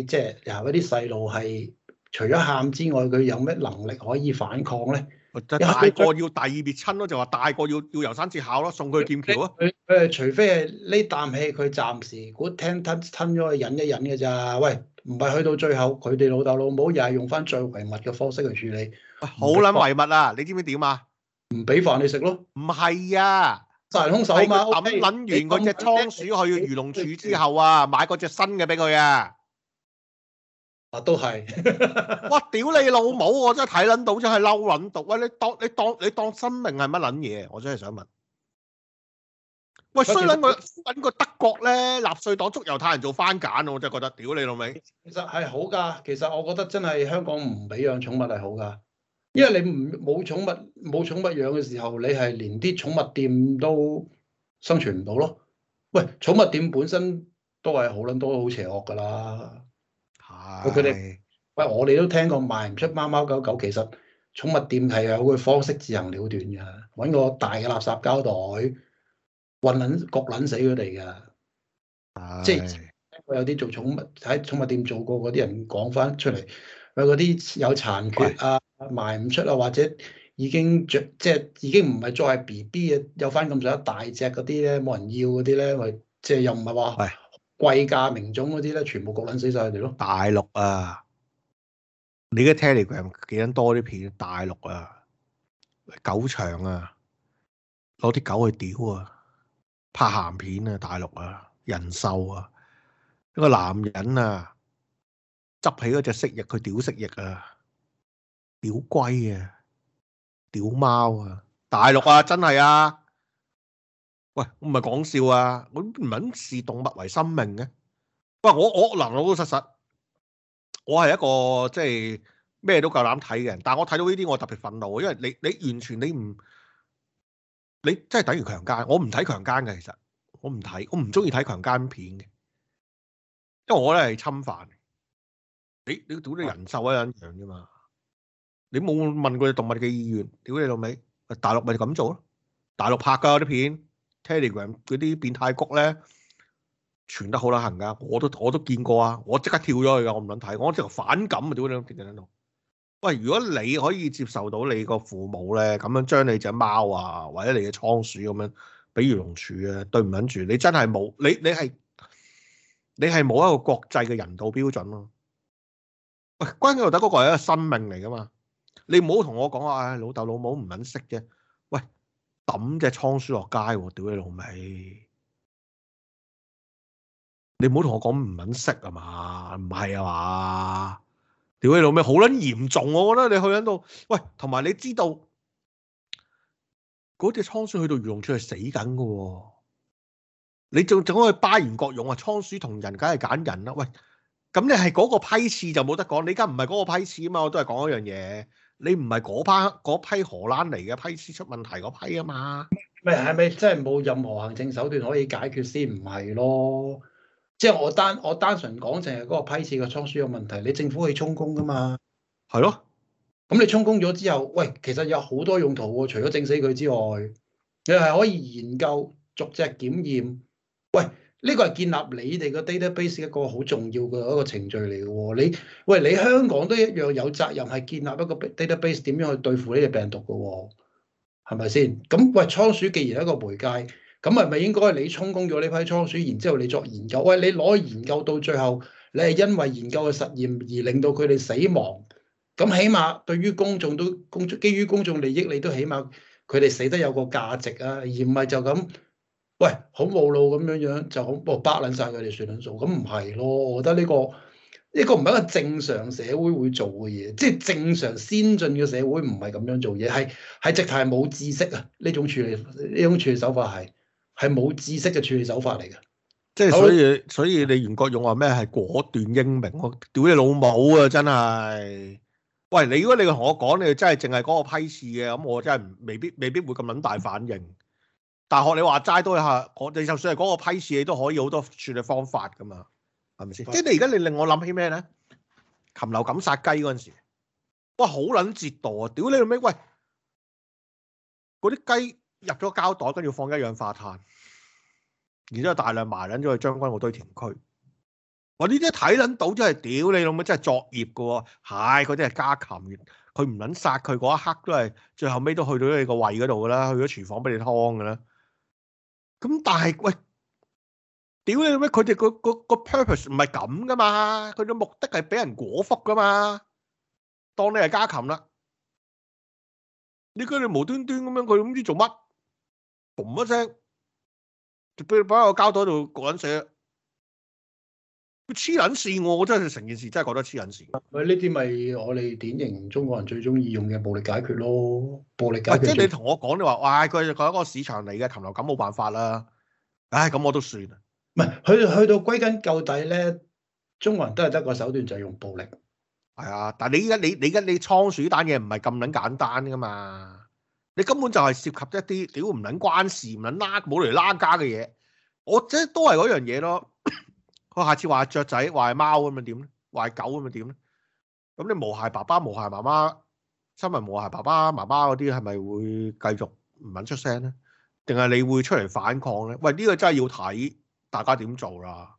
即係嗱，嗰啲細路係除咗喊之外，佢有咩能力可以反抗咧？大個要大義滅親咯，就話大個要要遊山涉海咯，送佢去劍橋啊！佢除非係呢啖氣，佢暫時估吞吞咗去忍一忍嘅咋？喂，唔係去到最後，佢哋老豆老母又係用翻最唯物嘅方式去處理，好捻唯物啊！你知唔知點啊？唔俾飯你食咯？唔係啊，殺人兇手啊嘛！抌完嗰隻倉鼠去漁農處之後啊，買嗰隻新嘅俾佢啊！啊，都係， *laughs* 哇！屌你老母，我真係睇捻到，真係嬲捻到。喂，你當、你當、你當生命係乜捻嘢？我真係想問。喂，衰捻、那個捻個德國咧，納粹黨捉猶太人做番梘，我真係覺得，屌你老味，其實係好噶，其實我覺得真係香港唔俾養寵物係好噶，因為你唔冇寵物冇寵物養嘅時候，你係連啲寵物店都生存唔到咯。喂，寵物店本身都係好捻多好邪惡噶啦。佢哋的喂，我哋都聽過賣唔出貓貓狗狗，其實寵物店係有個方式自行了斷嘅，揾個大嘅垃圾膠袋，運撚焗撚死佢哋嘅。的即係我有啲做寵物喺寵物店做過嗰啲人講翻出嚟，佢嗰啲有殘缺啊，賣唔出啊，或者已經著即係已經唔係再係 B B 呀，有翻咁上下大隻嗰啲咧，冇人要嗰啲咧，咪即係又唔係話？貴價名種嗰啲咧，全部焗撚死晒佢哋咯！大陸啊，你而家 Telegram 幾蚊多啲片？大陸啊，狗場啊，攞啲狗去屌啊，拍鹹片啊，大陸啊，人獸啊，一個男人啊，執起嗰隻蜥蜴佢屌蜥蜴啊，屌龜啊，屌貓啊，大陸啊，真係啊！喂，我唔係講笑啊！我唔係咁視動物為生命嘅。喂，我我嗱老老實實，我係一個即係咩都夠膽睇嘅人。但係我睇到呢啲，我特別憤怒，因為你你完全你唔你真係等於強姦。我唔睇強姦嘅，其實我唔睇，我唔中意睇強姦片嘅，因為我咧係侵犯、哎。你、嗯你。你做啲人獸一樣啫嘛？你冇問過動物嘅意願？屌你老味！大陸咪就咁做咯，大陸拍㗎嗰啲片。Telegram 嗰啲變態谷咧，傳得好撚行㗎，我都我都見過啊！我即刻跳咗去㗎，我唔撚睇，我即係反感啊！點解咁變態呢？喂，如果你可以接受到你個父母咧，咁樣將你隻貓啊，或者你嘅倉鼠咁樣俾漁農處啊，對唔撚住，你真係冇你你係你係冇一個國際嘅人道標準咯、啊。喂，關鍵到底嗰個係一個生命嚟㗎嘛？你唔好同我講啊、哎！老豆老母唔撚識啫。抌隻倉鼠落街、啊，屌你老味！你唔好同我講唔肯食啊嘛，唔係啊嘛，屌你老味，好捻嚴重、啊！我覺得你去喺度，喂，同埋你知道嗰隻倉鼠去到漁農處係死緊噶、啊，你仲仲去巴言角用啊？倉鼠同人梗係揀人啦、啊，喂，咁你係嗰個批次就冇得講，你而家唔係嗰個批次啊嘛，我都係講一樣嘢。你唔係嗰批，嗰批荷蘭嚟嘅批次出問題嗰批啊嘛？咪係咪真係冇任何行政手段可以解決先唔係咯？即係我單我單純講淨係嗰個批次嘅倉鼠有問題，你政府去充公噶嘛？係咯？咁你充公咗之後，喂，其實有好多用途喎，啊，除咗整死佢之外，你係可以研究逐隻檢驗，喂。呢個係建立你哋個 database 一個好重要嘅一個程序嚟嘅。你喂，你香港都一樣有責任係建立一個 database 點樣去對付呢隻病毒嘅喎，係咪先？咁喂，倉鼠既然係一個媒介，咁係咪應該你充公咗呢批倉鼠，然之後你作研究？喂，你攞去研究到最後，你係因為研究嘅實驗而令到佢哋死亡，咁起碼對於公眾都公基於公眾利益，你都起碼佢哋死得有個價值啊，而唔係就咁。喂，好冇腦咁樣樣就好不過，我巴撚曬佢哋算撚數，咁唔係咯？我覺得呢個呢個唔係一個正常社會會做嘅嘢，即係正常先進嘅社會唔係咁樣做嘢，係係直頭係冇知識啊！呢種處理呢種處理手法係係冇知識嘅處理手法嚟嘅。即係所以所以，好所以所以你袁國勇話咩？係果斷英明咯！屌你老母啊！真係，喂！你如果你同我講你真係淨係嗰個批示嘅，咁我真係未必未必會咁撚大反應。大學你話齋都係我哋就算係嗰個批次，你都可以好多處理方法噶嘛，係咪先？ *music* 即係你而家你令我諗起咩咧？禽流感殺雞嗰陣時，哇好撚折墮啊！屌你老味，喂嗰啲雞入咗膠袋，跟住放一氧化碳，然之後大量埋撚咗去將軍澳堆填區。哇！呢啲睇撚到真係屌你老味，真係作孽噶喎！唉，嗰啲係家禽，佢唔撚殺佢嗰一刻都係最後尾都去到你個胃嗰度噶啦，去咗廚房俾你劏噶啦。咁但係喂，屌你咩？佢哋個個個 purpose 唔係咁噶嘛，佢嘅目的係俾人果腹噶嘛。當你係家禽啦，你佢哋無端端咁樣，佢唔知做乜，嘣一聲就俾你擺喺個膠袋度趕死。黐捻線，我真係成件事真係覺得黐捻線。喂，呢啲咪我哋典型中國人最中意用嘅暴力解決咯，暴力解決。即係你同我講，你話哇，佢就覺得個市場嚟嘅禽流感冇辦法啦。唉，咁我都算。唔係、嗯，去去到歸根究底咧，中國人都係得個手段就係用暴力。係啊，但係你依家你你依家你倉鼠單嘢唔係咁捻簡單噶嘛？你根本就係涉及一啲屌唔捻關事唔捻拉冇嚟拉家嘅嘢。我即係都係嗰樣嘢咯。佢下次話雀仔，話係貓咁樣點咧？話狗咁樣點咧？咁你毛孩爸爸、毛孩媽媽、新聞毛孩爸爸媽媽嗰啲，係咪會繼續唔肯出聲咧？定係你會出嚟反抗咧？喂，呢個真係要睇大家點做啦。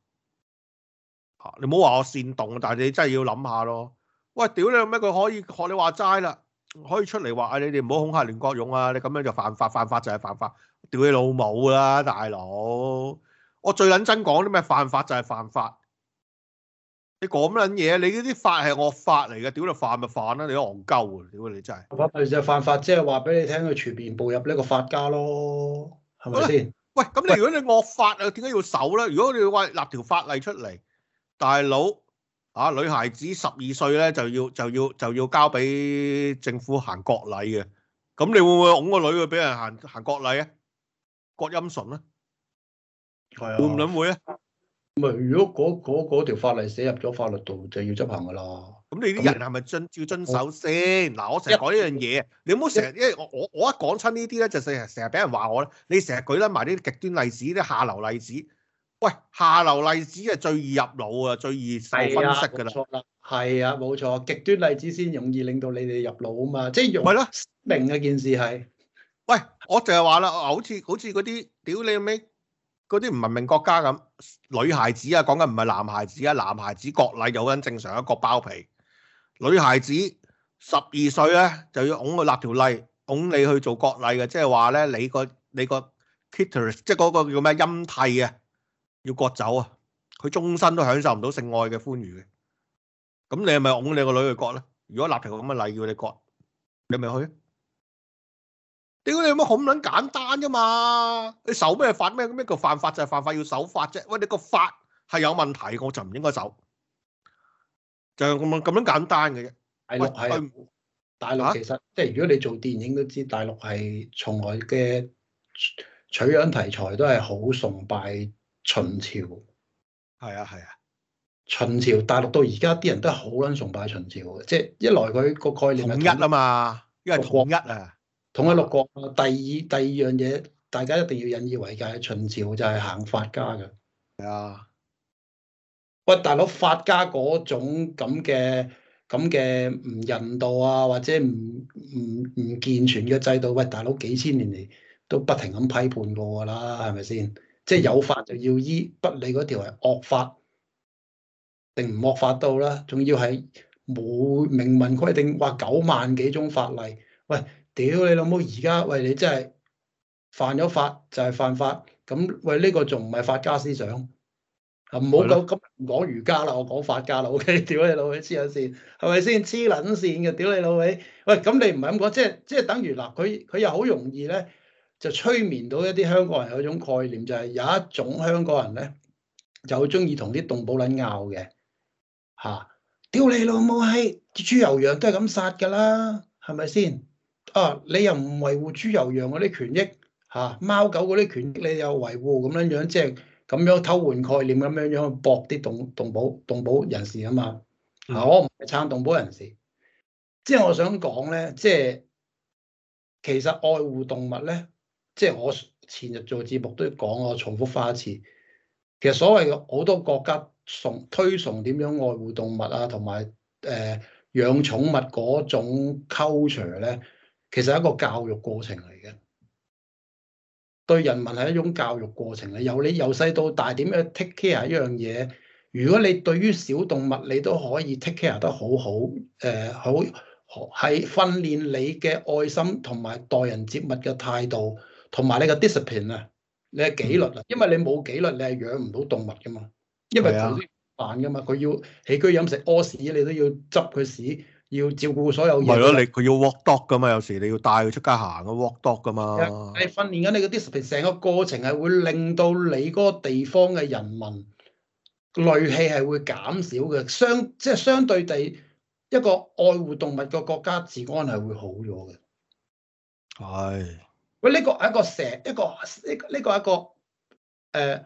嚇，你唔好話我煽動，但係你真係要諗下咯。喂，屌你有咩佢可以學你話齋啦？可以出嚟話啊！你哋唔好恐嚇連國勇啊！你咁樣就犯法，犯法就係犯、犯法。屌你老母啦，大佬！我最撚真講啲咩犯法就係犯法，你講乜撚嘢？你呢啲法係惡法嚟嘅，屌你犯咪犯啦！你都戇鳩啊！屌你真係。其實犯法即係話俾你聽，佢全面步入呢個法家咯，係咪先？喂，咁你如果你惡法啊，點解喂要守咧？如果你話立條法例出嚟，大佬啊，女孩子十二歲咧就要就要就要，就要交俾政府行國禮嘅，咁你會唔會擁個女去俾人行行國禮啊？國音順咧？係會唔會咧？唔係，如果嗰嗰條法例寫入咗法律度，就要執行噶啦。咁你啲人係咪遵照遵守先？嗱我，我成日講呢樣嘢你唔好成日，一因為我我我一講親呢啲咧，就成日成日俾人話我咧。你成日舉甩埋啲極端例子、啲下流例子。喂，下流例子係最易入腦啊，最易受分析噶啦。係啊，冇錯啦。係啊，冇錯。極端例子先容易令到你哋入腦啊嘛。即係係咯，明嘅件事係。喂，我淨係話啦，好似好似嗰啲屌你尾。嗰啲唔文明國家咁，女孩子啊講緊，唔係男孩子啊，男孩子割禮有緊正常一割包皮，女孩子十二歲咧就要拱佢立條例，拱你去做割禮嘅，即係話咧，你個你個 clitoris 即係嗰個叫咩陰蒂啊，要割走啊，佢終身都享受唔到性愛嘅歡愉嘅，咁你係咪拱你個女去割咧？如果立條咁嘅例要你割，你咪去。屌，你有乜好咁捻簡單啫、啊、嘛？你守咩法咩咩？叫犯法就係、是、犯法，要守法啫。喂，你個法係有問題，我就唔應該守。就咁咁樣簡單嘅啫。大陸係，大陸其實、啊、即係如果你做電影都知，大陸係從來嘅取樣題材都係好崇拜秦朝。係啊係啊，啊秦朝大陸到而家啲人都係好捻崇拜秦朝嘅，即係一來佢個概念統一啊嘛，因為統一啊。統一六國，第二第二樣嘢，大家一定要引以為戒。秦朝就係行法家嘅，係啊的！喂，大佬法家嗰種咁嘅咁嘅唔人道啊，或者唔唔唔健全嘅制度，喂，大佬幾千年嚟都不停咁批判過噶啦，係咪先？即係有法就要依，不理嗰條係惡法定唔惡法到啦，仲要係冇明文規定話九萬幾種法例，喂。屌你老母！而家，喂，你真係犯咗法就係犯法咁，喂，呢個仲唔係法家思想啊？唔好咁咁講儒家啦，我講法家啦，OK？屌你老味，黐咗線，係咪先？黐撚線嘅？屌你老味！喂，咁你唔係咁講，即係即係等於嗱，佢佢又好容易咧就催眠到一啲香港人有一種概念，就係有一種香港人咧就中意同啲動保撚拗嘅嚇。屌你老母閪，啲豬牛羊都係咁殺㗎啦，係咪先？啊！你又唔維護豬油羊嗰啲權益嚇，啊，貓狗嗰啲權益你又維護咁樣樣，即係咁樣偷換概念咁樣樣去博啲動動保動保人士啊嘛！嗯、我唔係撐動保人士，即係我想講咧，即係其實愛護動物咧，即係我前日做節目都講，我重複翻一次，其實所謂好多國家崇推崇點樣愛護動物啊，同埋誒養寵物嗰種 culture 咧。其實係一個教育過程嚟嘅，對人民係一種教育過程嚟，由你由細到大點樣 take care 一樣嘢，如果你對於小動物你都可以 take care 得好好，誒、呃、好係訓練你嘅愛心同埋待人接物嘅態度，同埋你嘅 discipline 啊，你嘅紀律啊。嗯、因為你冇紀律，你係養唔到動物㗎嘛。因為佢煩㗎嘛，佢要起居飲食屙屎，你都要執佢屎。要照顧所有嘢，唔係咯？你佢要 walk dog 噶嘛？有時你要帶佢出街行啊，walk dog 噶嘛，嗯。你訓練緊你嘅 discipline，成個過程係會令到你嗰個地方嘅人民戾氣係會減少嘅，相即係相對地一個愛護動物，個國家治安係會好咗嘅。係唉。喂，呢個係一個蛇，一個呢呢、這個一、這個誒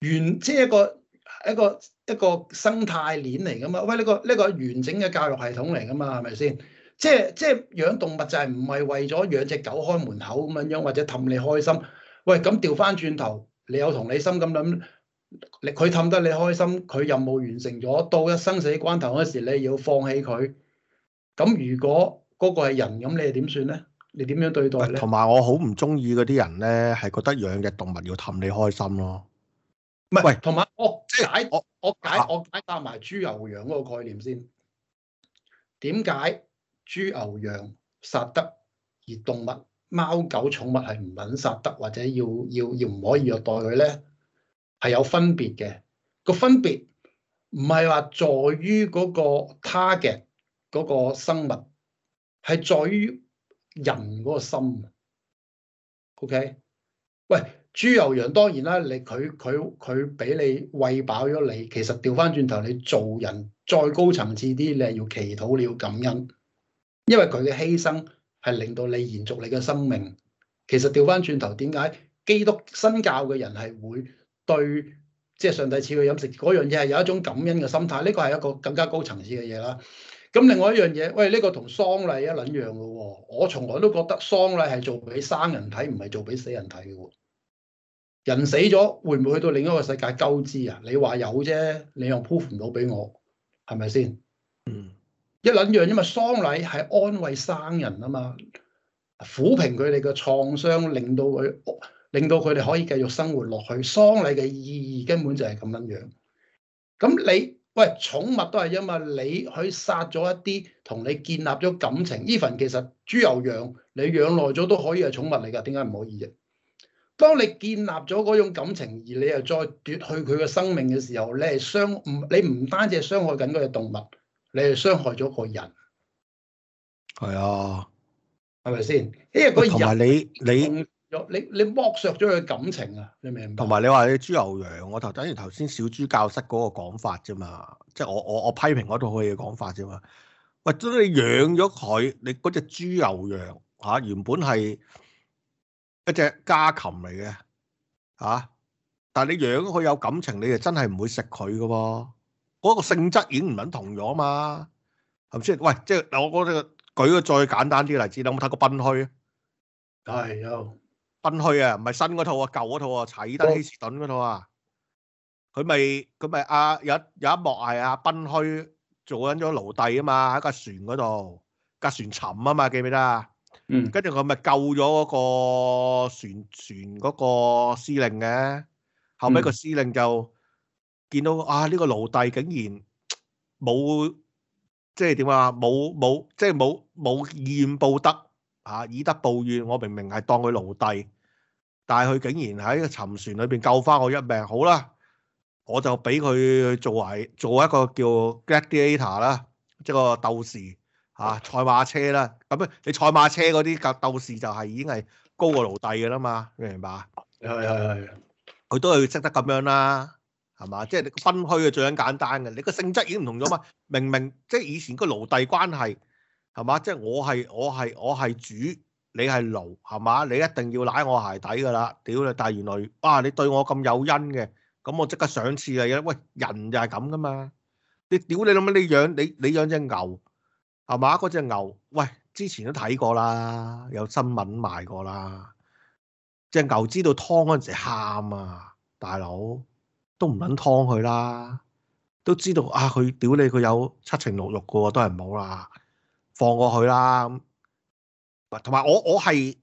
原即係一個。呃一個一個生態鏈嚟噶嘛？喂，呢個呢個完整嘅教育系統嚟噶嘛？係咪先？即係即係養動物就係唔係為咗養隻狗開門口咁樣樣，或者氹你開心？喂，咁調翻轉頭，你有同理心咁諗，你佢氹得你開心，佢任務完成咗，到一生死關頭嗰時，你要放棄佢。咁如果嗰個係人，咁你又點算咧？你點樣對待咧？同埋我好唔中意嗰啲人咧，係覺得養隻動物要氹你開心咯、啊。唔係，喂，同埋我。我解我，我解我解答埋豬牛羊嗰個概念先。點解豬牛羊殺得，而動物貓狗寵物係唔肯殺得，或者要要要唔可以虐待佢咧？係有分別嘅。嗰個分別唔係話在於嗰個他嘅嗰個生物，係在於人嗰個心。OK 喂？豬牛羊當然啦，你佢佢佢俾你餵飽咗你，其實調翻轉頭你做人再高層次啲，你係要祈禱，你要感恩，因為佢嘅犧牲係令到你延續你嘅生命。其實調翻轉頭，點解基督新教嘅人係會對即係上帝賜佢飲食嗰樣嘢係有一種感恩嘅心態？呢個係一個更加高層次嘅嘢啦。咁另外一樣嘢，喂，呢個同喪禮一撚樣噶喎，我從來都覺得喪禮係做俾生人睇，唔係做俾死人睇嘅喎。人死咗會唔會去到另一個世界鳩知啊？你話有啫，你又 proof 唔到俾我，係咪先？嗯，一捻樣，因為，喪禮係安慰生人啊嘛，撫平佢哋嘅創傷，令到佢，令到佢哋可以繼續生活落去。喪禮嘅意義根本就係咁樣樣。咁你喂，寵物都係因為，你去殺咗一啲同你建立咗感情，呢份其實豬又養，你養耐咗都可以係寵物嚟噶，點解唔可以啫？當你建立咗嗰種感情，而你又再奪去佢嘅生命嘅時候，你係傷唔你唔單止係傷害緊嗰隻動物，你係傷害咗個人。係啊，係咪先？因為嗰同埋你你，你你剝削咗佢感情啊！你明唔明白？同埋你話你豬牛羊，我頭等於頭先小豬教室嗰個講法啫嘛，即係我我我批評嗰套嘢講法啫嘛。喂，即係你養咗佢，你嗰隻豬牛羊吓，啊，原本係。一隻家禽嚟嘅，啊！但係你養佢有感情，你就真係唔會食佢噶喎。嗰、嗰個性質已經唔肯同咗嘛，係咪先？喂，即係嗱，我嗰個舉個再簡單啲嘅例子，你有冇睇過賓虛、哎、呦啊？係有賓虛啊，唔係新嗰套啊，舊嗰套啊，柴爾德希士頓嗰套啊。佢咪佢咪阿有有一幕係阿賓虛做緊咗奴隸啊嘛，喺架船嗰度架船沉啊嘛，記唔記得啊？嗯，跟住佢咪救咗嗰個船船嗰個司令嘅，後尾個司令就見到啊，呢個奴隸竟然冇，即係點啊，冇冇，即係冇冇以怨報德啊，以德報怨，我明明係當佢奴隸，但係佢竟然喺個沉船裏邊救翻我一命，好啦，我就俾佢去做為做一個叫 gladiator 啦，即係個鬥士。啊，賽馬車啦，咁啊，你賽馬車嗰啲格鬥士就係已經係高過奴隸嘅啦嘛，明唔明白？係係係，佢都係識得咁樣啦，係嘛？即係你分開嘅最緊簡單嘅，你個性質已經唔同咗嘛。明明即係以前個奴隸關係係嘛？即係我係我係我係主，你係奴係嘛？你一定要舐我鞋底㗎啦，屌你大！原來哇，你對我咁有恩嘅，咁我即刻上次嚟嘅。喂，人就係咁噶嘛？你屌你諗乜？你養你你養隻牛。係嘛？嗰隻牛喂，之前都睇過啦，有新聞賣過啦。隻牛知道劏嗰陣時喊啊，大佬都唔捻劏佢啦，都知道啊，佢屌你，佢有七情六欲噶，都係唔好啦，放過去啦。同埋我，我係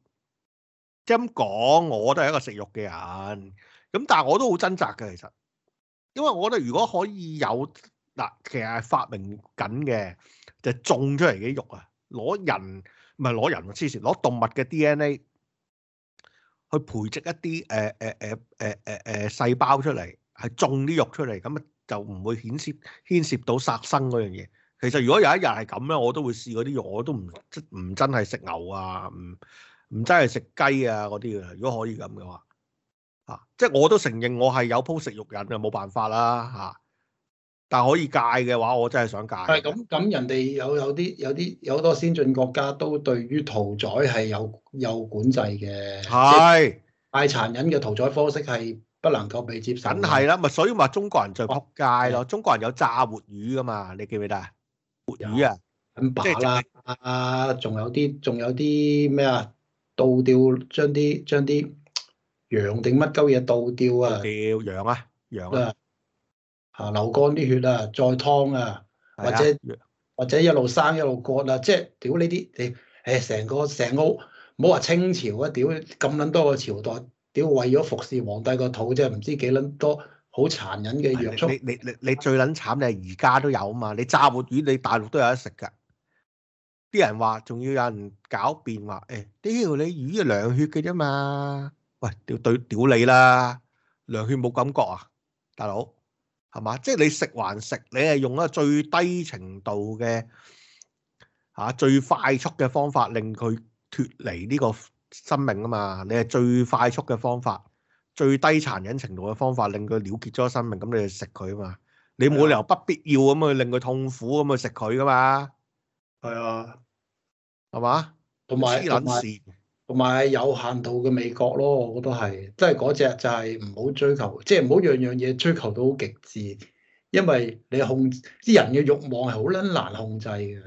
即咁講，我都係一個食肉嘅人，咁但係我都好掙扎嘅，其實，因為我哋如果可以有。嗱，其實係發明緊嘅，就係種出嚟嘅肉啊，攞人，唔係攞人黐線，攞動物嘅 DNA 去培植一啲誒誒誒誒誒誒細胞出嚟，係種啲肉出嚟，咁啊就唔會牽涉牽涉到殺生嗰樣嘢。其實如果有一日係咁咧，我都會試嗰啲肉，我都唔唔真係食牛啊，唔唔真係食雞啊嗰啲嘅。如果可以咁嘅話，啊，即係我都承認我係有鋪食肉癮嘅，冇辦法啦嚇。啊但係可以戒嘅話，我真係想戒。係咁咁，人哋有有啲有啲有好多先進國家都對於屠宰係有有管制嘅。係太殘忍嘅屠宰方式係不能夠被接受。梗係啦，咪所以咪中國人就仆街咯。中國人有炸活魚㗎嘛？你記唔記得啊？活魚啊，咁白啦，仲有啲仲有啲咩啊？倒吊將啲將啲羊定乜鳩嘢倒吊啊？吊羊啊，羊啊。啊！流乾啲血啊，再劏啊，或者、啊、或者一路生一路割啦、啊，即係屌呢啲你誒成個成屋唔好話清朝啊，屌咁撚多個朝代屌為咗服侍皇帝個肚，真係唔知幾撚多好殘忍嘅虐畜。你你你你最撚慘，你而家都有啊嘛。你炸活魚，你大陸都有得食㗎。啲人話仲要有人狡辯話誒，屌、哎、你魚啊涼血嘅啫嘛。喂屌對屌你啦，涼血冇感覺啊，大佬。係嘛？即係你食還食，你係用一個最低程度嘅吓、啊，最快速嘅方法令佢脫離呢個生命啊嘛！你係最快速嘅方法，最低殘忍程度嘅方法令佢了結咗生命，咁你就食佢啊嘛！你冇理由不必要咁去令佢痛苦咁去食佢噶嘛？係啊，係嘛吧？同埋同埋有限度嘅味覺咯，我覺得係，都係嗰隻就係唔好追求，即係唔好樣樣嘢追求到極致，因為你控啲人嘅欲望係好撚難控制嘅。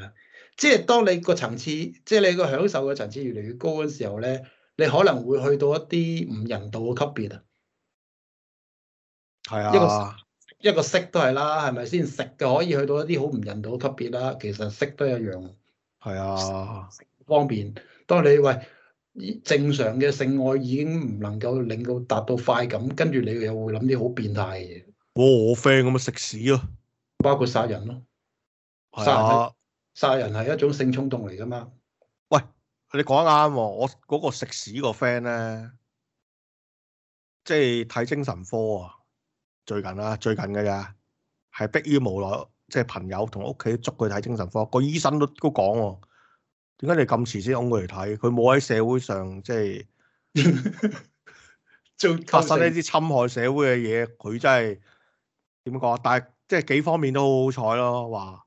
即係當你個層次，即係你個享受嘅層次越嚟越高嘅時候咧，你可能會去到一啲唔人道嘅級別是啊。係啊，一個色都係啦，係咪先食就可以去到一啲好唔人道嘅級別啦？其實色都一樣，係是啊，方便。當你喂。正常嘅性愛已經唔能夠令到達到快感，跟住你又會諗啲好變態嘅嘢。我我 friend 咁啊，食屎咯，包括殺人咯，殺人，啊、殺人係一種性衝動嚟噶嘛？喂，你講得啱喎，我嗰個食屎個 friend 咧，即係睇精神科啊，最近啦，最近嘅咋，係逼於無奈，即係朋友同屋企捉佢睇精神科，個醫生都都講。點解你咁遲先㧬佢嚟睇？佢冇喺社會上即係做 *laughs* 性發生一啲侵害社會嘅嘢，佢真係點講？但係即係幾方面都好好彩咯。話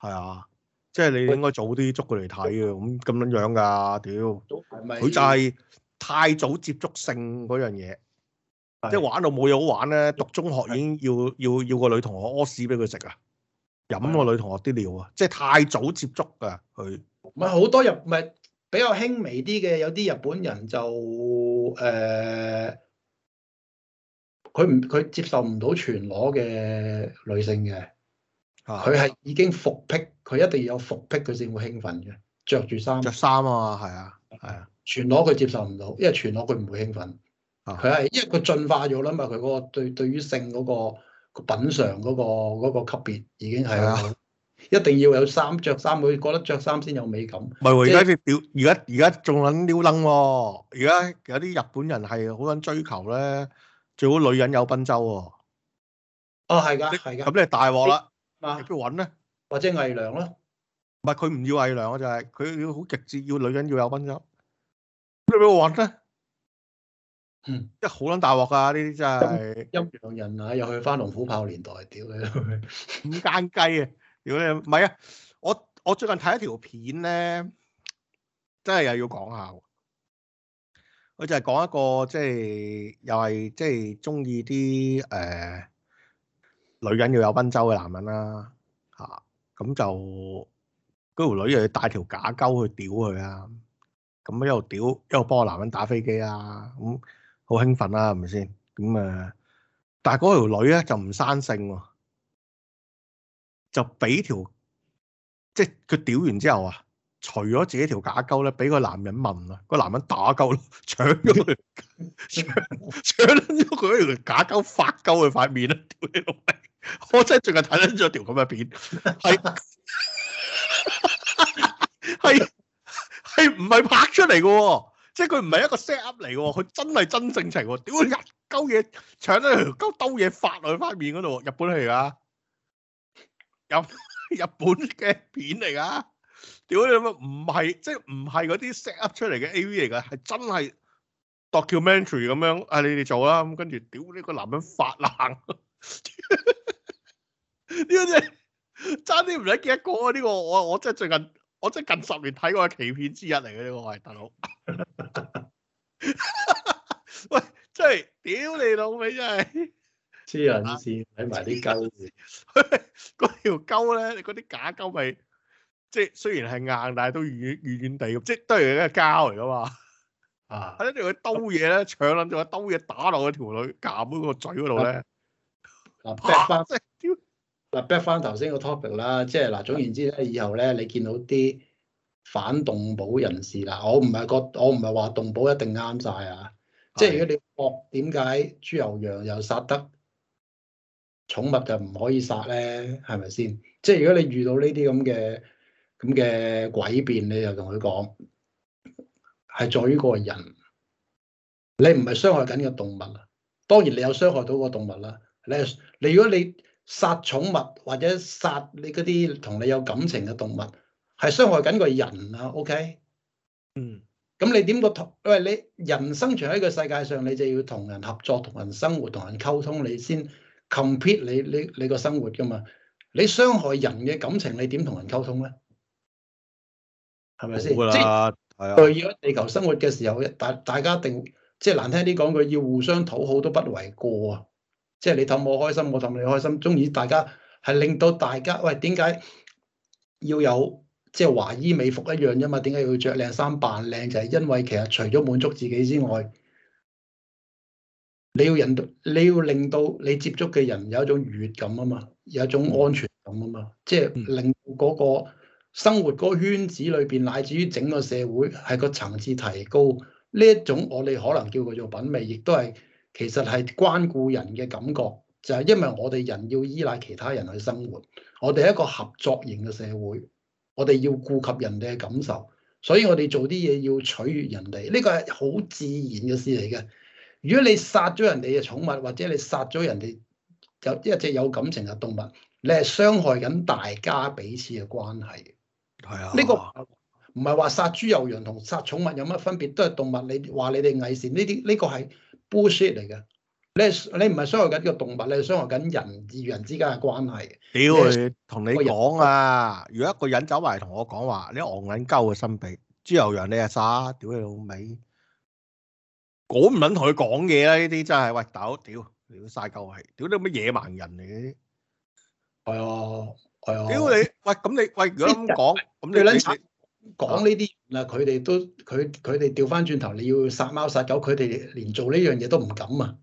係啊，即係你應該早啲捉佢嚟睇嘅，咁咁、嗯、樣樣㗎屌！佢、嗯嗯、就係太早接觸性嗰樣嘢，嗯、即係玩到冇嘢好玩咧。嗯、讀中學已經要、嗯、要要,要個女同學屙屎俾佢食啊，飲個女同學啲尿啊，即係太早接觸㗎，佢。唔係好多日，唔係比較輕微啲嘅，有啲日本人就誒，佢唔佢接受唔到全裸嘅女性嘅，佢係已經服癖，佢一定要有服癖佢先會興奮嘅，着住衫，着衫啊嘛，係啊，係啊，全裸佢接受唔到，因為全裸佢唔會興奮，佢係、啊、因為佢進化咗啦嘛，佢嗰、嗰個對對於性嗰、嗰個品、嗰個品嚐嗰個嗰個級別已經係。一定要有衫着衫，佢覺得着衫先有美感。唔係喎，而家啲屌，而家而家仲撚撩楞喎。而家有啲日本人係好撚追求咧，最好女人有賓周喎。哦，係㗎，係㗎。咁你係大鑊啦。啊，邊度揾咧？或者偽娘咯？唔係佢唔要偽娘啊，就係佢要好極致，要女人要有賓周。你俾我揾咧？嗯，即係好撚大鑊㗎，呢啲真係陰陽人啊，又去翻龍虎豹年代屌你，五間雞啊！如果你唔係啊，我我最近睇一條片咧，真係又要講下喎。佢就係講一個即係又係即係中意啲誒女人要有賓周嘅男人啦、啊、嚇，咁、啊嗯、就嗰條、那個、女又要帶條假鳩去屌佢啊，咁、嗯、一路屌一路幫個男人打飛機啦、啊，咁、嗯、好興奮啦、啊，係咪先？咁、嗯、誒，但係嗰條女咧就唔生性喎、啊。就俾條即係佢屌完之後啊，除咗自己條假溝咧，俾個男人聞啊，個男人打溝咯，搶咗佢，搶搶咗佢一條假溝發溝佢塊面啊！屌你老味， *laughs* 我真係淨係睇得咗條咁嘅片，係係係唔係拍出嚟嘅？即係佢唔係一個 set up 嚟嘅，佢真係真性情，屌佢日溝嘢，搶咗條溝兜嘢發落佢塊面嗰度，日本嚟噶、啊。日本嘅片嚟噶，屌、就是、你老味唔係，即係唔係嗰啲 set up 出嚟嘅 AV 嚟噶，係真係 documentary 咁樣，啊你哋做啦，咁跟住，屌呢個男人發冷、嗯，呢 *laughs* 個真係差啲唔使記得過啊！呢、呢個我我真係最近，我真係近十年睇過嘅奇片之一嚟嘅呢個係大佬，喂 *laughs* *laughs* *laughs* 真係屌你老味真係～黐銀線，睇埋啲膠。嗰 *laughs* 條膠咧，嗰啲假膠咪即係雖然係硬，但係都軟軟地咁、 *laughs* *laughs* 啊，即係都係一個膠嚟噶嘛。啊！跟住佢兜嘢咧，搶撚住佢兜嘢打落嗰條女鹹嗰個嘴嗰度咧。嗱 back 翻即係，嗱，back 翻頭先個 topic 啦。即係嗱，總言之咧，以後咧，你見到啲反動保人士嗱，我唔係覺，我唔係話動保一定啱晒啊。的即係如果你惡點解豬牛羊又殺得？寵物就唔可以殺咧，係咪先？即係如果你遇到呢啲咁嘅咁嘅詭辯，你就同佢講，係在於個人。你唔係傷害緊個動物啊，當然你有傷害到個動物啦。你係你如果你殺寵物或者殺你嗰啲同你有感情嘅動物，係傷害緊個人啊。OK，嗯，咁你點個同？因為你人生存喺個世界上，你就要同人合作、同人生活、同人溝通，你先。窮撇你你你個生活噶嘛？你傷害人嘅感情，你點同人溝通咧？係咪先？即係佢要喺地球生活嘅時候，大大家定即係難聽啲講句，要互相討好都不為過啊！即係你氹我開心，我氹你開心，鍾意，大家係令到大家喂，點解要有即係華衣美服一樣啫嘛？點解要着靚衫扮靚？就係、是、因為其實除咗滿足自己之外。你要人，你要令到你接觸嘅人有一種愉悅感啊嘛，有一種安全感啊嘛，即係令嗰個生活嗰個圈子裏邊，乃至於整個社會係個層次提高呢一種，我哋可能叫佢做品味，亦都係其實係關顧人嘅感覺，就係因為我哋人要依賴其他人去生活，我哋係一個合作型嘅社會，我哋要顧及人哋嘅感受，所以我哋做啲嘢要取悦人哋，呢個係好自然嘅事嚟嘅。如果你殺咗人哋嘅寵物，或者你殺咗人哋有一隻有感情嘅動物，你係傷害緊大家彼此嘅關係。係啊，呢個唔係話殺豬、牛、羊同殺寵物有乜分別？都係動物，你話你哋偽善呢啲？呢個係 bullshit 嚟嘅。你你唔係傷害緊個動物，你係傷害緊人與人之間嘅關係。屌，佢，同你講啊！如果一個人走埋同我講話，你昂緊鳩嘅心地，豬、牛、羊你係殺，屌你老尾！我唔捻同佢講嘢啦！呢啲真係喂，大屌屌曬鳩氣，屌你乜野蠻人嚟？係啊，係啊！屌你喂，咁你喂，咁講，你捻住講呢啲嗱，佢哋都佢佢哋調返轉頭，你要殺貓殺狗，佢哋連做呢樣嘢都唔敢啊！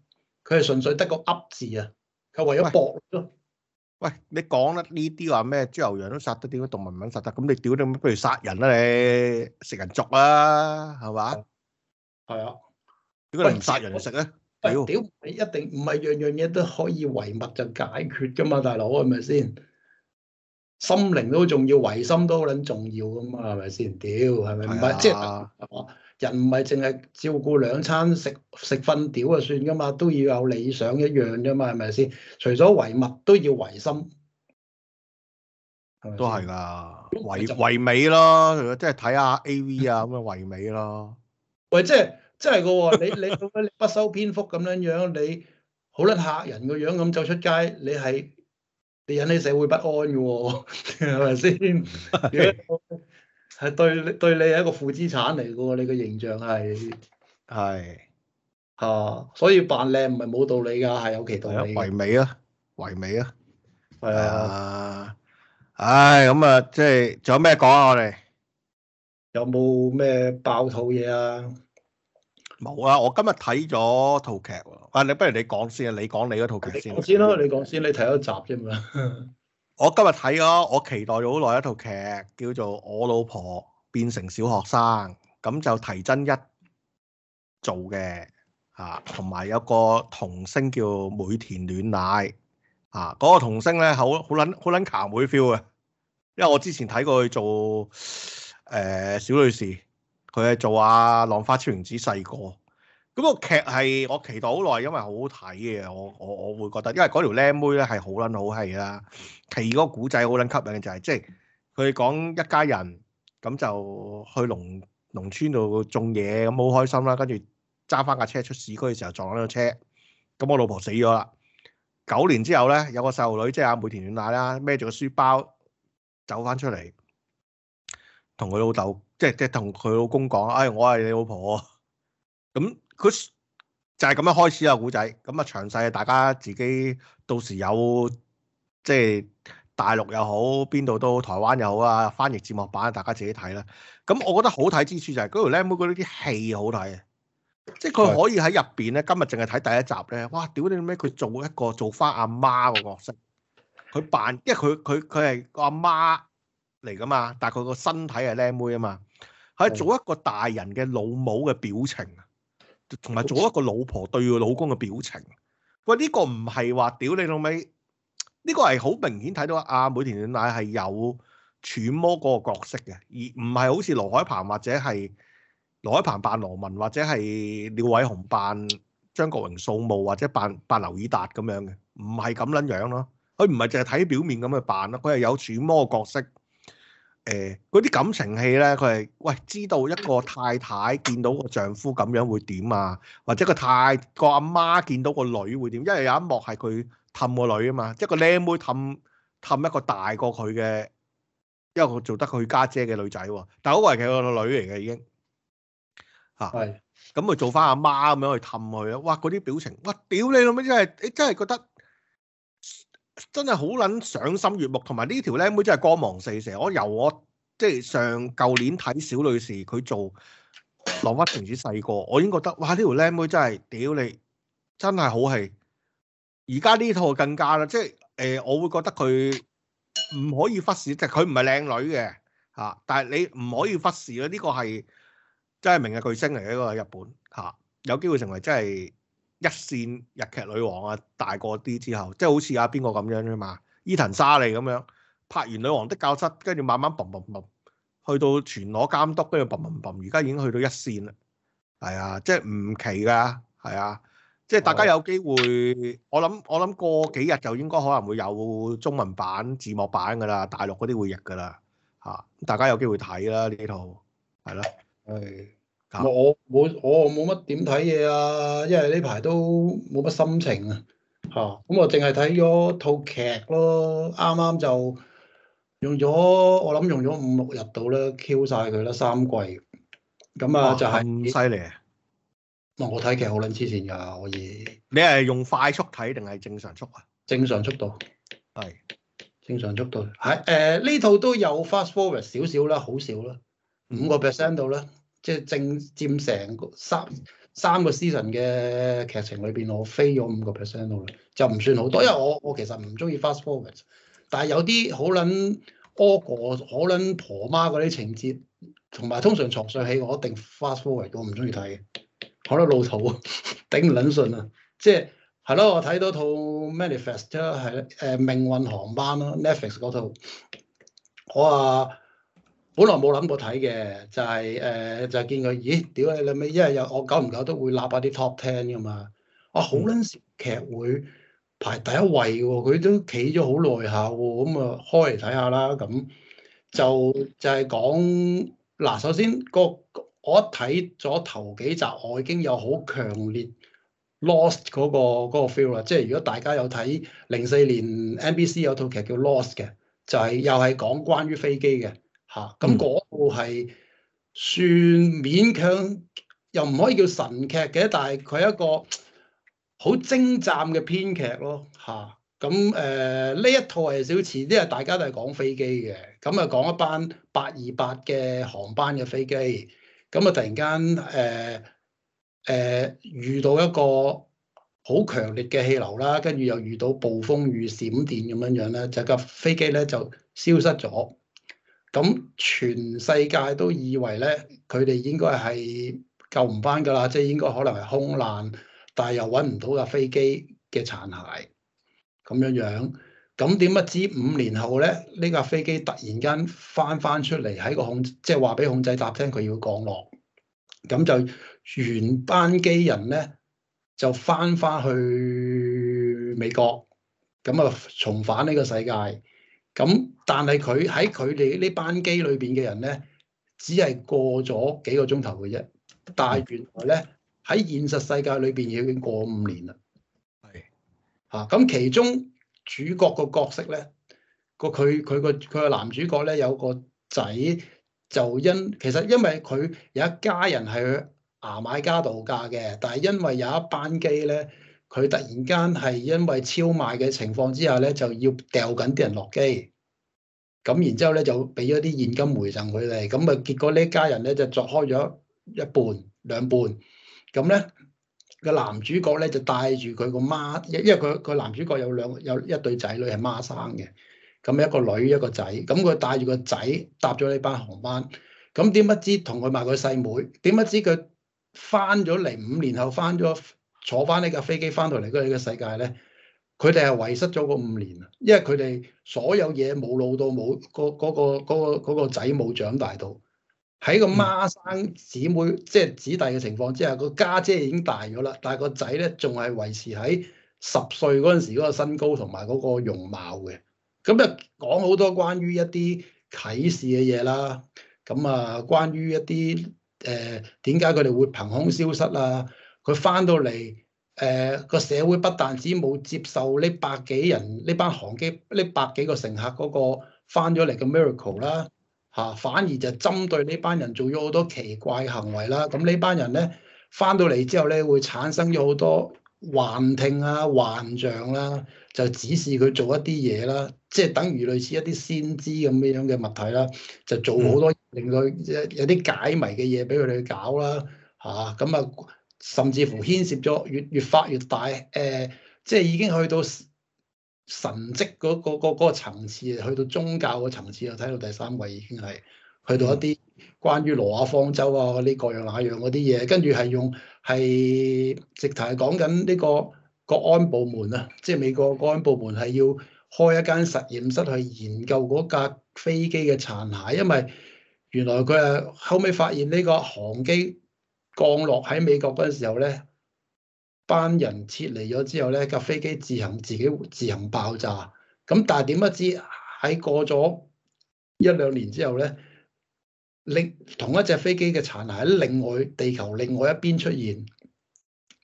佢係純粹得個噏字啊！佢為咗搏咯。喂，你講啦，呢啲話咩？豬牛羊都殺得，點解動物唔捻殺得？咁你屌你，不如殺人啦！你食人族啊，係嘛？係啊。如果唔殺人嚟食咧，屌你一定唔係樣樣嘢都可以唯物就解決噶嘛，大佬係咪先？心靈都重要，唯心都好撚重要噶嘛，係咪先？屌係咪唔係即係？人唔係淨係照顧兩餐食食瞓屌啊算噶嘛，都要有理想一樣啫嘛，係咪先？除咗唯物都要唯心，係咪都係噶唯唯美咯，即係睇下 A V 啊咁啊唯美咯。 *laughs* 喂，即係。真係噶喎！你你不修邊幅咁樣樣，你好撚嚇人個樣咁走出街，你係你引起社會不安噶喎，係咪先？如果係對對你係一個負資產嚟噶喎，你個形象係係啊，所以扮靚唔係冇道理噶，係有其道理。唯美啊，唯美啊，係啊。唉，咁啊，即係仲有咩講啊？我哋有冇咩爆肚嘢啊？冇啊！我今日睇咗套劇喎，啊，你不如你講先啊，你講你嗰套劇先。我先啦，你講先，你睇咗集啫嘛。我今日睇咗，我期待咗好耐一套劇，叫做《我老婆變成小學生》，咁就提真一堤真一做嘅，啊，同埋有個童星叫每田暖奈。啊，嗰、嗰個童星咧好好捻好捻卡妹 feel 嘅，因為我之前睇過佢做誒、呃、小女士。佢係做阿浪花超人子，細個，咁個劇係我期待好耐，因為好好睇嘅。我我我會覺得，因為嗰條靚妹咧係好撚好戲啦。其二個古仔好撚吸引嘅就係，即係佢講一家人咁就去農農村度種嘢咁好開心啦。跟住揸翻架車出市區嘅時候撞咗架車，咁我老婆死咗啦。九年之後咧，有個細路女即係阿梅田暖奶啦，孭住個書包走翻出嚟，同佢老豆，即係即係同佢老公講，哎，我係你老婆，咁 *laughs* 佢、嗯、就係咁樣開始啊古仔，咁啊、嗯、詳細大家自己到時有即係大陸又好，邊度都台灣又好啊，翻譯字幕版大家自己睇啦。咁、嗯、我覺得好睇之處就係嗰條僆妹嗰啲戲好睇，即係佢可以喺入邊咧。的今日淨係睇第一集咧，哇！屌你咩？佢做一個做翻阿媽個角色，佢扮，因為佢佢佢係個阿媽，媽。嚟噶嘛？但係佢個身體係靚妹啊嘛。係做一個大人嘅老母嘅表情，同埋、哦、做一個老婆對個老公嘅表情。喂，呢、這個唔係話屌你老味，呢、這個係好明顯睇到阿梅田奶奶係有揣摩個角色嘅，而唔係好似羅海鵬或者係羅海鵬扮羅文，或者係廖偉雄扮張國榮掃墓，或者扮扮劉以達咁樣嘅，唔係咁捻樣咯。佢唔係淨係睇表面咁去扮咯，佢係有揣摩個角色。誒嗰啲感情戲咧，佢係喂知道一個太太見到個丈夫咁樣會點啊？或者個太個阿媽見到個女會點？因為有一幕係佢氹個女啊嘛，即係個靚妹氹氹一個大過佢嘅一個做得佢家姐嘅女仔喎。但係好遺憾，佢個女嚟嘅已經嚇，咁咪做翻阿媽咁樣去氹佢咯。哇！嗰啲表情，哇！屌你老味，真係你真係覺得～真係好撚賞心悅目，同埋呢條靚妹真係光芒四射。我由我即係上舊年睇小女士，佢做羅威停止細個，我已經覺得哇！呢條靚妹真係屌你，真係好戲。而家呢套更加啦，即係誒、呃，我會覺得佢唔可以忽視，即係佢唔係靚女嘅嚇，但係你唔可以忽視啊！呢、這個係真係明日巨星嚟嘅一個日本嚇、啊，有機會成為真係。一線日劇女王啊，大個啲之後，即係好似阿邊個咁樣啫嘛，伊藤沙莉咁樣拍完《女王的教室》，跟住慢慢嘣嘣嘣去到全裸監督，跟住嘣嘣嘣，而家已經去到一線啦，係啊，即係唔奇噶，係啊，即係大家有機會，我諗我諗過幾日就應該可能會有中文版字幕版㗎啦，大陸嗰啲會譯㗎啦，嚇、啊，大家有機會睇啦呢套，係咯、啊，係。Okay. 我冇我冇乜點睇嘢啊，因為呢排都冇乜心情啊，吓、啊、咁、嗯、我淨係睇咗套劇咯，啱啱就用咗我諗用咗五六日度啦，Q 晒佢啦三季，咁啊就係咁犀利啊！就是，我睇劇好撚黐線噶，可以，你係用快速睇定係正常速啊？正常速度係，是正常速度係誒呢套都有 fast forward 少少啦，好少啦，五個 percent 到啦。即係正佔成三三個 season 嘅劇情裏邊，我飛咗五個 percent 度啦，就唔算好多。因為我我其實唔中意 fast forward，但係有啲好撚 over 好撚婆媽嗰啲情節，同埋通常床上戲我一定 fast forward，我唔中意睇，覺得老土，頂唔撚順啊！即係係咯，我睇到套 Manifest 即係命運航班咯 Netflix 嗰套，我話、啊。好耐冇諗過睇嘅，就係、是、誒、呃，就見佢，咦？屌你老味！一係又我久唔久都會立下啲 top ten 噶嘛，我、啊、好撚劇會排第一位喎、哦，佢都企咗好耐下喎，咁啊開嚟睇下啦咁，就就係、是、講嗱，首先個我睇咗頭幾集，我已經有好強烈 Lost 嗰、那個、那個、feel 啦。即係如果大家有睇零四年 NBC 有套劇叫 Lost 嘅，就係、是、又係講關於飛機嘅。吓，咁嗰部係算勉強，又唔可以叫神劇嘅，但係佢係一個好精湛嘅編劇咯。嚇、啊，咁誒呢一套係小前因為大家都係講飛機嘅，咁啊講一班八二八嘅航班嘅飛機，咁啊突然間誒誒、呃呃、遇到一個好強烈嘅氣流啦，跟住又遇到暴風雨、閃電咁樣樣咧，就架飛機咧就消失咗。咁全世界都以為咧，佢哋應該係救唔翻㗎啦，即係應該可能係空難，但係又揾唔到架飛機嘅殘骸咁樣樣。咁點不知五年後咧，呢、這、架、個、飛機突然間翻翻出嚟喺個控，即係話俾控制塔聽佢要降落。咁就原班機人咧就翻返去美國，咁啊重返呢個世界。咁，但係佢喺佢哋呢班機裏邊嘅人咧，只係過咗幾個鐘頭嘅啫。但係原來咧，喺現實世界裏邊已經過五年啦。係的。嚇、啊！咁其中主角個角色咧，個佢佢個佢個男主角咧，有個仔就因其實因為佢有一家人係去牙買加度假嘅，但係因為有一班機咧。佢突然間係因為超賣嘅情況之下咧，就要掉緊啲人落機，咁然之後咧就俾咗啲現金回贈佢哋，咁啊結果呢一家人咧就作開咗一半兩半，咁咧個男主角咧就帶住佢個媽，因為佢佢男主角有兩有一對仔女係媽生嘅，咁一個女一個仔，咁佢帶住個仔搭咗呢班航班，咁點不知同佢埋個細妹、妹，點不知佢翻咗嚟五年後翻咗，坐翻呢架飛機翻到嚟佢哋嘅世界咧，佢哋係遺失咗嗰五年，因為佢哋所有嘢冇老到冇嗰嗰個嗰個仔冇長大到，喺個孖生姊妹即係、就是、子弟嘅情況之下，個家姐，姐已經大咗啦，但係個仔咧仲係維持喺十歲嗰陣時嗰個身高同埋嗰個容貌嘅。咁就講好多關於一啲啟示嘅嘢啦，咁啊，關於一啲誒點解佢哋會憑空消失啊？佢翻到嚟，誒、呃、個社會不但止冇接受呢百幾人呢班航機呢百幾個乘客嗰個翻咗嚟嘅 miracle 啦，嚇、啊，反而就針對呢班人做咗好多奇怪嘅行為啦。咁呢班人咧翻到嚟之後咧，會產生咗好多幻聽啊、幻象啦、啊，就指示佢做一啲嘢啦，即係等於類似一啲先知咁樣樣嘅物體啦，就做好多令佢有啲解謎嘅嘢俾佢哋去搞啦，嚇，咁啊～啊、嗯甚至乎牽涉咗越越發越大，誒、呃，即係已經去到神蹟嗰個、嗰個、嗰個層次，去到宗教嗰層次啊！我睇到第三位已經係去到一啲關於羅亞方舟啊嗰啲各樣那樣嗰啲嘢，跟住係用係直頭係講緊呢個國安部門啊，即係美國國安部門係要開一間實驗室去研究嗰架飛機嘅殘骸，因為原來佢係後尾發現呢個航機。降落喺美國嗰陣時候咧，班人撤離咗之後咧，架飛機自行自己自行爆炸。咁但係點不知喺過咗一兩年之後咧，另同一隻飛機嘅殘骸喺另外地球另外一邊出現，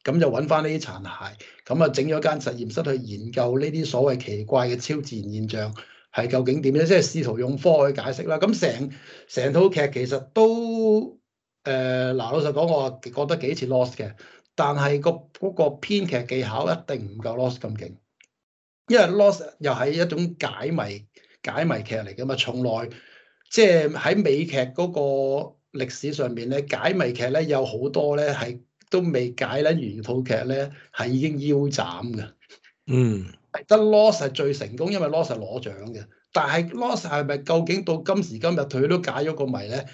咁就揾翻呢啲殘骸，咁啊整咗間實驗室去研究呢啲所謂奇怪嘅超自然現象係究竟點咧，即係試圖用科去解釋啦。咁成成套劇其實都～誒嗱、呃，老實講，我覺得幾似 Lost 嘅，但係個嗰個編劇技巧一定唔夠 Lost 咁勁，因為 Lost 又係一種解謎解謎劇嚟㗎嘛，從來即係喺美劇嗰個歷史上面咧，解謎劇咧有好多咧係都未解咧，原套劇咧係已經腰斬㗎。嗯，得 Lost 係最成功，因為 Lost 係攞獎嘅，但係 Lost 係咪究竟到今時今日佢都解咗個謎咧？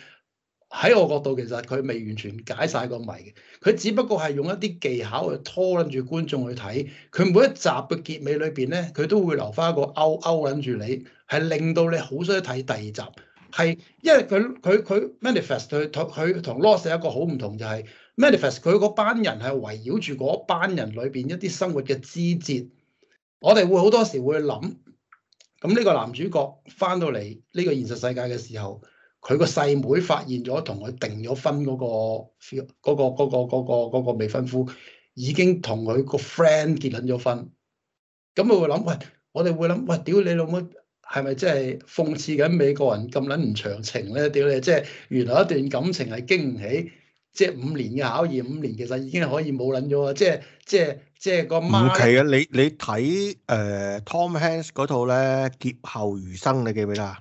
喺我角度，其實佢未完全解晒個謎嘅，佢只不過係用一啲技巧去拖撚住觀眾去睇。佢每一集嘅結尾裏邊咧，佢都會留翻一個勾勾撚住你，係令到你好想睇第二集。係因為佢佢佢 Manifest 佢佢同 Lost 一個好唔同就係、是、Manifest 佢嗰班人係圍繞住嗰班人裏邊一啲生活嘅枝節。我哋會好多時會諗，咁呢個男主角翻到嚟呢個現實世界嘅時候，佢個細妹發現咗同佢定咗婚嗰個 feel，嗰個嗰個嗰個嗰個未婚夫已經同佢個 friend 結論咗婚，咁佢會諗喂，我哋會諗喂，屌你老母係咪真係諷刺緊美國人咁撚唔長情咧？屌你即係原來一段感情係經唔起即係、就是、五年嘅考驗，五年其實已經係可以冇撚咗啊！即係即係即係個唔奇啊！你你睇誒、呃、Tom Hanks 嗰套咧《劫後餘生》，你記唔記得？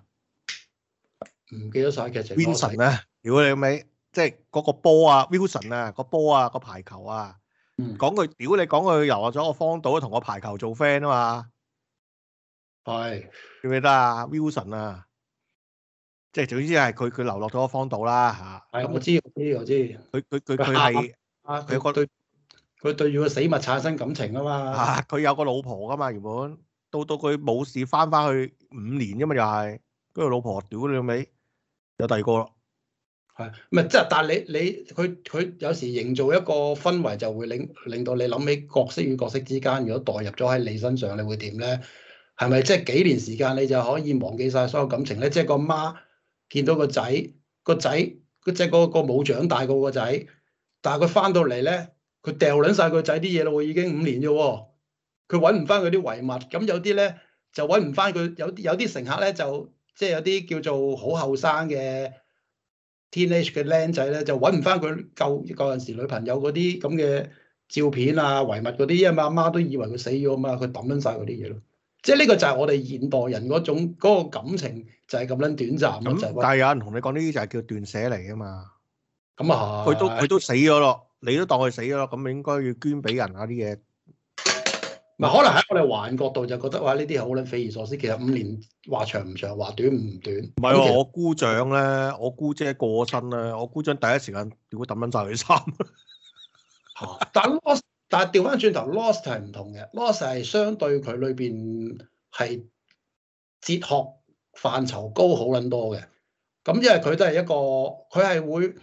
唔記得曬劇情。Wilson 咧、啊，果你尾，即係嗰個波啊，Wilson 啊，個波啊，個、啊、排球啊，嗯、講佢屌你講佢遊咗個荒島，同個排球做 friend 啊嘛，係記唔記得啊？Wilson 啊，即係總之係佢佢流落咗個荒島啦嚇。係是、嗯，我知我知我知。佢佢佢佢係，佢對佢對住個死物產生感情啊嘛。佢、啊、有個老婆噶嘛原本，到到佢冇事翻返去五年啫嘛又係，跟、那個老婆屌你尾。你有第二個咯，係咪即係？但係你你佢佢有時營造一個氛圍，就會令令到你諗起角色與角色之間，如果代入咗喺你身上，你會點咧？係咪即係幾年時間，你就可以忘記晒所有感情咧？即係個媽見到個仔，個仔即係嗰個冇長大過個仔，但係佢翻到嚟咧，佢掉撚晒個仔啲嘢咯喎，已經五年啫喎，佢揾唔翻佢啲遺物，咁有啲咧就揾唔翻佢，有啲有啲乘客咧就。即係有啲叫做好後生嘅 teenage 嘅靚仔咧，就揾唔翻佢舊舊陣時女朋友嗰啲咁嘅照片啊、遺物嗰啲啊嘛，阿媽都以為佢死咗啊嘛，佢抌撚晒嗰啲嘢咯。即係呢個就係我哋現代人嗰種嗰、嗰個感情就係咁撚短暫咁。但係有人同你講呢啲就係叫斷捨離啊嘛。咁啊、嗯，佢都佢都死咗咯，你都當佢死咗咯，咁應該要捐俾人啊啲嘢。唔係，可能喺我哋華人角度就覺得哇！呢啲係好撚匪夷所思。其實五年話長唔長，話短唔短。唔係喎，我姑丈咧，我姑姐過身啦。我姑丈第一時間如果抌撚晒佢衫。嚇！ *laughs* 但係但係調翻轉頭，lost 係唔同嘅。lost 係相對佢裏邊係哲學範疇高好撚多嘅。咁因為佢都係一個，佢係會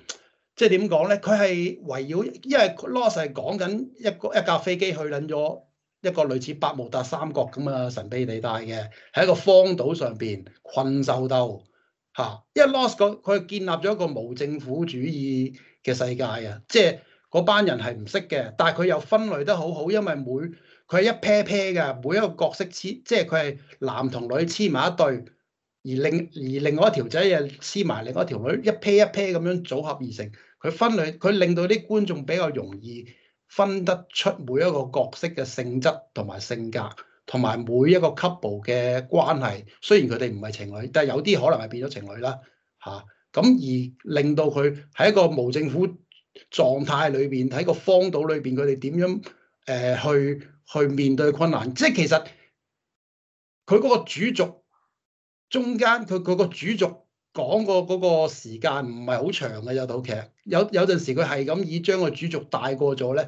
即係點講咧？佢係圍繞，因為 lost 係講緊一個一架飛機去撚咗。一個類似百慕達三角咁啊，神秘地帶嘅，喺一個荒島上邊困獸鬥吓。一 lost 佢，佢建立咗一個無政府主義嘅世界啊！即係嗰班人係唔識嘅，但係佢又分類得好好，因為每佢係一 pair pair 嘅，每一個角色黐即係佢係男同女黐埋一對，而另而另外一條仔又黐埋另外一條女一 pair 一 pair 咁樣組合而成。佢分類佢令到啲觀眾比較容易。分得出每一個角色嘅性質同埋性格，同埋每一個 couple 嘅關係。雖然佢哋唔係情侶，但係有啲可能係變咗情侶啦。嚇、啊，咁而令到佢喺一個無政府狀態裏邊，喺個荒島裏邊，佢哋點樣誒、呃、去去面對困難？即係其實佢嗰個主軸中間，佢佢個主軸。講過嗰個時間唔係好長嘅有套劇，有有陣時佢係咁已將個主軸帶過咗咧，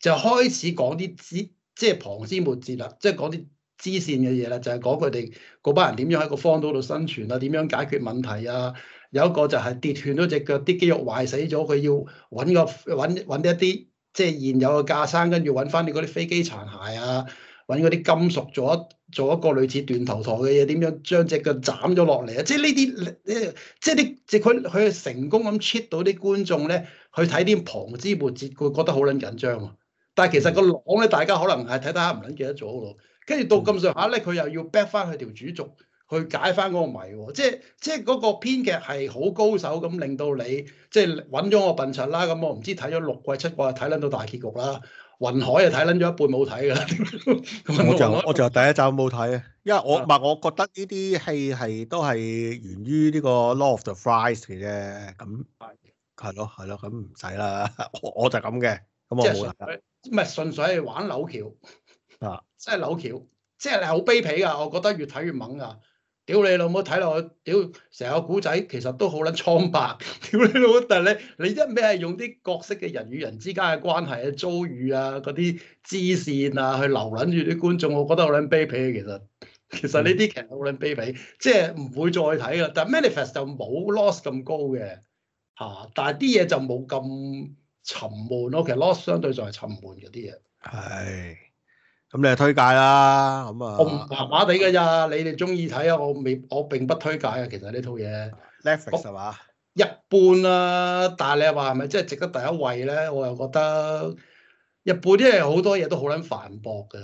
就開始講啲枝即係旁枝末節啦，即係講啲支線嘅嘢啦，就係、是、講佢哋嗰班人點樣喺個荒島度生存啊，點樣解決問題啊？有一個就係跌斷咗隻腳，啲肌肉壞死咗，佢要揾個揾揾一啲即係現有嘅架生，跟住揾翻你嗰啲飛機殘骸啊。揾嗰啲金屬做一做一個類似斷頭台嘅嘢，點樣將隻腳斬咗落嚟啊！即係呢啲，即係啲，即係佢佢成功咁 cheat 到啲觀眾咧，去睇啲旁枝末節，會覺得好撚緊張，啊。但係其實個網咧，大家可能係睇睇下唔撚記得咗咯。跟住到咁上下咧，佢又要 back 翻佢條主軸去解翻嗰個謎喎，啊。即係即係嗰個編劇係好高手咁，令到你即係揾咗我笨柒啦。咁我唔知睇咗六季七季，睇撚到大結局啦。雲海啊，睇撚咗一半冇睇噶。我就我就第一集冇睇啊，因為我唔係我覺得呢啲戲係都係源於呢個 love the fries 嘅啫。咁係係咯係咯，咁唔使啦。我我就咁嘅，咁我冇睇。唔係純粹係玩扭橋啊！即係扭橋，即係你好卑鄙㗎！我覺得越睇越猛啊！屌你老母睇落去，屌成個古仔其實都好撚蒼白，屌 *laughs* 你老母！但係你你一味係用啲角色嘅人與人之間嘅關係啊、遭遇啊、嗰啲枝線啊去留撚住啲觀眾，我覺得好撚卑鄙啊！其實其實呢啲劇好撚卑鄙，即係唔會再睇啦。但係《Manifest》就冇《Lost》咁高嘅嚇，但係啲嘢就冇咁沉悶咯。其實《Lost》相對就係沉悶嗰啲嘢。係。咁 音音 df is 你就推介啦，咁啊，我麻麻地嘅咋，你哋中意睇啊，我未，我並不推介嘅。其實呢套嘢，Netflix 係嘛，一般啦，啊，但係你話係咪真係值得第一位咧？我又覺得一般，因為好多嘢都好捻反駁嘅。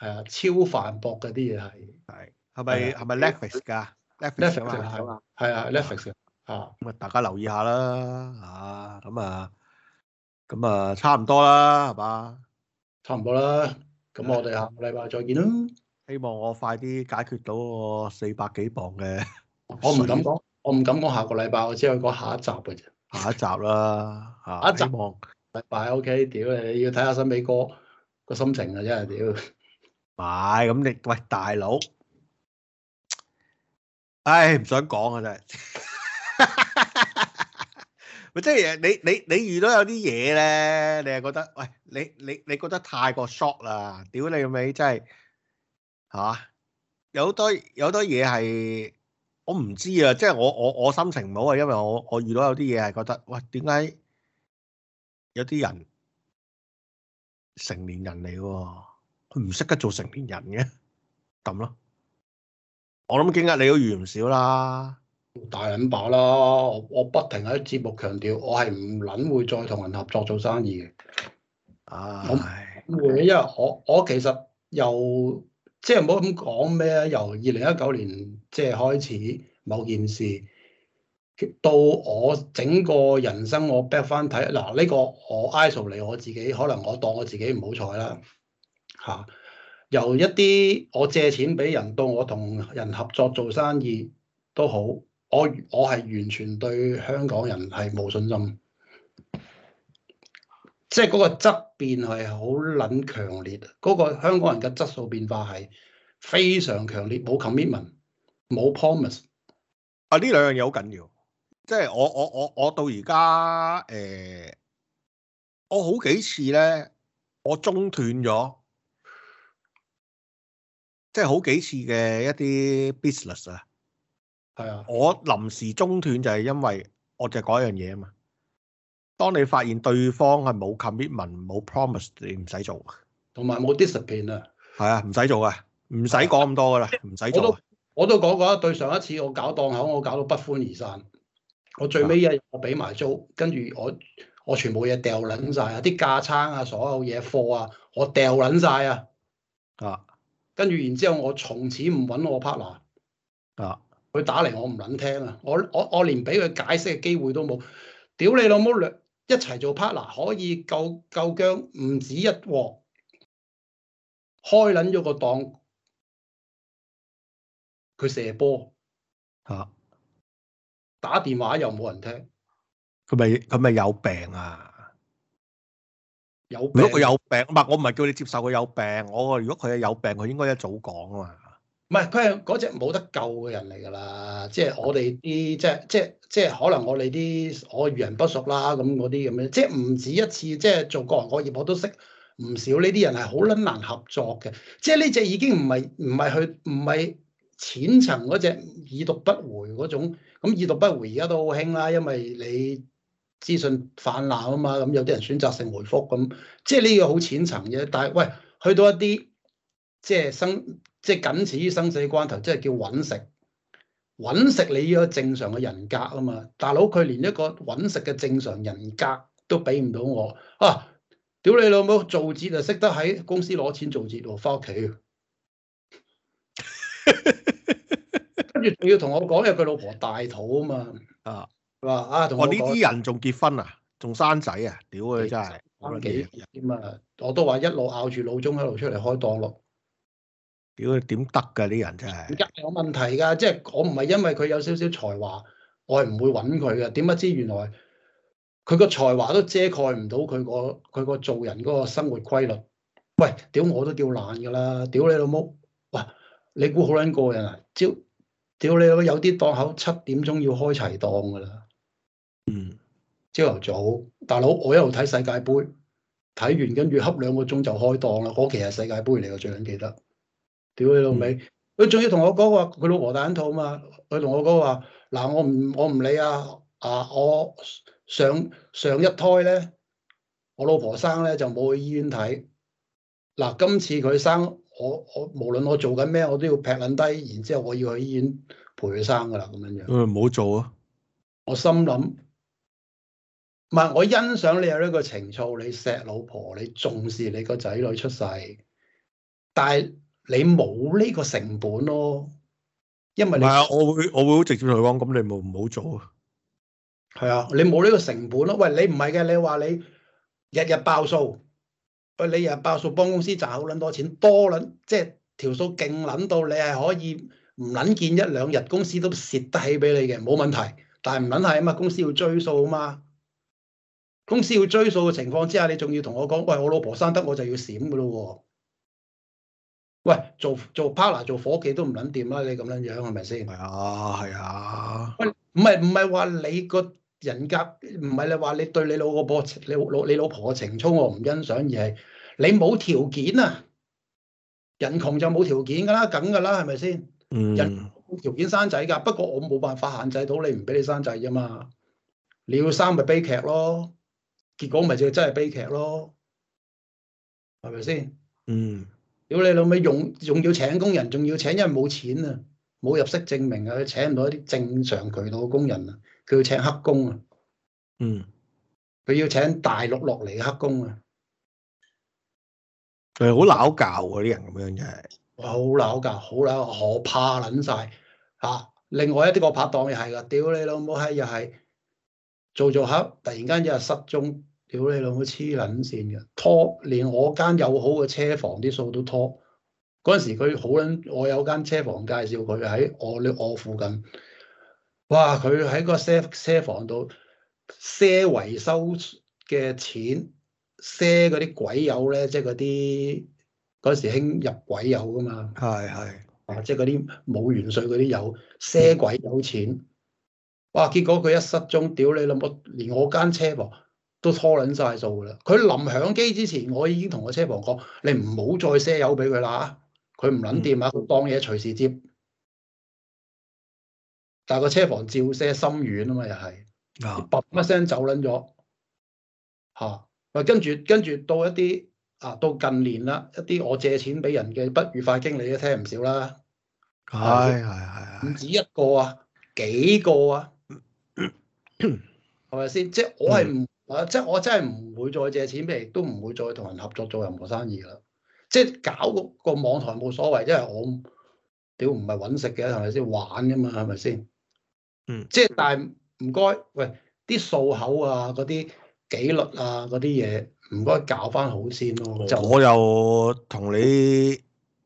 係啊，超反駁嘅啲嘢係，係係咪係咪 Netflix 噶？Netflix 啊，係啊嗎，Netflix oluş 啊，咁 łem too. 啊，啊大家留意下啦，啊，咁啊，咁啊，差唔多啦，係嘛？差唔多啦，咁我哋下個禮拜再見啦。希望我快啲解決到我四百幾磅嘅。我唔敢講，我唔敢講下個禮拜，我只係講下一集嘅啫。下一集啦，下一集，禮拜 OK。屌，你要睇下新美哥個心情啊，真係屌。唉，咁你喂大佬，唉，唔想講啊，真係。即係你你你遇到有啲嘢咧，你係覺得，喂，你你你覺得太過 shock 啦，屌你個味，真係吓！有好多有好多嘢係我唔知啊，即係我我我心情唔好啊，因為我我遇到有啲嘢係覺得，喂，點解有啲人成年人嚟喎，佢唔識得做成年人嘅，抌 *laughs* 咯，我諗經歷你都遇唔少啦。大隱把啦！我不停喺節目強調，我係唔諗會再同人合作做生意嘅。咁會啊？我我其實由即係唔好咁講咩啊？由二零一九年即係開始某件事，到我整個人生，我 back 翻睇嗱，呢、這個我 isol 你我自己，可能我當我自己唔好彩啦。吓、啊，由一啲我借錢俾人，到我同人合作做生意都好。我我係完全對香港人係冇信心，即係嗰個質變係好撚強烈，嗰個香港人嘅質素變化係非常強烈，冇 commitment，冇 promise。啊，呢兩樣嘢好緊要，即係我我我我到而家誒，我好幾次咧，我中斷咗，即係好幾次嘅一啲 business 啊。係啊，我臨時中斷就係因為我就嗰樣嘢啊嘛。當你發現對方係冇 commitment、冇 promise，你唔使做，同埋冇 discipline 啊。係啊，唔使做啊，唔使講咁多噶啦，唔使做啊。我都我都講過，對上一次我搞檔口，我搞到不歡而散。我最尾一日我俾埋租，啊、跟住我我全部嘢掉捻晒啊，啲架撐啊，所有嘢貨啊，我掉捻晒啊。啊，跟住然之後我從此唔搵我 partner。啊。佢打嚟我唔捻聽啊！我我我連俾佢解釋嘅機會都冇，屌你老母兩一齊做 partner 可以夠夠薑，唔止一鑊，開捻咗個檔，佢射波吓，打電話又冇人聽，佢咪佢咪有病啊？有如果佢有病，唔係我唔係叫你接受佢有病，我如果佢係有病，佢應該一早講啊嘛。唔係佢係嗰隻冇得救嘅人嚟㗎啦，即係我哋啲即係即係即係可能我哋啲我遇人不淑啦咁嗰啲咁樣，即係唔止一次，即係做各行各業我都識唔少呢啲人係好撚難合作嘅，即係呢隻已經唔係唔係去唔係淺層嗰隻已讀不回嗰種，咁已讀不回而家都好興啦，因為你資訊氾濫啊嘛，咁有啲人選擇性回覆咁，即係呢個好淺層嘅，但係喂去到一啲即係生。即係僅止於生死關頭，即係叫揾食，揾食你呢個正常嘅人格啊嘛！大佬佢連一個揾食嘅正常人格都俾唔到我啊！屌你老母做節啊！識得喺公司攞錢做節喎，返屋企， *laughs* 跟住仲要同我講有佢老婆大肚啊嘛！啊，話啊，同我呢啲、哦、人仲結婚啊，仲生仔啊！屌佢，真係，翻幾啊！我都話一路咬住老鐘一路出嚟開檔咯。嗯屌你點得噶啲人真係，有問題噶，即係我唔係因為佢有少少才華，我係唔會揾佢嘅。點不知原來佢個才華都遮蓋唔到佢個佢個做人嗰個生活規律。喂，屌我都屌爛噶啦，屌你老母！喂，你估好捻過人啊？屌，屌你老，有啲檔口七點鐘要開齊檔噶啦。嗯，朝頭早，大佬我一路睇世界盃，睇完跟住恰兩個鐘就開檔啦。嗰期係世界盃嚟，我最緊記得。屌你老味，佢仲 *noise* 要同我講話佢老婆大卵肚嘛？佢同我講話，嗱，我唔我唔理啊！啊，我上上一胎咧，我老婆生咧就冇去醫院睇。嗱，今次佢生我我，無論我做緊咩，我都要劈撚低，然之後我要去醫院陪佢生噶啦，咁樣樣。嗯、唔好做啊！我心諗，唔係我欣賞你有呢個情操，你錫老婆，你重視你個仔女出世，但係。你冇呢個成本咯，因為你。係啊！我會我會好直接同佢講，咁你冇，唔好做啊！係啊，你冇呢個成本咯。喂，你唔係嘅，你話你日日爆數，喂，你日日爆數幫公司賺好撚多錢，多撚即係條數勁撚到，你係可以唔撚見一兩日公司都蝕得起俾你嘅，冇問題。但係唔撚係啊嘛，公司要追數啊嘛，公司要追數嘅情況之下，你仲要同我講，喂，我老婆生得我就要閃噶咯喎！喂，做做 partner 做伙計都唔撚掂啦！你咁樣樣係咪先？係啊，係啊。喂，唔係唔係話你個人格唔係，你話你對你老婆情你老你老婆嘅情操我唔欣賞，而係你冇條件啊！人窮就冇條件噶啦，梗噶啦，係咪先？嗯。人冇條件生仔噶，不過我冇辦法限制到你，唔俾你生仔㗎嘛？你要生咪悲劇咯，結果咪就真係悲劇咯，係咪先？嗯。屌你老味，用仲要請工人，仲要請，因為冇錢啊，冇入息證明啊，佢請唔到一啲正常渠道嘅工人啊，佢要請黑工啊，嗯，佢要請大陸落嚟嘅黑工啊，佢好撈教啊，啲人咁樣真係，好撈教，好撈，可怕撚晒，嚇、啊。另外一啲個拍檔又係噶，屌你老母閪又係做做客，突然間又失蹤。屌你老母黐撚線嘅，拖連我間友好嘅車房啲數都拖。嗰陣時佢好撚，我有間車房介紹佢喺我你我附近。哇！佢喺個車房車房度，賒維修嘅錢，賒嗰啲鬼友咧，即係嗰啲嗰陣時興入鬼友噶嘛。係係。啊！即係嗰啲冇完稅嗰啲友，賒鬼有錢。哇！結果佢一失蹤，屌你老母，連我間車房。都拖撚晒數噶啦！佢臨響機之前，我已經同個車房講：你唔好再賒油俾佢啦！佢唔撚掂啊！佢當嘢隨時接，但係個車房照賒心軟嘛啊嘛！又係，嘣一聲走撚咗嚇。咪跟住跟住到一啲啊，到近年啦，一啲我借錢俾人嘅不愉快經歷都聽唔少啦。係係係啊！唔止一個啊，幾個啊，係咪先？即係我係唔～ *coughs* *coughs* *coughs* 啊！即係我真係唔會再借錢畀你，都唔會再同人合作做任何生意啦。即係搞個個網台冇所謂，即係我屌唔係揾食嘅，係咪先玩㗎嘛？係咪先？嗯。即係但係唔該，喂，啲數口啊，嗰啲紀律啊，嗰啲嘢唔該搞翻好先咯。就我又同你，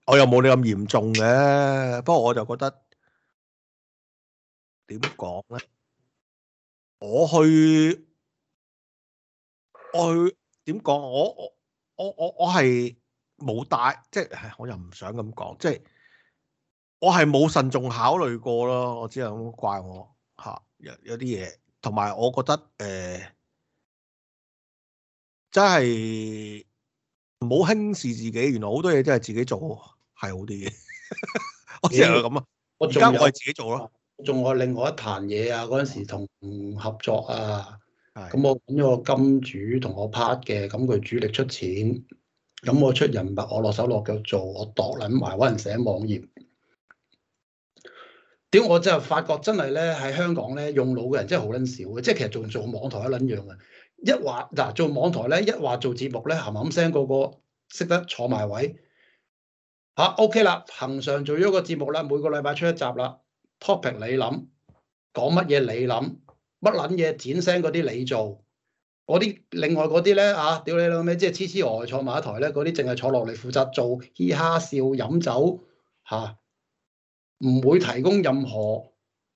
我又冇你咁嚴重嘅，不過我就覺得點講咧？我去。我點講？我我我我我係冇帶，即係我又唔想咁講，即係我係冇慎重考慮過咯。我只能怪我吓有有啲嘢，同埋我覺得誒、欸，真係唔好輕視自己。原來好多嘢都係自己做係好啲。嘅。 *laughs* 欸、我只能係咁啊！我而家我係自己做咯，仲我有有另外一壇嘢啊！嗰陣時同合作啊。咁是我揾咗個金主同我 part 嘅，咁佢主力出錢，咁我出人物，我落手落腳做，我度捻埋揾人寫網頁。屌我真係發覺真係咧喺香港咧用腦嘅人真係好撚少嘅，即係其實做做網台一撚樣嘅，一話嗱做網台咧，一話做節目咧，冚冚聲個個識得坐埋位吓 OK 啦，恒常做咗個節目啦，每個禮拜出一集啦。Topic 你諗，講乜嘢你諗。不撚嘢剪聲嗰啲你做，嗰啲另外嗰啲咧啊，屌、啊、你老味，即係痴痴呆坐埋一台咧，嗰啲淨係坐落嚟負責做嘻哈笑飲酒嚇，唔、啊、會提供任何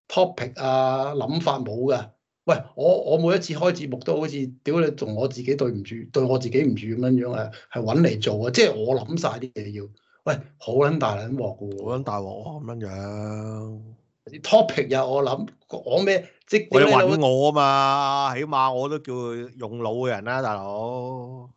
topic 啊諗法冇嘅。喂，我我每一次開節目都好似屌你，同我自己對唔住對我自己唔住咁樣樣啊，係揾嚟做啊，即係我諗晒啲嘢要。喂，好撚大撚鑊好撚大鑊喎咁樣樣。topic 又我諗講咩？即係你揾我嘛，起碼我都叫用腦嘅人啦，大佬。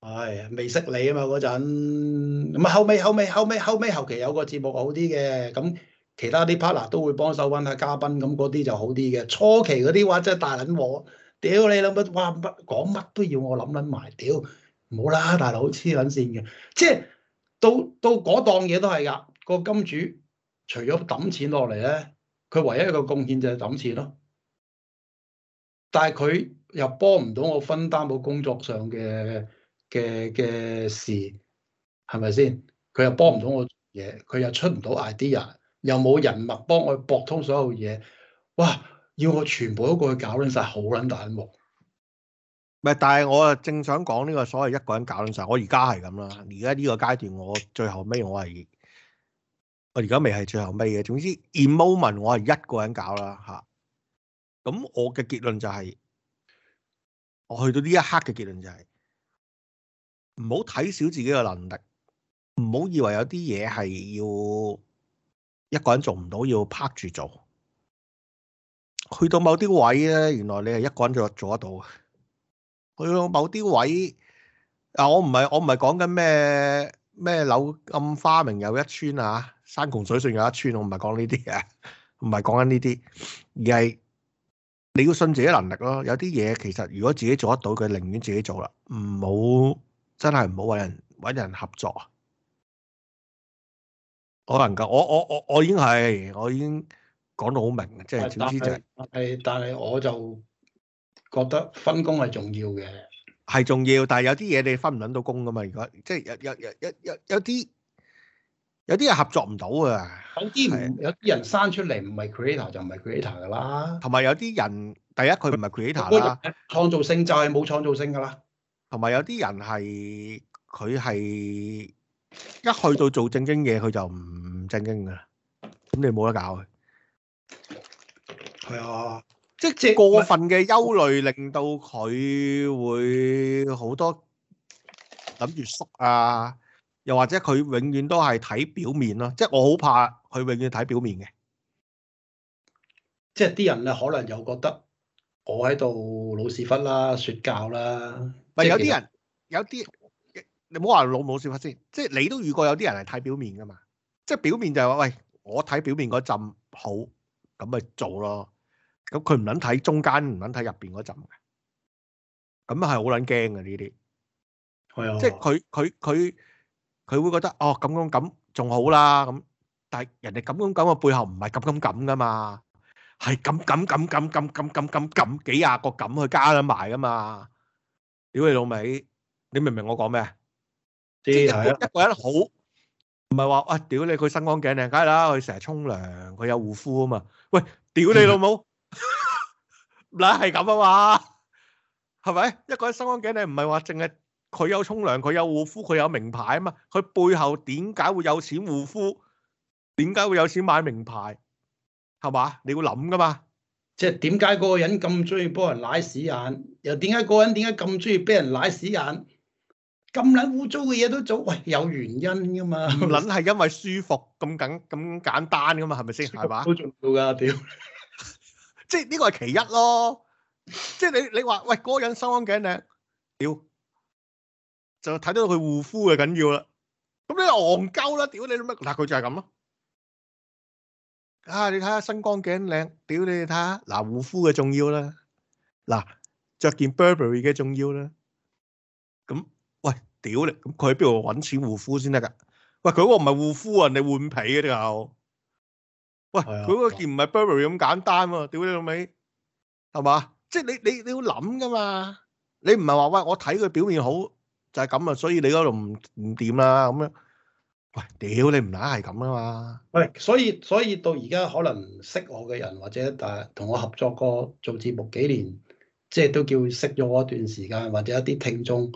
唉、哎，未識你啊嘛嗰陣，唔係後尾後尾後尾後尾後期有個節目好啲嘅，咁其他啲 partner 都會幫手揾下嘉賓，咁嗰啲就好啲嘅。初期嗰啲話真係大捻鑊，屌你諗乜，話乜講乜都要我諗捻埋，屌，冇啦，大佬黐捻線嘅，即係到到嗰檔嘢都係噶，個金主除咗抌錢落嚟咧。佢唯一一個貢獻就係揼錢咯，但係佢又幫唔到我分擔到工作上嘅嘅嘅事，係咪先？佢又幫唔到我嘢，佢又出唔到 idea，又冇人脈幫我博通所有嘢，哇！要我全部都過去搞亂晒，好撚大一幕。唔係，但係我啊正想講呢個所謂一個人搞亂晒，我而家係咁啦，而家呢個階段我最後尾我係。我而家未係最後尾嘅，總之 in moment 我係一個人搞啦吓。咁我嘅結論就係我去到呢一刻嘅結論就係唔好睇小自己嘅能力，唔好以為有啲嘢係要一個人做唔到，要拍住做。去到某啲位咧，原來你係一個人做做得到。去到某啲位啊，我唔係我唔係講緊咩咩柳暗花明又一村啊。山窮水盡有一村，我唔係講呢啲啊，唔係講緊呢啲，而係你要信自己能力咯。有啲嘢其實如果自己做得到，佢寧願自己做啦，唔好真係唔好揾人揾人合作啊。可能㗎，我我我我已經係，我已經講到好明嘅，即係總之就係。係，但係我就覺得分工係重要嘅。係重要，但係有啲嘢你分唔揾到工㗎嘛？如果即係有有有有有有啲。有啲人合作唔到啊！有啲唔有啲人生出嚟唔係 creator 就唔係 creator 噶啦。同埋有啲人，第一佢唔係 creator 啦。創造性就係冇創造性噶啦。同埋有啲人係佢係一去到做正經嘢，佢就唔正經噶啦。咁你冇得搞啊。係啊，即係過分嘅憂慮令到佢會好多諗住縮啊。又或者佢永遠都係睇表面咯，即係我好怕佢永遠睇表面嘅。即係啲人咧，可能又覺得我喺度老屎忽啦、説教啦。喂，其實有啲人，有啲你唔好話老冇屎忽先，即係你都遇過有啲人係睇表面噶嘛。即係表面就係話，喂，我睇表面嗰陣好，咁咪做咯。咁佢唔撚睇中間，唔撚睇入邊嗰陣嘅。咁係好撚驚嘅呢啲。係啊，哎呦。即係佢佢佢。佢會覺得哦，咁樣咁仲好啦咁，但係人哋咁樣咁嘅背後唔係咁咁咁噶嘛，係咁咁咁咁咁咁咁咁咁幾廿個咁去加撚埋噶嘛，屌你老味，你明唔明我講咩？即係一個人好，唔係話哇屌你佢身光頸靚，梗係啦，佢成日沖涼，佢有護膚啊嘛。喂，屌你老母，嗱係咁啊嘛，係咪？一個人身光頸靚唔係話淨係。佢有沖涼，佢有護膚，佢有名牌啊嘛！佢背後點解會有錢護膚？點解會有錢買名牌？係嘛？你會諗噶嘛？即係點解個人咁中意幫人舐屎眼？又點解個人點解咁中意俾人舐屎眼？咁撚污糟嘅嘢都做，喂有原因噶嘛？撚係因為舒服咁簡咁簡單噶嘛？係咪先？係嘛？好重要噶，屌！即係呢個係其一咯。即係你你話喂，嗰個人收安頸鏈，屌！就睇到佢護膚嘅緊要啦，咁你戇鳩啦，屌你老味！嗱佢就係咁咯，啊你睇下身光頸靚，屌你睇下嗱護膚嘅重要啦，嗱著件 Burberry 嘅重要啦，咁喂屌你，咁佢喺邊度揾錢護膚先得噶？喂佢嗰個唔係護膚啊，你換皮嘅啲啊，喂佢嗰件唔係 Burberry 咁簡單喎，屌你老味，係嘛？即係你你你要諗噶嘛，你唔係話喂我睇佢表面好。但係咁啊，所以你嗰度唔唔掂啦，咁樣。喂，屌你唔乸係咁啊嘛！喂，所以所以到而家可能識我嘅人，或者但係同我合作過做節目幾年，即係都叫識咗我一段時間，或者一啲聽眾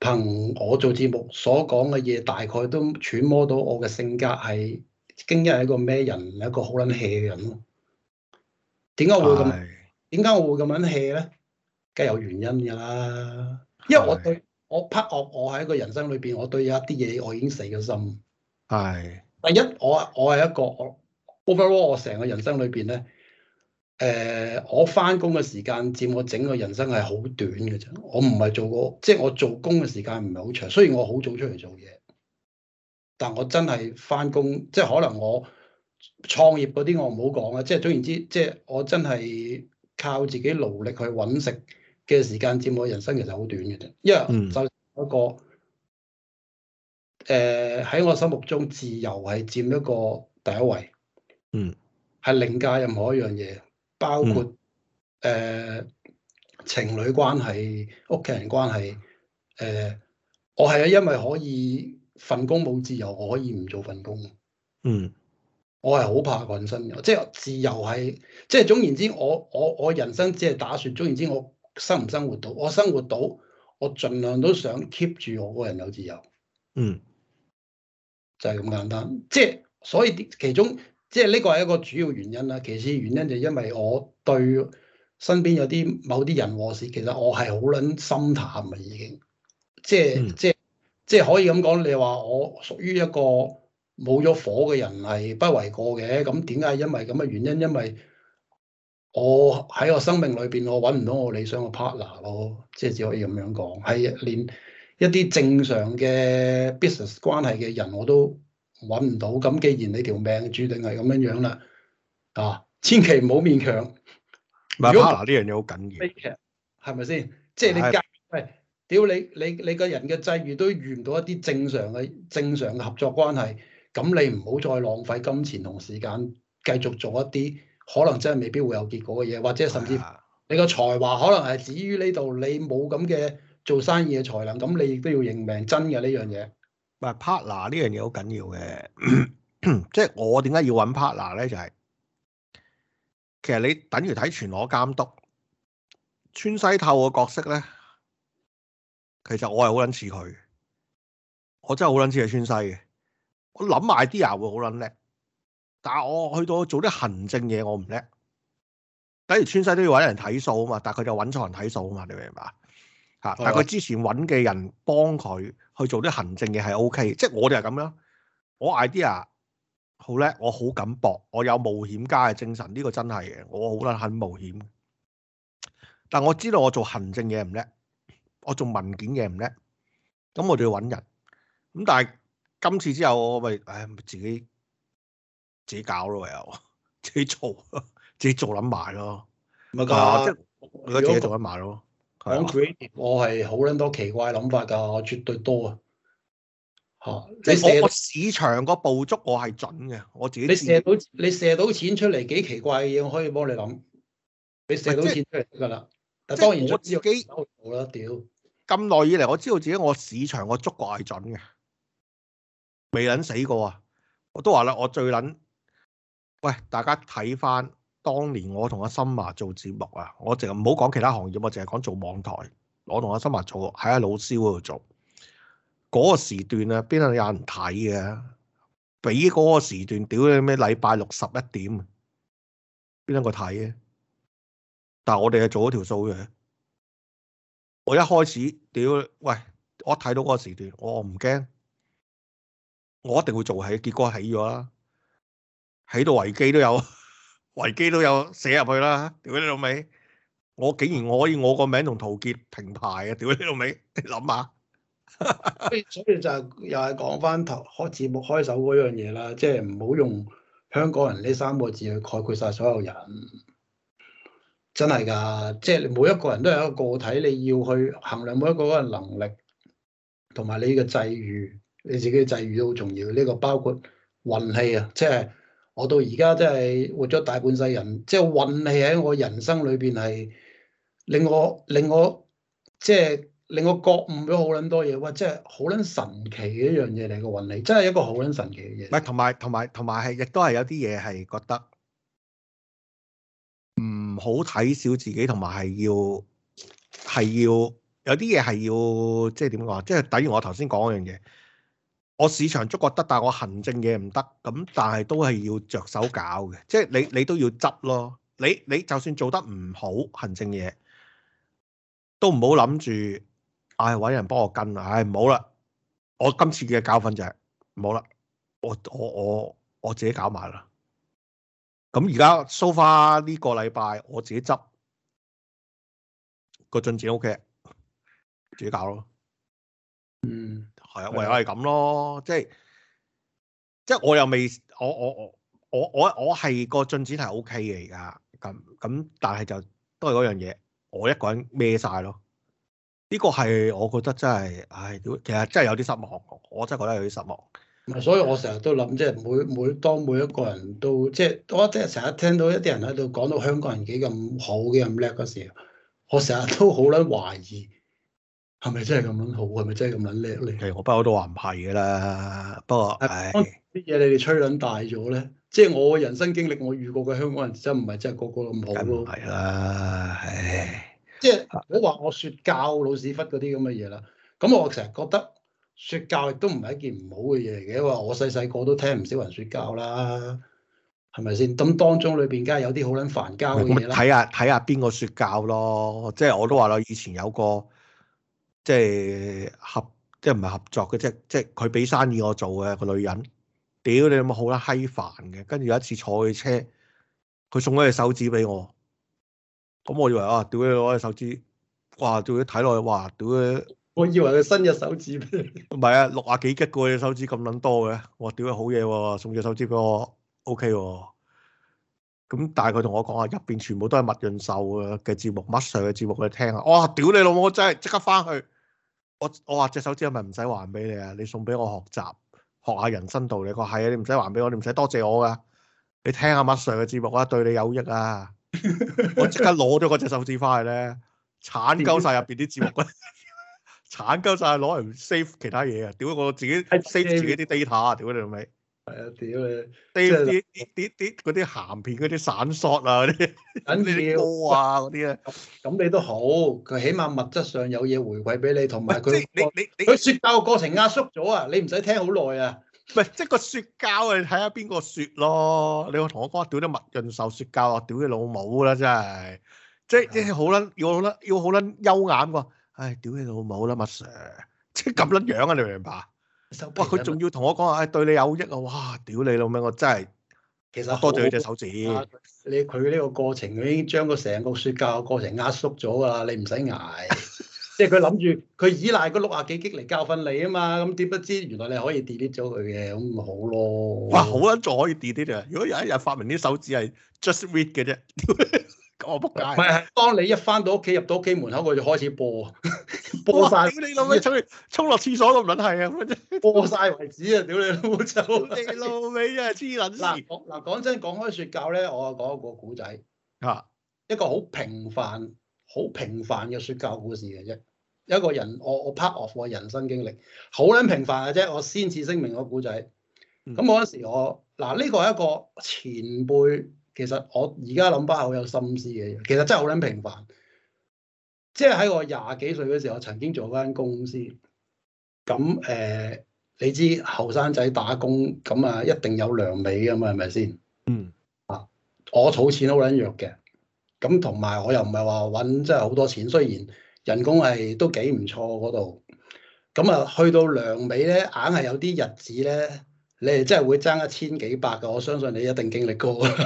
憑我做節目所講嘅嘢，大概都揣摩到我嘅性格係，經日係一個咩人，係一個好撚 hea 嘅人咯。點解會咁？點解我會咁撚 hea 咧？梗係有原因㗎啦，因為我對我批我我喺一個人生裏邊，我對一啲嘢，我已經死咗心了。係嘅。第一，我我係一個我 overwork 我成個人生裏邊咧，誒，我翻工嘅時間佔我整個人生係好短嘅啫。我唔係做過，即係我做工嘅時間唔係好長。雖然我好早出嚟做嘢，但我真係翻工，即係可能我創業嗰啲我唔好講啊。即係總言之，即係我真係靠自己努力去揾食。嘅時間佔我人生其實好短嘅啫，因為就一個誒喺、嗯呃、我心目中自由係佔一個第一位，嗯，係凌駕任何一樣嘢，包括誒、嗯呃、情侶關係、屋企人關係，誒我係因為可以份工冇自由，我可以唔做份工，嗯，我係好怕人生嘅，即係自由係，即係總言之，我我我人生只係打算總言之我。我我生唔生活到？我生活到，我儘量都想 keep 住我個人有自由。嗯，就係咁簡單。即係所以其中，即係呢個係一個主要原因啦。其次原因就因為我對身邊有啲某啲人和事，其實我係好撚心淡啊，已經。即係即係即係可以咁講，你話我屬於一個冇咗火嘅人係不為過嘅。咁點解因為咁嘅原因？因為我喺我生命裏邊，我搵唔到我理想嘅 partner 咯，即係只可以咁樣講，係連一啲正常嘅 business 關係嘅人我都搵唔到。咁既然你條命注定係咁樣樣啦，啊，千祈唔好勉強。partner 呢樣嘢好緊要，係咪先？即係你介喂，屌你你你個人嘅際遇都遇唔到一啲正常嘅正常合作關係，咁你唔好再浪費金錢同時間，繼續做一啲。可能真係未必會有結果嘅嘢，或者甚至你個才華可能係止於呢度，你冇咁嘅做生意嘅才能，咁你亦都要認命，真嘅呢樣嘢。唔係、哎、partner 呢樣嘢好緊要嘅，即係我點解要揾 partner 咧？就係、是、其實你等於睇全裸監督村西透嘅角色咧，其實我係好撚似佢，我真係好撚似係村西嘅，我諗埋啲 idea 會好撚叻。但係我去到做啲行政嘢，我唔叻。假如川西都要搵人睇數啊嘛，但係佢就搵錯人睇數啊嘛，你明唔明白？吓，但係佢之前搵嘅人幫佢去做啲行政嘢係 O K，即係我哋係咁樣。我 idea 好叻，我好敢搏，我有冒險家嘅精神，呢個真係嘅，我好捻肯冒險。但我知道我做行政嘢唔叻，我做文件嘢唔叻，咁我哋要搵人。咁但係今次之後我咪唉自己。自己搞咯又，自己做，自己做諗埋咯，唔係噶，即係如果自己做諗埋咯。我係好捻多奇怪諗法噶，我絕對多啊！吓，我我市場個捕捉我係準嘅，我自己，自己。你射到你射到錢出嚟幾奇怪嘅嘢，我可以幫你諗。你射到錢出嚟得噶啦，是但係是當然我自己。我啦屌，咁耐以嚟我知道自己我市場個觸角係準嘅，未捻死過啊！我都話啦，我最捻。喂，大家睇翻當年我同阿森華做節目啊，我淨係唔好講其他行業，我淨係講做網台。我同阿森華做喺阿老蕭嗰度做嗰個時段啊，邊度有人睇嘅？俾嗰個時段，屌你咩禮拜六十一點，邊得個睇啊？但係我哋係做咗條數嘅。我一開始屌喂，我睇到嗰個時段，我唔驚，我一定會做起，結果起咗啦。喺度維基都有，維基都有寫入去啦。屌你老味，我竟然我可以我個名同陶傑平排啊！屌你老味，你諗下。所以就係又係講翻頭開節目開首嗰樣嘢啦，即係唔好用香港人呢三個字去概括晒所有人。真係噶，即係你每一個人都有一個個體，你要去衡量每一個人嘅能力，同埋你嘅際遇，你自己嘅際遇都好重要。呢個包括運氣啊，即係。我到而家真係活咗大半世人，即係運氣喺我人生裏邊係令我令我即係令我覺悟咗好撚多嘢，哇！即係好撚神奇嘅一樣嘢嚟個運氣，真係一個好撚神奇嘅嘢。唔係同埋同埋同埋係，亦都係有啲嘢係覺得唔好睇小自己，同埋係要係要有啲嘢係要即係點講？即係等於我頭先講嗰樣嘢。我市場觸覺得，但係我行政嘢唔得，咁但係都係要着手搞嘅，即係你你都要執咯。你你就算做得唔好，行政嘢都唔好諗住，唉揾人幫我跟啊，唉唔好啦。我今次嘅教訓就係唔好啦，我我我我自己搞埋啦。咁而家 so far 呢個禮拜我自己執，個進展 OK，自己搞咯。嗯。唯有係咁咯，即係即係我又未，我我我我我我係個進展係 O K 嘅而家，咁咁但係就都係嗰樣嘢，我一個人孭晒咯。呢個係我覺得真係，唉，其實真係有啲失望，我真係覺得有啲失望。所以我成日都諗，即係每每當每一個人都即係，我即係成日聽到一啲人喺度講到香港人幾咁好，嘅，咁叻嗰時候，我成日都好捻懷疑。係咪真係咁樣好？係咪真係咁樣叻咧？其實我不嬲都話唔係噶啦，不過唉，啲嘢你哋吹卵大咗咧。即係我人生經歷，我遇過嘅香港人真唔係真係個個咁好咯，係啦，唉，即係唔好話我說教老屎忽嗰啲咁嘅嘢啦。咁我成日覺得說教亦都唔係一件唔好嘅嘢嚟嘅。因為我細細個都聽唔少人說教啦，係咪先？咁當中裏邊梗係有啲好卵煩膠嘅嘢啦。睇下睇下邊個說教咯，即係我都話啦，以前有個。即係合，即係唔係合作嘅，即即佢俾生意我做嘅個女人。屌你有冇好啦，閪煩嘅。跟住有一次坐佢車，佢送咗隻手指俾我。咁我以為 *laughs* 啊，屌你攞隻手指，哇！仲佢睇落去，哇！屌你，我以為佢新嘅手指。唔係啊，六啊幾吉個隻手指咁撚多嘅。我屌你好嘢喎，送隻手指俾我，OK 喎。咁但係佢同我講啊，入邊全部都係麥潤秀嘅嘅節目，麥 sir 嘅節目，你聽啊。哇！屌你老母，我真係即刻翻去。我我話，隻手指係咪唔使還俾你啊？你送俾我學習，學下人生道理。佢話係啊，你唔使還俾我，你唔使多謝我噶。你聽下麥 sir 嘅節目啦，對你有益啊。 *laughs* 我即刻攞咗嗰隻手指翻去咧，鏟鳩晒入邊啲節目骨，鏟鳩晒攞嚟 save 其他嘢啊！屌我自己 save 自己啲 data 啊！屌你老味。係啊，屌你，即係啲啲啲嗰啲鹹片嗰啲散索啊，嗰啲緊俏啊，嗰啲啊，咁你都好，佢起碼物質上有嘢回饋俾你，同埋佢即係你你你佢說教嘅過程壓縮咗啊，你唔使聽好耐啊，唔係即係個說教啊，你睇下邊個說咯，你話同我講話，屌你麥潤壽說教，我屌你老母啦，真係，即係啲好撚，要好撚要好撚優雅咁話，唉，屌你老母啦，麥 Sir，即係咁撚樣啊，你明唔明啊？哇！佢仲要同我講啊、哎，對你有益啊！哇！屌你老味，我真係，其實多謝佢隻手指、啊。你佢呢個過程佢已經將個成個說教過程壓縮咗噶啦，你唔使挨。 *laughs* 即係佢諗住佢依賴個六廿幾擊嚟教訓你啊嘛，咁點不知原來你可以 delete 咗佢嘅，咁咪好咯。哇！好啊，仲可以 delete 啊！如果有一日發明啲手指係 just read 嘅啫。我仆街，係啊、哦！當你一翻到屋企，入到屋企門口，佢就開始播，呵呵播晒，屌你老味，沖沖落廁所咯，唔卵係啊！播晒為止啊！屌你老味，沖你老味，真黐卵事。嗱講真，講開說教咧，我講一個古仔啊，一個好平凡、好平凡嘅說教故事嘅啫。一個人，我我 part of 我人生經歷好卵平凡嘅啫。我先至聲明個古仔。咁嗰時我嗱呢個係一個前輩。其實我而家諗翻好有心思嘅其實真係好撚平凡。即係喺我廿幾歲嘅時候，候曾經做間公司。咁誒、呃，你知後生仔打工咁啊，一定有糧尾㗎嘛？係咪先？嗯。啊！我儲錢好撚弱嘅。咁同埋我又唔係話揾真係好多錢，雖然人工係都幾唔錯嗰度。咁啊，去到糧尾咧，硬係有啲日子咧，你哋真係會爭一千幾百㗎。我相信你一定經歷過。 *laughs*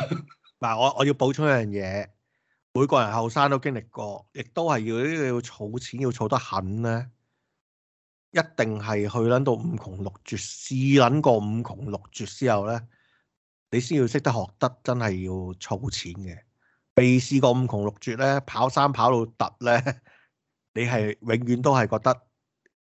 嗱，我我要補充一樣嘢，每個人後生都經歷過，亦都係要要儲錢，要儲得狠咧，一定係去揾到五窮六絕，試揾過五窮六絕之後咧，你先要識得學得真係要儲錢嘅。未試過五窮六絕咧，跑山跑到突咧，你係永遠都係覺得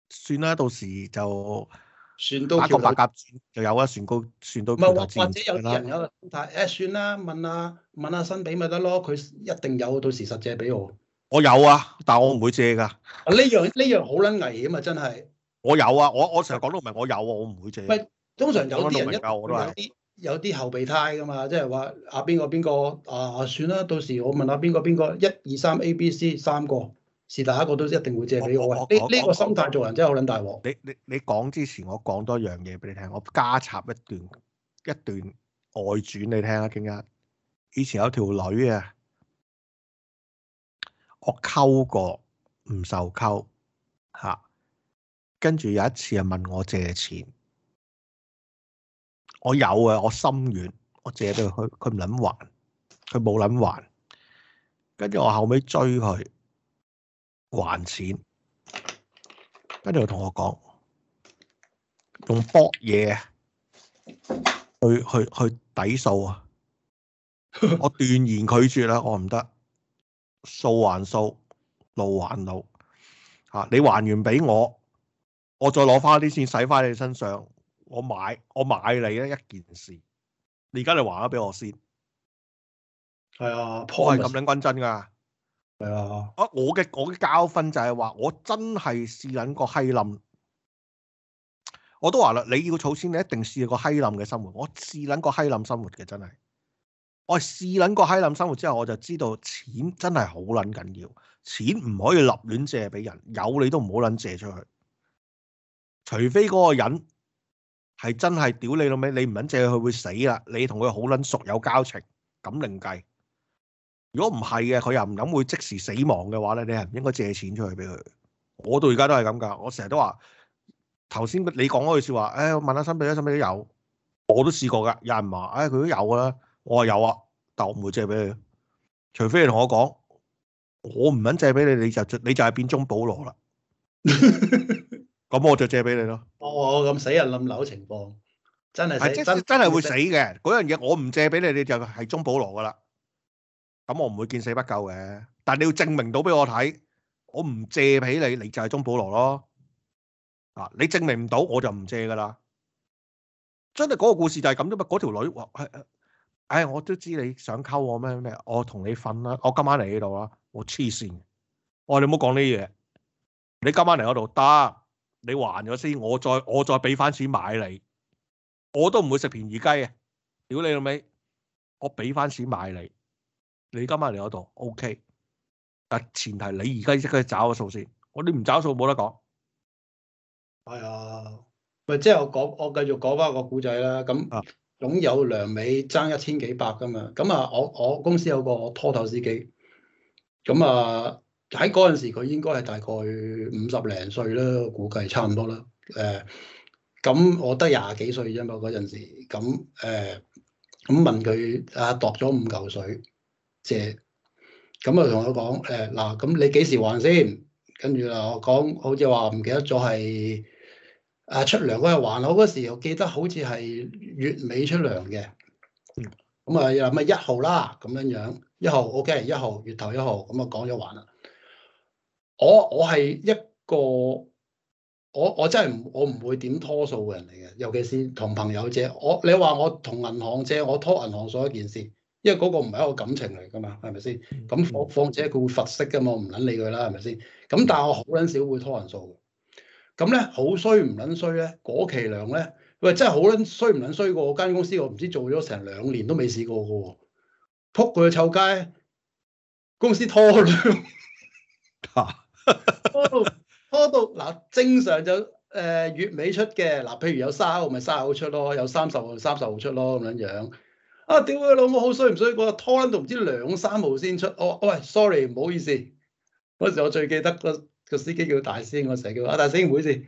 算啦，到時就～算都叫甲船到條鰻就有啊，船到船到橋頭自然見，但誒算啦，問下問下新比咪得咯，佢一定有，到時實借俾我。我有啊，但係我唔會借㗎。呢樣呢樣好撚危險啊！真係。我有啊，我我成日講都唔係我有啊，我唔會借。唔 *laughs* 通常有啲人一有啲有啲後備胎㗎嘛，即係話啊邊個邊個啊算啦，到時我問下、啊、邊個邊個一二三 A B C 三個。1, 2, 3 ABC, 3個是但一個都一定會借俾我呢，呢個心態做人真係好撚大鑊。你你你講之前，我講多樣嘢俾你聽，我加插一段一段外傳你聽啦、啊。經間。以前有條女溝溝啊，我溝過唔受溝吓，跟住有一次啊問我借錢，我有啊，我心軟，我借俾佢，佢唔撚還，佢冇撚還，跟住我後尾追佢。還錢，跟住同我講，用博嘢，去去去抵數啊， *laughs* 啊！我斷然拒絕啦，我唔得，數還數，路還路，吓、啊、你還完俾我，我再攞翻啲錢使翻你身上，我買我買你咧一件事，你而家你還咗俾我先，係啊，破係咁樣均真噶係啊！啊 Yeah.，我嘅我嘅教訓就係話，我真係試捻個閪冧，我都話啦，你要儲錢，你一定試過個閪冧嘅生活。我試捻個閪冧生活嘅，真係我試捻個閪冧生活之後，我就知道錢真係好捻緊要，錢唔可以立亂借俾人，有你都唔好捻借出去，除非嗰個人係真係屌你老味，你唔撚借佢會死啦。你同佢好捻熟有交情咁另計。如果唔係嘅，佢又唔諗會即時死亡嘅話咧，你係唔應該借錢出去俾佢。我到而家都係咁噶，我成日都話頭先你講嗰句說話，誒、哎，問下身邊咧，身邊都有，我都試過噶，有人話，誒、哎，佢都有噶啦，我話有啊，但我唔會借俾你，除非你同我講，我唔肯借俾你，你就你就係變中保羅啦，咁 *laughs* 我就借俾你咯。 *laughs* 的哦，咁死人冧樓情況，真係真係會死嘅，嗰樣嘢我唔借俾你，你就係中保羅噶啦。咁我唔會見死不救嘅，但係你要證明到俾我睇，我唔借俾你，你就係鍾保羅咯。啊，你證明唔到，我就唔借噶啦。真係嗰個故事就係咁啫嘛。嗰條女話，唉，我都知你想溝我咩咩，我同你瞓啦，我今晚嚟呢度啦，我黐線。我話你唔好講呢嘢，你今晚嚟我度得，你還咗先，我再我再俾翻錢買你，我都唔會食便宜雞呀，屌你老味，我俾翻錢買你。你今晚嚟嗰度，OK？但前提你而家即刻去找個數先，我你唔找數冇得講。係啊、哎，咪即係我講，我繼續講翻個古仔啦。咁總有良尾爭一千幾百噶嘛。咁啊，我我公司有個拖頭司機，咁啊喺嗰陣時佢應該係大概五十零歲啦，估計差唔多啦。誒，咁我得廿幾歲啫嘛嗰陣時，咁誒，咁問佢啊，度咗五嚿水，借咁、哎、啊，同佢講誒，嗱咁你幾時還先？跟住啦，我講好似話唔記得咗係啊出糧嗰日，我係還好嗰時，我記得好似係月尾出糧嘅。咁啊，又咪一號啦，咁樣樣一號，OK，一號月頭一號，咁啊講咗還啦。我我係一個我我真係我唔會點拖數嘅人嚟嘅，尤其是同朋友借我，你話我同銀行借，我拖銀行所一件事。因為嗰個唔係一個感情嚟噶嘛，係咪先？咁放，況且佢會罰息噶嘛，我唔捻理佢啦，係咪先？咁但係我好捻少會拖人數嘅。咁咧好衰唔捻衰咧？果其量咧，喂，真係好捻衰唔捻衰過？我間公司我唔知做咗成兩年都未試過噶喎，撲佢去臭街，公司拖， *laughs* 拖到，拖到拖到嗱、啊，正常就誒、呃、月尾出嘅嗱、啊，譬如有卅號咪卅號出咯，有三十號三十號出咯咁樣樣。啊！屌佢老母，好衰唔衰？我拖喺度唔知兩三號先出。我、哦、喂，sorry，唔好意思。嗰時我最記得個個司機叫大師兄，我成日叫阿、啊、大師兄，唔好意思。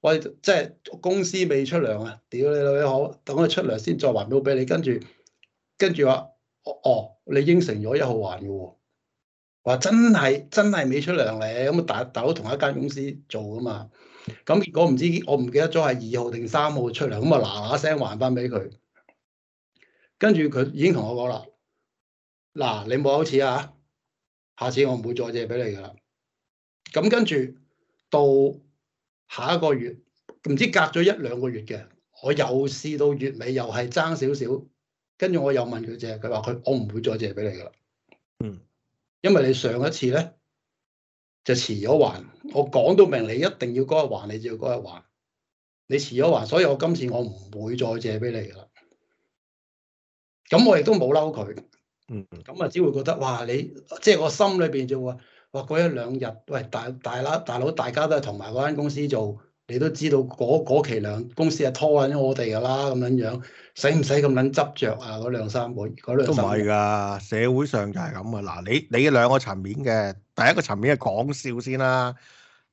我即係公司未出糧啊！屌你老母，好等佢出糧先再還到俾你。跟住跟住話：哦，你應承咗一號還嘅喎。話真係真係未出糧咧。咁啊，大大佬同一間公司做噶嘛。咁結果唔知我唔記得咗係二號定三號出糧。咁啊嗱嗱聲還返俾佢。跟住佢已經同我講啦，嗱、啊，你冇下次啊！下次我唔會再借俾你噶啦。咁跟住到下一個月，唔知隔咗一兩個月嘅，我又試到月尾又係爭少少，跟住我又問佢借，佢話佢我唔會再借俾你噶啦。嗯，因為你上一次咧就遲咗還，我講到明你一定要嗰日還，你就要嗰日還。你遲咗還，所以我今次我唔會再借俾你噶啦。咁我亦都冇嬲佢，咁啊、嗯、只會覺得哇你即係我心裏邊就話話過一兩日，喂大大佬大佬大家都係同埋嗰間公司做，你都知道嗰期兩公司係拖緊我哋㗎啦，咁樣樣使唔使咁撚執着啊？嗰兩三個月嗰兩個都唔係㗎，社會上就係咁啊！嗱，你你兩個層面嘅第一個層面係講笑先啦，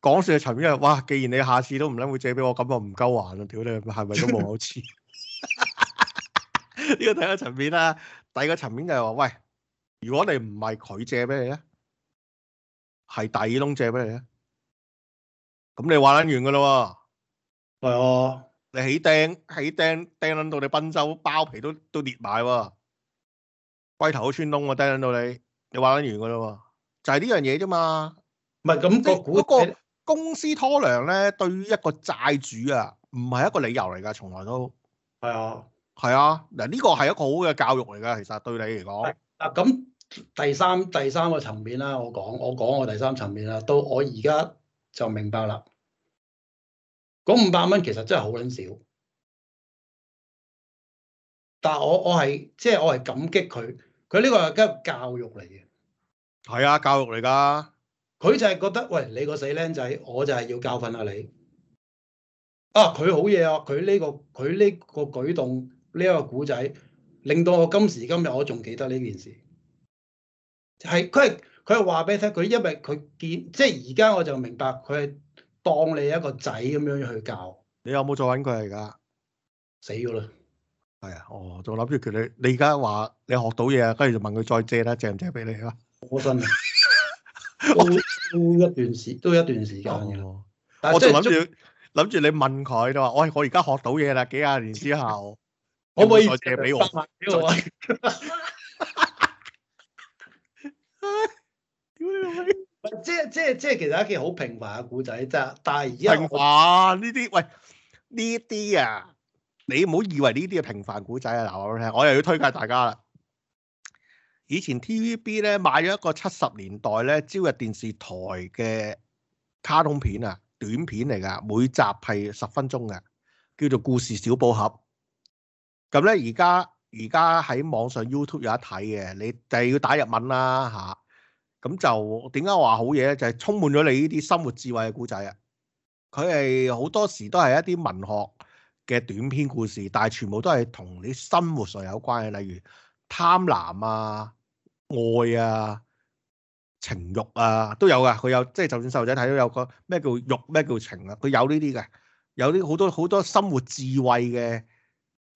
講笑嘅層面係哇，既然你下次都唔撚會借俾我，咁我唔夠還啊！屌你係咪都冇好錢？ *laughs* 呢個第一層面啦，第二個層面就係話：喂，如果你唔係佢借俾你咧，係大耳窿借俾你咧，咁你玩完噶咯喎。係啊，你起釘，起釘釘到你賓周包皮都都裂埋喎，龜頭都穿窿啊。喎，釘到你，你玩完噶啦喎。就係呢樣嘢啫嘛。唔係咁，個公司拖糧咧，對於一個債主啊，唔係一個理由嚟㗎，從來都係啊。係啊，嗱、這、呢個係一個好嘅教育嚟噶，其實對你嚟講。啊咁，第三第三個層面啦、啊，我講我講我第三層面啦、啊，到我而家就明白啦。嗰五百蚊其實真係好捻少，但係我我係即係我係感激佢，佢呢個係一個教育嚟嘅。係啊，教育嚟噶。佢就係覺得，喂，你個死僆仔，我就係要教訓啊你。啊，佢好嘢啊！佢呢、這個佢呢個舉動。呢一個故仔令到我今時今日我仲記得呢件事，係佢係佢係話俾你聽，佢因為佢見即係而家我就明白佢係當你一個仔咁樣去教。你有冇再揾佢而家？死咗啦！係啊，哦，仲諗住佢你你而家話你學到嘢啊，跟住就問佢再借啦，借唔借俾你啊？我真係都一段時都一段時間嘅喎，哦、但是我仲諗住諗住你問佢，你話我我而家學到嘢啦，幾廿年之後。 *laughs* 可唔可以再借俾我？即係即係即係，其實一件好平凡嘅古仔啫。但係而家平凡呢啲？喂，呢啲啊，你唔好以為呢啲係平凡古仔啊！嗱，我講聽，我又要推介大家啦。以前 TVB 咧，買咗一個七十年代咧朝日電視台嘅卡通片啊，短片嚟噶，每集係十分鐘嘅，叫做故事小寶盒。咁咧，而家而家喺網上 YouTube 有得睇嘅，你就係要打日文啦吓。咁、啊、就點解話好嘢？咧就係、是、充滿咗你呢啲生活智慧嘅古仔啊！佢係好多時都係一啲文學嘅短篇故事，但係全部都係同你生活上有關嘅，例如貪婪啊、愛啊、情欲啊，都有噶。佢有即係、就是、就算細路仔睇到有個咩叫欲咩叫情啊？佢有呢啲嘅，有啲好多好多生活智慧嘅。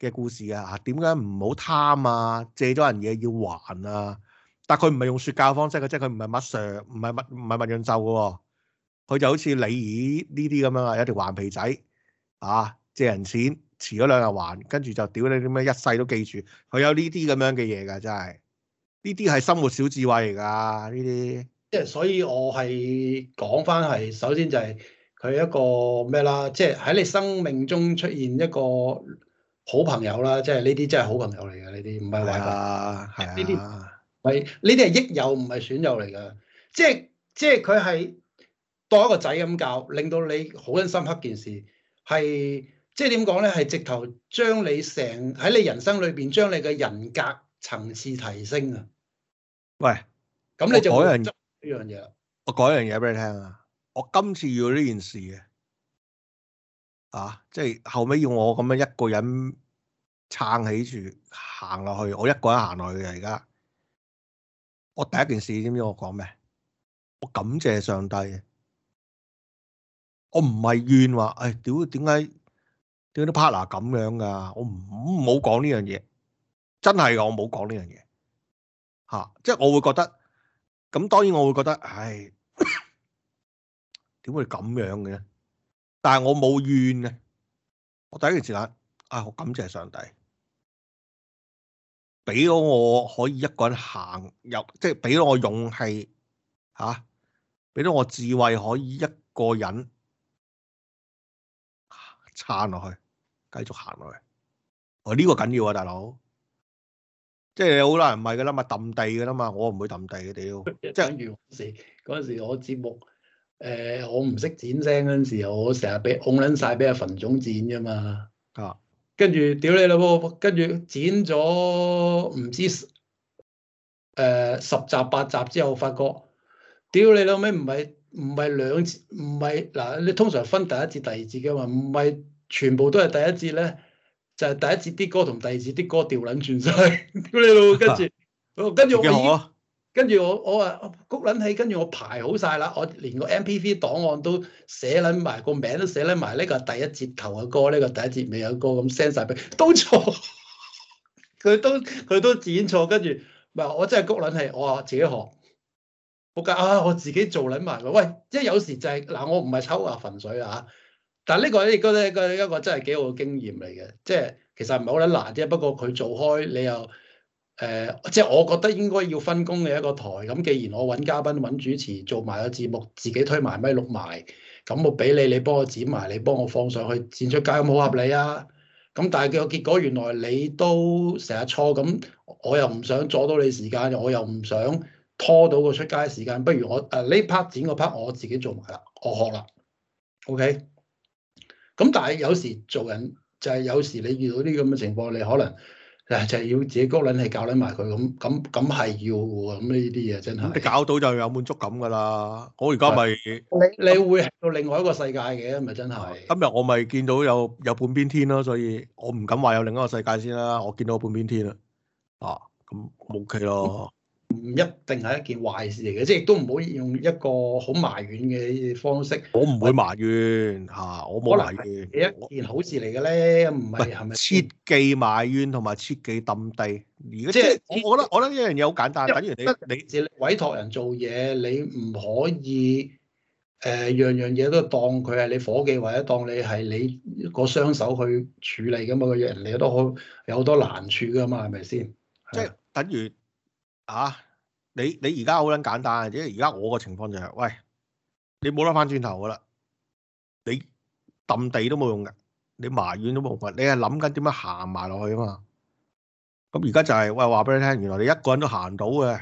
嘅故事啊！嚇，點解唔好貪啊？借咗人嘢要還啊！但佢唔係用説教方式嘅，即係佢唔係乜尚，唔係乜唔係麥養秀嘅喎。佢就好似李爾呢啲咁樣啊，有條頑皮仔啊，借人錢遲咗兩日還，跟住就屌你啲咩一世都記住。佢有呢啲咁樣嘅嘢㗎，真係呢啲係生活小智慧嚟㗎。呢啲即係所以我係講翻係首先就係佢一個咩啦，即係喺你生命中出現一個。好朋友啦，即係呢啲，真係好朋友嚟㗎呢啲，唔係話，係啊，呢啲係呢啲係益友，唔係損友嚟噶。即係即係佢係當一個仔咁教，令到你好深刻件事，係即係點講咧？係直頭將你成喺你人生裏邊，將你嘅人格層次提升啊！喂，咁你就呢樣嘢啦。我講樣嘢俾你聽啊！我今次要呢件事嘅。啊！即係後尾要我咁樣一個人撐起住行落去，我一個人行落去嘅而家。我第一件事知唔知我講咩？我感謝上帝，我唔係怨話，誒、哎，屌點解啲 partner 咁樣噶？我唔好講呢樣嘢，真係我冇講呢樣嘢。吓、啊，即係我會覺得，咁當然我會覺得，唉、哎，點 *coughs* 會咁樣嘅？但係我冇怨啊，我第一件事間啊，我感謝上帝俾咗我可以一個人行入，即係俾咗我勇氣吓，俾、啊、咗我智慧可以一個人撐落去，繼續行落去。哦，呢、呢個緊要啊，大佬，即係好多人唔係噶啦嘛，揼地噶啦嘛，我唔會揼地嘅屌，即係嗰陣時，嗰陣時我節目。誒、欸，我唔識剪聲嗰陣時候，我成日俾控撚晒俾阿馮總剪啫嘛。啊，跟住屌你老母，跟住剪咗唔知誒十集八集之後，發覺屌你老尾唔係唔係兩唔係嗱，你通常分第一節第二節嘅嘛，唔係全部都係第一節咧，就係第一節啲歌同第二節啲歌調撚轉晒。屌你老跟住，跟住我。 *laughs* 跟住我，我話谷撚氣，跟住我排好晒啦，我連個 m p v 檔案都寫撚埋，個名都寫撚埋，呢、這個第一節頭嘅歌，呢、這個第一節尾嘅歌咁 send 晒俾，都錯，佢 *laughs* 都佢都剪錯，跟住唔係我真係谷撚氣，我話自己學，仆街啊，我自己做撚埋，喂，即係有時就係、是、嗱，我唔係抽牙粉水啊，但係、這、呢個亦都係一個真係幾好嘅經驗嚟嘅，即、就、係、是、其實唔係好撚難啫，不過佢做開你又。誒、呃，即係我覺得應該要分工嘅一個台。咁既然我揾嘉賓、揾主持做埋個節目，自己推埋咪錄埋，咁我俾你，你幫我剪埋，你幫我放上去剪出街，好合理啊。咁但係個結果，原來你都成日錯，咁我又唔想阻到你時間，我又唔想拖到個出街時間，不如我誒呢 part 剪嗰 part 我自己做埋啦，我學啦。OK，咁但係有時做人就係、是、有時你遇到啲咁嘅情況，你可能。就係要自己高卵氣教捻埋佢，咁咁咁係要喎，咁呢啲嘢真係。你搞到就有滿足感噶啦！我而家咪你你會去到另外一個世界嘅咪真係。今日我咪見到有有半邊天咯，所以我唔敢話有另一個世界先啦。我見到半邊天啦。啊，咁 OK 咯。 *laughs* 唔一定係一件壞事嚟嘅，即係亦都唔好用一個好埋怨嘅方式。我唔會埋怨嚇、啊，我冇埋怨。一件好事嚟嘅咧，唔係係咪？切忌是埋怨同埋切忌抌低，而家即係即我覺得我覺得呢樣嘢好簡單，即等於你你自委託人做嘢，你唔可以誒、呃、樣樣嘢都當佢係你伙計，或者當你係你個雙手去處理㗎嘛？個人你都好有好多難處㗎嘛？係咪先？即係等於。啊！你你而家好捻簡單，即係而家我個情況就係、是、喂，你冇得翻轉頭噶啦，你抌地都冇用噶，你埋怨都冇用，你係諗緊點樣行埋落去啊嘛？咁而家就係、是、喂話俾你聽，原來你一個人都行到嘅，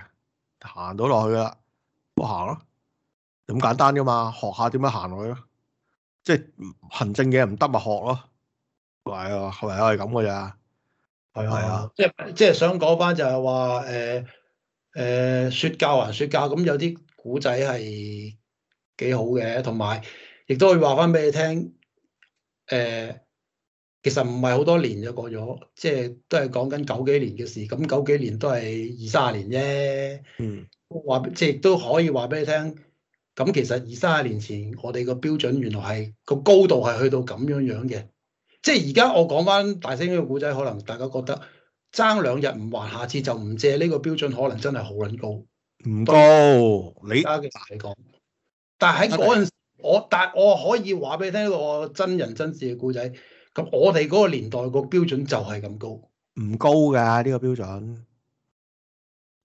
行到落去噶啦，我行咯、啊，咁簡單噶嘛，學下點樣行落去咯，即係行政嘢唔得咪學咯，係啊，係啊，係咁噶咋？係啊係啊，啊即係即係想講翻就係話誒。欸誒，說、呃、教還、啊、說教，咁有啲古仔係幾好嘅，同埋亦都可以話翻俾你聽。誒、呃，其實唔係好多年過就過咗，即係都係講緊九幾年嘅事。咁九幾年都係二卅年啫。嗯，話即係亦都可以話俾你聽。咁其實二卅年前我哋個標準原來係個高度係去到咁樣樣嘅。即係而家我講翻大聲嘅古仔，可能大家覺得。爭兩日唔還，下次就唔借。呢個標準可能真係好撚高，唔高對你講，但係喺嗰陣我，但係我可以話俾你聽呢個真人真事嘅故仔，咁我哋嗰個年代個標準就係咁高，唔高噶。呢個標準，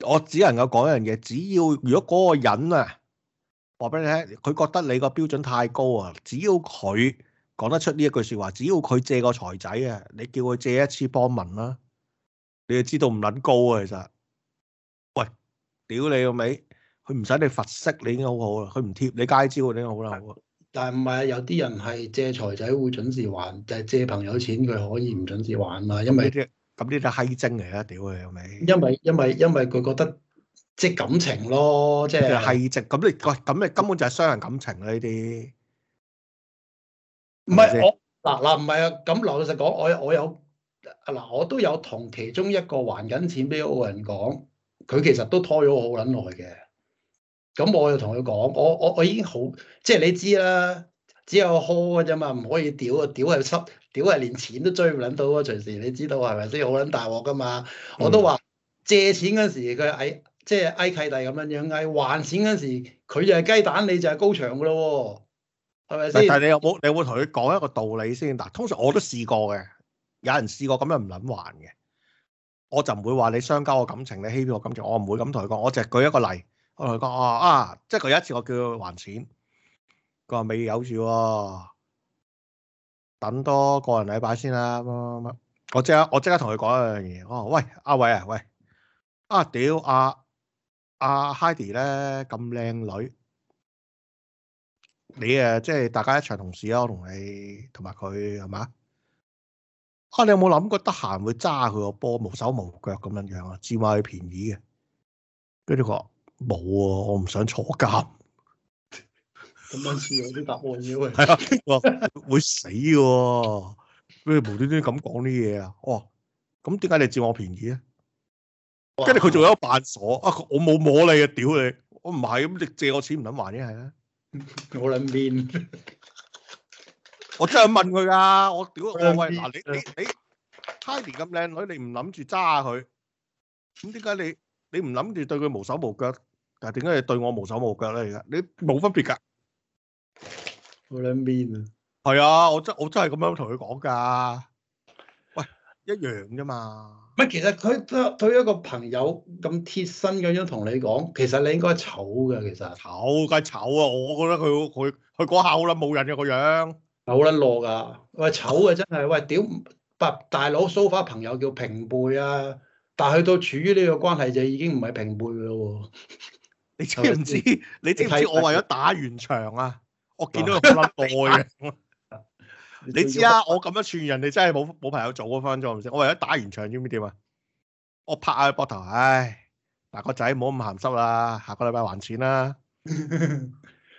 我只能夠講一樣嘢，只要如果嗰個人啊話俾你聽，佢覺得你個標準太高啊，只要佢講得出呢一句說話，只要佢借個財仔啊，你叫佢借一次幫民啦。你要知道唔撚高啊！其實，喂，屌你個尾，佢唔使你罰息，你已經好好啦。佢唔貼你街招，你已經好啦。但係唔係啊？有啲人係借財仔會準時還，但係借朋友錢佢可以唔準時還啊！因為咁呢啲係閪精嚟啊。屌你個尾！因為因為因為佢覺得即係感情咯，即係係直咁你咁你根本就係傷人感情啦！呢啲唔係我嗱嗱唔係啊！咁留老實講，我我有。嗱，我都有同其中一個還緊錢俾我個人講，佢其實都拖咗好撚耐嘅。咁我又同佢講，我我我已經好，即係你知啦，只有苛嘅啫嘛，唔可以屌啊！屌係濕，屌係連錢都追唔撚到啊！隨時你知道係咪先好撚大鑊噶嘛？我都話借錢嗰時佢嗌即係嗌契弟咁樣樣，嗌還錢嗰時佢就係雞蛋，你就係高牆噶咯喎，係咪先？但係你有冇你有冇同佢講一個道理先？嗱，通常我都試過嘅。有人試過咁樣唔捻還嘅，我就唔會話你相交我感情，你欺騙我感情，我唔會咁同佢講。我淨係舉一個例，我同佢講啊啊，即係佢有一次我叫佢還錢，佢話未有住，哦，等多個人禮拜先啦。乜乜乜，我即刻我即刻同佢講一樣嘢。我話喂，阿偉啊喂，啊，屌阿阿 Heidi 咧咁靚女，你誒、啊、即係大家一齊同事啊，我同你同埋佢係嘛？啊！你有冇諗過得閒會揸佢個波，無手無腳咁樣樣啊？佔佢便宜嘅，跟住佢話冇啊，我唔想坐監。咁樣似有啲答案嘅喂，係啊， *laughs* 會死嘅、啊，跟住無端端咁講啲嘢啊！哦，咁點解你佔我便宜啊？跟住佢仲有扮傻啊！我冇摸你啊！屌你！我唔係咁，你借我錢唔諗還嘅係啦，我諗邊？ *laughs* 我真係問佢噶，我屌我喂嗱，你你你，Tiny 咁靚女，你唔諗住揸佢，咁點解你你唔諗住對佢無手無腳？但係點解你對我無手無腳咧？而家你冇分別噶，好捻 mean 啊！係啊，我真我真係咁樣同佢講噶。喂，一樣啫嘛。唔係，其實佢對對一個朋友咁貼身咁樣同你講，其實你應該醜噶，其實醜梗係醜啊！我覺得佢佢佢嗰下好捻冇人嘅個樣。係好甩落噶，喂醜啊真係，喂屌白大佬蘇花朋友叫平輩啊，但係去到處於呢個關係就已經唔係平輩咯，啊。 *laughs* 你知唔知？你，看你知唔知我為咗打完場啊？我見到佢甩落樣，你知啊？我咁樣串人你真係冇冇朋友做嗰分咗唔先，我為咗打完場知唔知點啊？我拍下佢膊頭，唉、哎，嗱個仔唔好咁鹹濕啦，下個禮拜還錢啦，啊。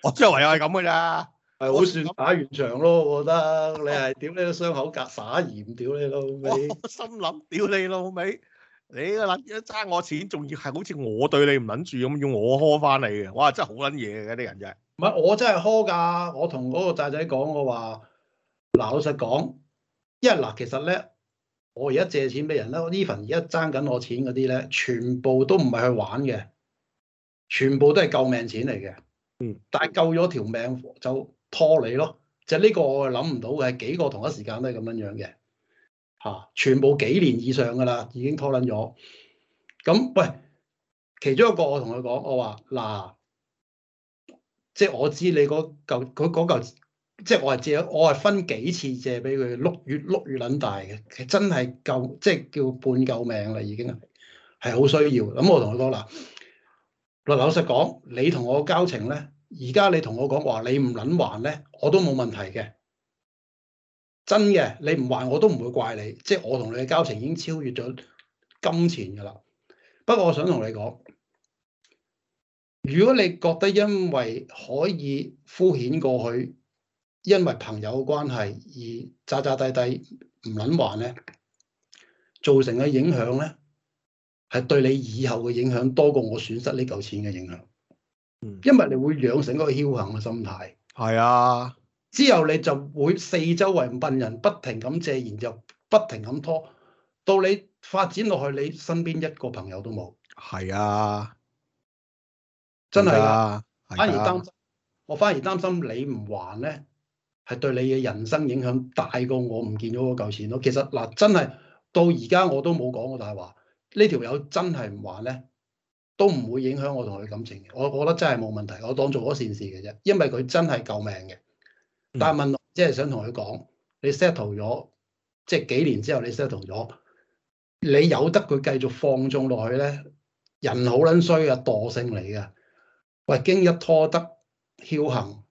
我之後唯有係咁噶咋。係好算打完場咯，我覺得你係屌你個傷口夾撒鹽，屌你老味，我心諗，屌你老味。你個捻一爭我錢，仲要係好似我對你唔捻住咁，要我苛翻你嘅，哇！真係好捻嘢嘅啲人真係。唔係 *music* 我真係苛噶，我同嗰個債仔講，我話嗱老實講，因為嗱其實咧，我而家借錢俾人咧，我呢份而家爭緊我錢嗰啲咧，全部都唔係去玩嘅，全部都係救命錢嚟嘅。嗯。但係救咗條命就。拖你咯，就係呢個我諗唔到嘅，幾個同一時間都係咁樣樣嘅，吓，全部幾年以上噶啦，已經拖捻咗。咁喂，其中一個我同佢講，我話嗱，即係我知你嗰嚿，即係我係借，我係分幾次借俾佢，碌越碌越捻大嘅，真係救，即係叫半救命啦，已經係好需要。咁我同佢講嗱，老老實講，你同我交情咧，而家你同我講話你唔撚還呢，我都冇問題嘅，真嘅，你唔還我都唔會怪你，即係我同你嘅交情已經超越咗金錢噶啦。不過我想同你講，如果你覺得因為可以敷衍過去，因為朋友關係而詐詐諦諦唔撚還呢，造成嘅影響呢，係對你以後嘅影響多過我損失呢嚿錢嘅影響。因為你會養成一個僥倖嘅心態，係啊，之後你就會四周圍問人，不停咁借，然後就不停咁拖，到你發展落去，你身邊一個朋友都冇，係啊，真係啊，反而擔我反而擔心你唔還呢，係對你嘅人生影響大過我唔見咗嗰嚿錢咯。其實嗱，真係到而家我都冇講過大話，呢條友真係唔還呢。都唔會影響我同佢感情嘅，我覺得真係冇問題，我當做咗善事嘅啫。因為佢真係救命嘅，但係問即係、就是、想同佢講，你 settle 咗，即係幾年之後你 settle 咗，你有得佢繼續放縱落去咧，人好撚衰啊，惰性嚟嘅，喂，經一拖得僥倖，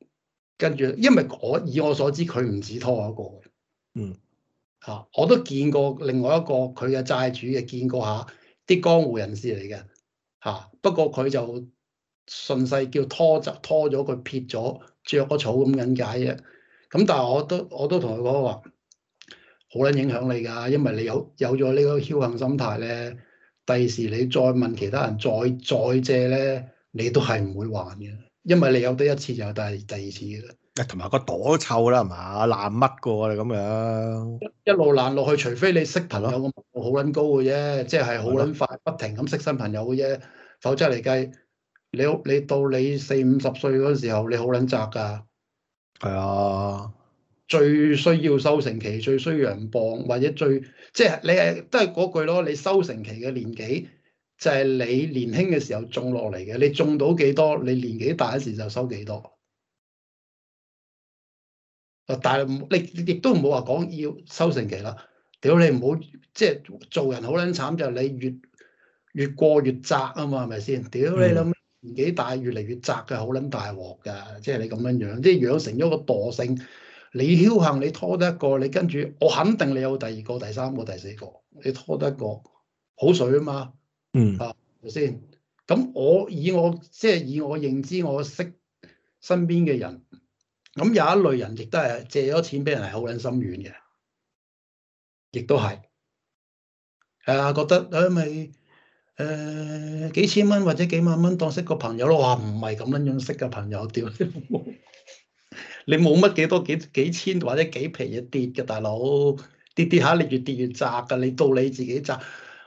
跟住因為我以我所知，佢唔止拖一個，嗯，嚇，我都見過另外一個佢嘅債主嘅，見過下啲江湖人士嚟嘅。啊！不過佢就順勢叫拖就拖咗佢撇咗，著個草咁解啫。咁但係我都我都同佢講話，好撚影響你㗎，因為你有有咗呢個僥幸心態咧，第時你再問其他人再再借咧，你都係唔會還嘅，因為你有得一次就，但係第二次嘅。誒，同埋個朵臭啦，係嘛？爛乜過你咁樣？一路爛落去，除非你識朋友個門路好撚高嘅啫，即係好撚快，不停咁識新朋友嘅啫。否則嚟計，你你到你四五十歲嗰時候，你好捻窄噶。係啊的，最需要收成期，最需要人磅，或者最即係你係都係嗰句咯。你收成期嘅年紀就係、是、你年輕嘅時候種落嚟嘅。你種到幾多，你年紀大嘅時就收幾多。但係你亦都唔好話講要收成期啦。屌你唔好即係做人好捻慘，就係你越。越過越窄啊嘛，係咪先？屌你諗年紀大，越嚟越窄嘅，好撚大鑊㗎。即係你咁樣樣，即係養成咗個惰性。你僥倖你拖得一個，你跟住我肯定你有第二個、第三個、第四個。你拖得一個好水啊嘛，嗯啊，係咪先？咁我以我即係以我認知我識身邊嘅人，咁有一類人亦都係借咗錢俾人係好撚心軟嘅，亦都係係啊覺得咁咪。誒、呃，幾千蚊或者幾萬蚊當識個朋友咯，哇！唔係咁樣樣識嘅朋友，屌！ *laughs* 你冇乜幾多幾幾千或者幾皮嘢跌嘅大佬，跌跌下你越跌越窄噶，你到你自己窄，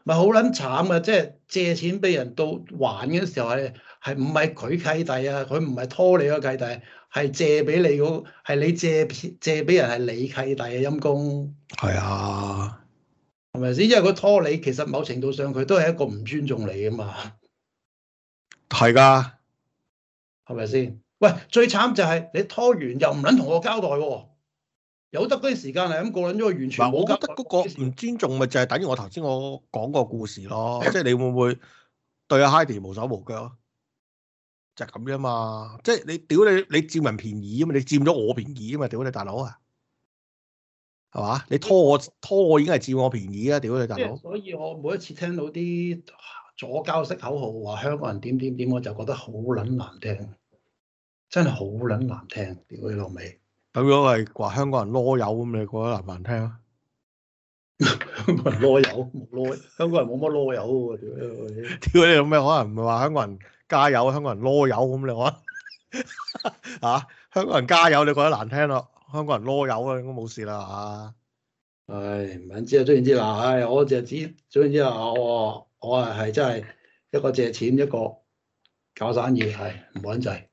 咪好撚慘噶！即係借錢俾人到還嘅時候，係係唔係佢契弟啊？佢唔係拖你個契弟，係借俾你個，係你借借俾人係你契弟啊，陰公。係啊。係咪先？因為佢拖你，其實某程度上佢都係一個唔尊重你啊嘛。係噶的，係咪先？喂，最慘就係你拖完又唔肯同我交代喎、哦。有得嗰啲時間係咁過撚咗，完全冇得。我覺得嗰個唔尊重咪就係等於我頭先我講個故事咯，的即係你會唔會對阿 Kitty 無手無腳？就係、是、咁樣嘛，即係你屌你，你佔人便宜啊嘛，你佔咗我便宜啊嘛，屌你，你大佬啊！係嘛？你拖我拖我，已經係佔我便宜啊！屌你大佬！所以，我每一次聽到啲左膠式口號，話香港人點點點，我就覺得好撚難聽，真係好撚難聽！屌你老味！咁樣係話香港人撈友咁，你覺得難唔難聽啊？ *laughs* 香港人撈友冇囉，香港人冇乜撈友喎！屌你老咩可能唔係話香港人加油，香港人撈友咁你講吓、啊，香港人加油，你覺得難聽咯、啊？香港人攞油啦，應該冇事啦嚇。誒唔肯知啊，總言之嗱，唉、哎，我就知總言之啊，我我係係真係一個借錢，一個搞生意，係冇緊制。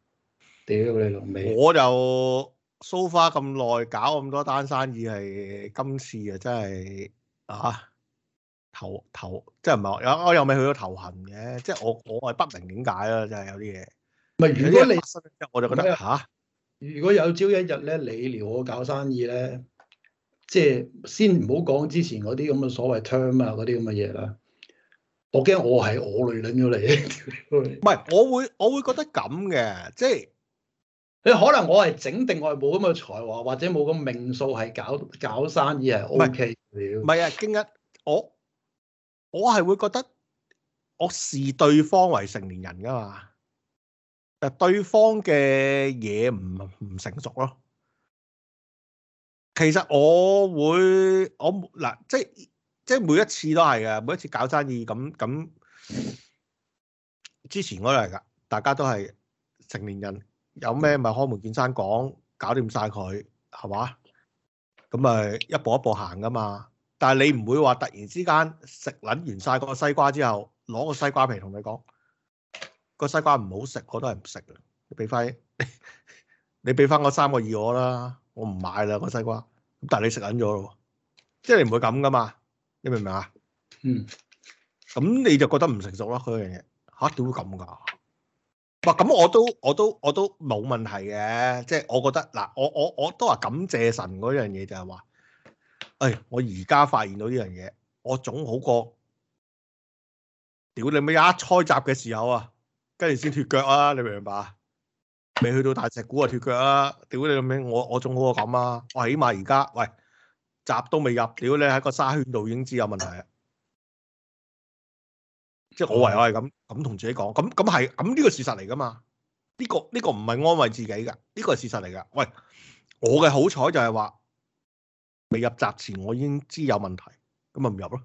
屌你老味，我就 so far 咁耐，搞咁多單生意，係今次真啊真係啊頭頭即係唔係我，我又未去到頭痕嘅，即係我我係不明點解啦，真係有啲嘢。唔如果你我就覺得嚇。你麼如果有朝一日咧，你撩我搞生意咧，即係先唔好講之前嗰啲咁嘅所謂 term 啊，嗰啲咁嘅嘢啦。我驚我係我女擰咗你。唔 *laughs* 係，我會我會覺得咁嘅，即係你可能我係整定，我係冇咁嘅才華，或者冇咁命數係搞搞生意係 O K 嘅。唔係聊啊，今日我我係會覺得我視對方為成年人噶嘛。誒，對方嘅嘢唔唔成熟咯。其實我會我嗱，即係即係每一次都係嘅，每一次搞生意咁咁。之前我都係噶，大家都係成年人，有咩咪開門見山講，搞掂晒佢，係嘛？咁咪一步一步行噶嘛。但係你唔會話突然之間食捻完晒個西瓜之後，攞個西瓜皮同你講。個西瓜唔好食，我都係唔食嘅。你俾翻， *laughs* 你俾翻我三個二我啦，我唔買啦個西瓜。但係你食緊咗咯，即係你唔會咁噶嘛？你明唔明啊？嗯。咁、嗯、你就覺得唔成熟咯？佢、啊、樣嘢嚇點會咁噶？嗱咁我都我都我都冇問題嘅，即、就、係、是、我覺得嗱，我我我都話感謝神嗰樣嘢就係、是、話，哎，我而家發現到呢樣嘢，我總好過，屌你咪一開閘嘅時候啊！跟住先脱腳啊！你明唔明白？未去到大石股啊，脱腳啊！屌你咁樣，我我仲好過咁啊！我起碼而家喂，閘都未入，屌你喺個沙圈度已經知有問題啊！即係我係我係咁咁同自己講，咁咁係咁呢個事實嚟噶嘛？呢、呢個呢、呢個唔係安慰自己噶，呢個係事實嚟噶。喂，我嘅好彩就係話未入閘前，我已經知有問題，咁咪唔入咯。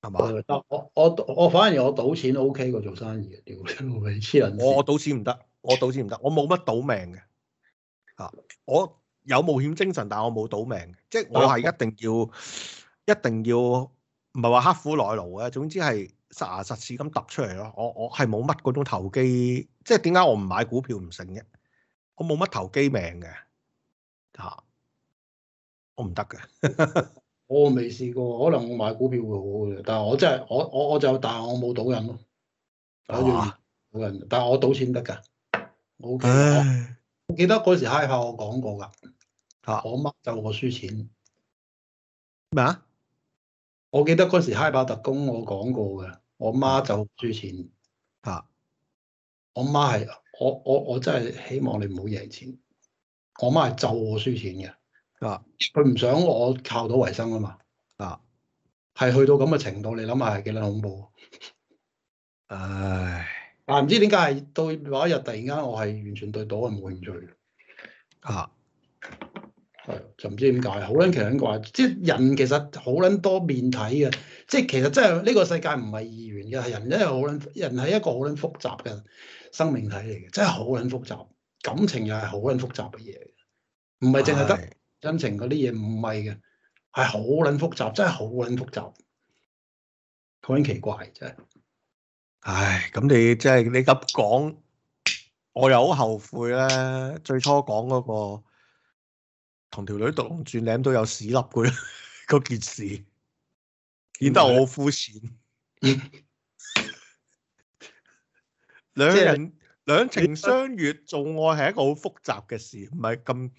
係嘛？得我我我反而我賭錢 OK 過做生意嘅，屌你黐撚線！我賭錢唔得，我賭錢唔得，我冇乜賭命嘅啊！我有冒險精神，但我冇賭命嘅，即係我係一定要一定要，唔係話刻苦耐勞嘅，總之係實牙實齒咁揼出嚟咯。我我係冇乜嗰種投機，即係點解我唔買股票唔成嘅？我冇乜投機命嘅，吓，我唔得嘅。我未試過，可能我買股票會好嘅，但係我真係我我我就但係我冇賭人咯，賭人，賭人哇但係我賭錢得噶、OK, 唉，我記得嗰時嗨 i 我講過噶，啊、我媽就我輸錢，咩啊麼？我記得嗰時嗨 i 特工我講過嘅，我媽就輸錢，啊，我媽係我我我，我真係希望你唔好贏錢，我媽係就我輸錢嘅。啊！佢唔想我靠到為生啊嘛！啊，係去到咁嘅程度，你諗下係幾捻恐怖，啊？唉！但唔知點解係到某一日，突然間我係完全對賭係冇興趣啊，係就唔知點解，好捻奇怪。即係人其實好捻多面體嘅，即係其實真係呢個世界唔係二元嘅，係人真係好捻人係一個好捻複雜嘅生命體嚟嘅，真係好捻複雜，感情又係好捻複雜嘅嘢嚟嘅，唔係淨係得。真情嗰啲嘢唔係嘅，係好捻複雜，真係好捻複雜，好撚奇怪，真係。唉，咁你即係、就是、你咁講，我又好後悔咧。最初講嗰、那個同條女獨龍轉領都有屎粒嗰，嗰 *laughs* 件事，顯得我好膚淺。兩人兩情相悅實做愛係一個好複雜嘅事，唔係咁。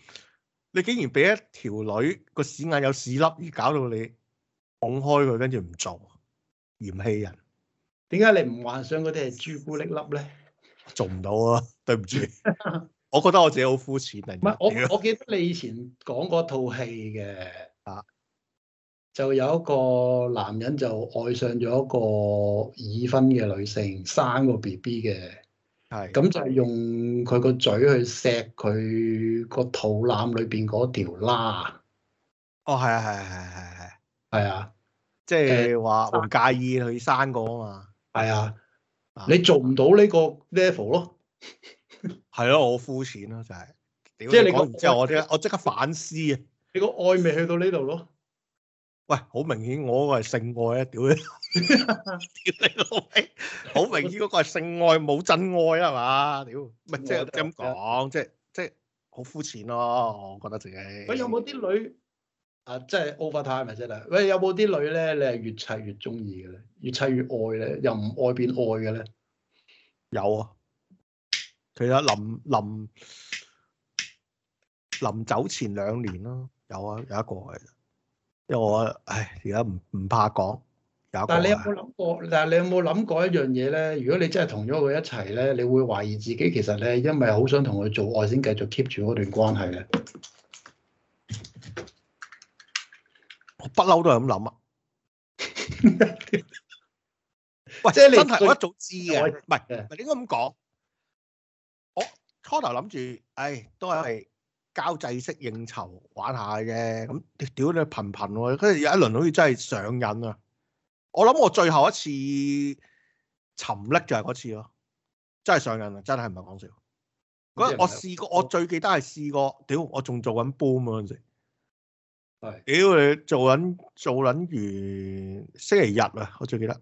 你竟然俾一條女個屎眼有屎粒，搞到你拱開佢，跟住唔做，嫌棄人？點解你唔幻想嗰啲係朱古力粒咧？做唔到啊！對唔住， *laughs* 我覺得我自己好膚淺。唔係， *laughs* 我我記得你以前講嗰套戲嘅，啊、就有一個男人就愛上咗一個已婚嘅女性，三個 B B 嘅。係，咁就係用佢個嘴去錫佢個肚腩裏邊嗰條啦。哦，係啊，係係係係係，係啊的，即係話唔介意佢生過啊嘛。係啊的，的你做唔到呢個 level 咯，係咯，我膚淺咯，就係、是。即係你講完之後，我即刻我即刻反思啊。你個愛未去到呢度咯。喂，好明顯，我個係性愛啊！屌你，老味！好明顯嗰個係性愛，冇 *laughs* *laughs* 真愛啊嘛！屌，咪即係咁講，即係即係好膚淺咯、啊，我覺得自己有有。喂、啊即係，有冇啲女啊？即係 over time 咪真係？喂，有冇啲女咧？你係越砌越中意嘅咧，越砌越愛咧，又唔愛變愛嘅咧？有啊，其實臨臨臨走前兩年咯、啊，有啊，有一個係。因為我唉而家，唔唔怕講，但係你有冇諗過？但係你有冇諗過一樣嘢咧？如果你真係同咗佢一齊咧，你會懷疑自己其實咧，因為好想同佢做愛，先繼續 keep 住嗰段關係咧。我不嬲都係咁諗啊！喂，即係你真係我一早知啊，唔係唔係，你應該咁講。我初頭諗住，唉，都係。交際式應酬玩下啫，咁屌你頻頻喎，跟住有一輪好似真係上癮啊！我諗我最後一次沉溺就係嗰次咯，真係上癮啊！真係唔係講笑。嗰日我試過，我最記得係試過屌，我仲做緊 boom 嗰陣時，屌、哎、你做緊做緊完星期日啊！我最記得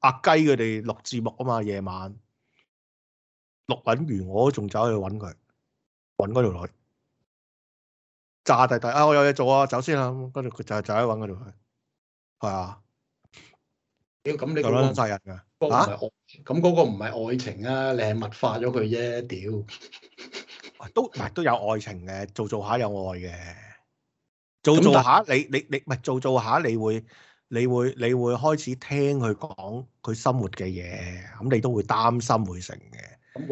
阿雞佢哋錄節目啊嘛，夜晚錄完魚我仲走去揾佢。搵嗰條女，炸大大啊！我有嘢做啊，走先啦。跟住佢就就喺度搵嗰條女，係啊。屌咁你個撚曬人㗎？嚇？咁嗰個唔係愛情啊，你係物化咗佢啫。屌，都唔係都有愛情嘅，做做下有愛嘅。做做下你你你咪做做下，你會你會你會開始聽佢講佢生活嘅嘢，咁你都會擔心會成嘅。但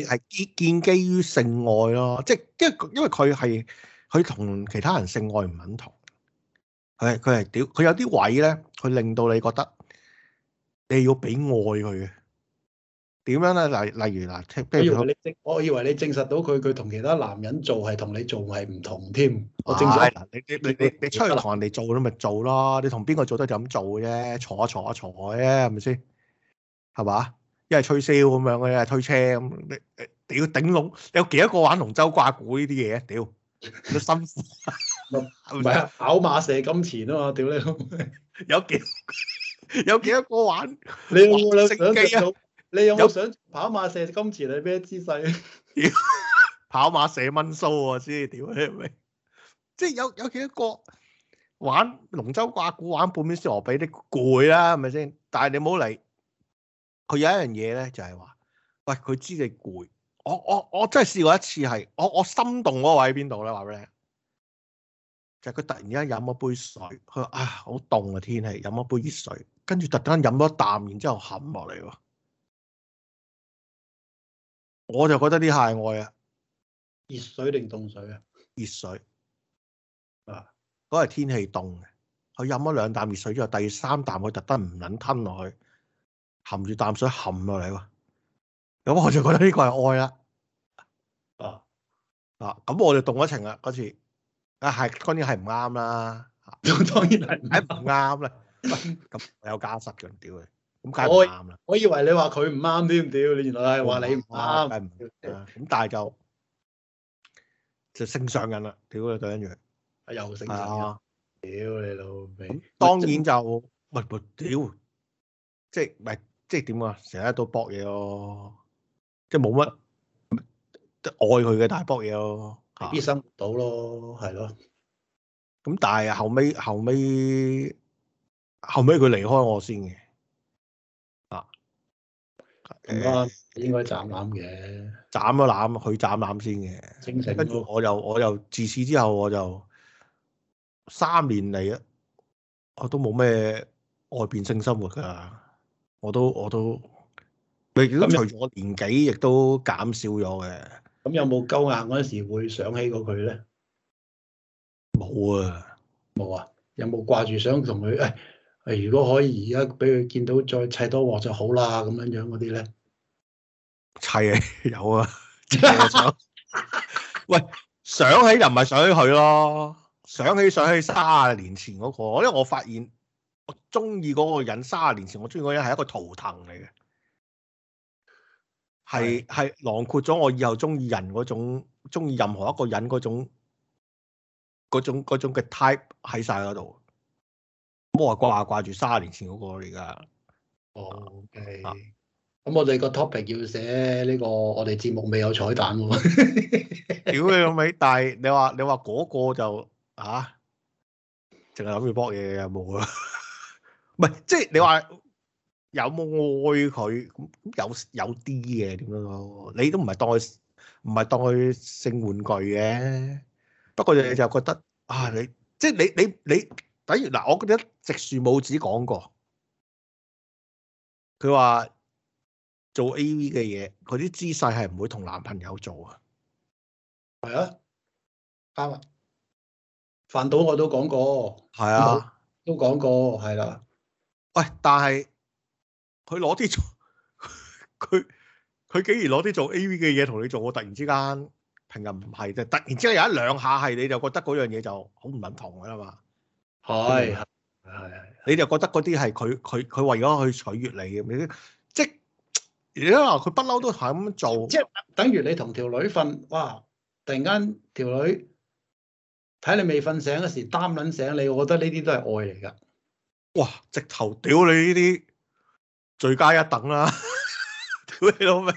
係係建基於性愛咯，即係因為因為佢係佢同其他人性愛唔肯同，佢佢係屌佢有啲位咧，佢令到你覺得你要俾愛佢嘅，點樣咧？例例如嗱，譬如我你，我以為你證實到佢佢同其他男人做係同你做係唔同添，我證實、啊、你你你你出去同人哋做，就做，就做，你咪做啦。你同邊個做都係咁做啫，坐一坐一坐啊，係咪先？係嘛？一係吹簫咁樣，一係推車咁，你誒屌頂籠有幾多個玩龍舟掛鼓呢啲嘢啊？屌，都辛苦，唔係 *laughs* 啊，跑馬射金錢啊嘛，屌你 *laughs* 有幾有幾多個玩？你有冇想、啊、你有冇想跑馬射金錢？你咩姿勢？屌，跑馬射蚊鬚啊！知屌你明？即係有有幾多個玩龍舟掛鼓玩半面蛇比啲攰啦，係咪先？但係你唔好嚟。佢有一樣嘢咧，就係話：喂，佢知你攰。我我我真係試過一次，係我我心動嗰位喺邊度咧？話俾你聽，就係佢突然之間飲咗杯水，佢啊好凍嘅天氣，飲咗杯熱水，跟住突然間飲咗啖，啊、然之後冚落嚟喎。我就覺得呢下係愛啊，熱水定凍水啊？熱水啊！嗰日天氣凍嘅，佢飲咗兩啖熱水之後，第三啖佢特登唔撚吞落去。含住啖水含落嚟喎，咁我就覺得呢個係愛啦，啊啊，咁、啊、我就動咗情啦嗰次，啊係，當然係唔啱啦，嚇、啊，當然係唔啱啦，咁 *laughs* 有家室嘅，屌你，咁梗係唔啱啦，我以為你話佢唔啱添，屌你原來係話你唔啱，係唔啱，咁但係就就升上癮啦，屌你對唔住，又升上癮，屌你老味，當然就乜乜屌，即係唔係？即係點啊？成日都搏嘢咯，即係冇乜愛佢嘅，但係搏嘢咯，衍生唔到咯，係咯。咁但係後尾後尾後尾佢離開我先嘅啊。嗯、應該斬纜嘅，斬咗纜，佢斬纜先嘅。跟住我又我又自此之後，我就三年嚟啊，我都冇咩外邊性生活噶。我都我都，如果除咗我年紀，亦都減少咗嘅。咁有冇鳩硬嗰陣時會想起過佢咧？冇啊，冇啊。有冇掛住想同佢？誒，如果可以，而家俾佢見到再砌多鑊就好啦。咁樣樣嗰啲咧砌啊，有啊。Um、 *laughs* 喂，想起人就唔係想起佢咯。想起想起卅年前嗰個，因為我發現。我中意嗰個人，卅年前我中意嗰人係一個圖騰嚟嘅，係係是囊括咗我以後中意人嗰種，中意任何一個人嗰種，嗰種種嘅 type 喺晒嗰度。咁我話掛掛住卅年前嗰個而家。O K，咁我哋個 topic 要寫呢個，我哋節目未有彩蛋喎。屌你老味！但係你話你話嗰個就啊，淨係諗住博嘢有冇啊。唔係，即係你話有冇愛佢咁，有有啲嘅點樣咯？你都唔係當佢唔係當佢性玩具嘅。不過你就覺得啊，你即係你你你，等於嗱，我覺得直樹母子講過，佢話做 A.V. 嘅嘢，佢啲姿勢係唔會同男朋友做啊。係啊，啱啊。飯島我都講過，係啊，都講過係啦。喂、哎，但係佢攞啲做佢佢竟然攞啲做 A.V. 嘅嘢同你做，我突然之間平日唔係就突然之間有一兩下係，你就覺得嗰樣嘢就好唔揾同㗎喇嘛。係係、哎哎、你就覺得嗰啲係佢佢佢為咗去取悅你咁，即係如果話佢不嬲都係咁做，即係等於你同條女瞓，哇！突然間條女睇你未瞓醒嘅時擔卵醒你，我覺得呢啲都係愛嚟㗎。哇！直頭屌你呢啲罪加一等啦， *laughs* 屌你老味！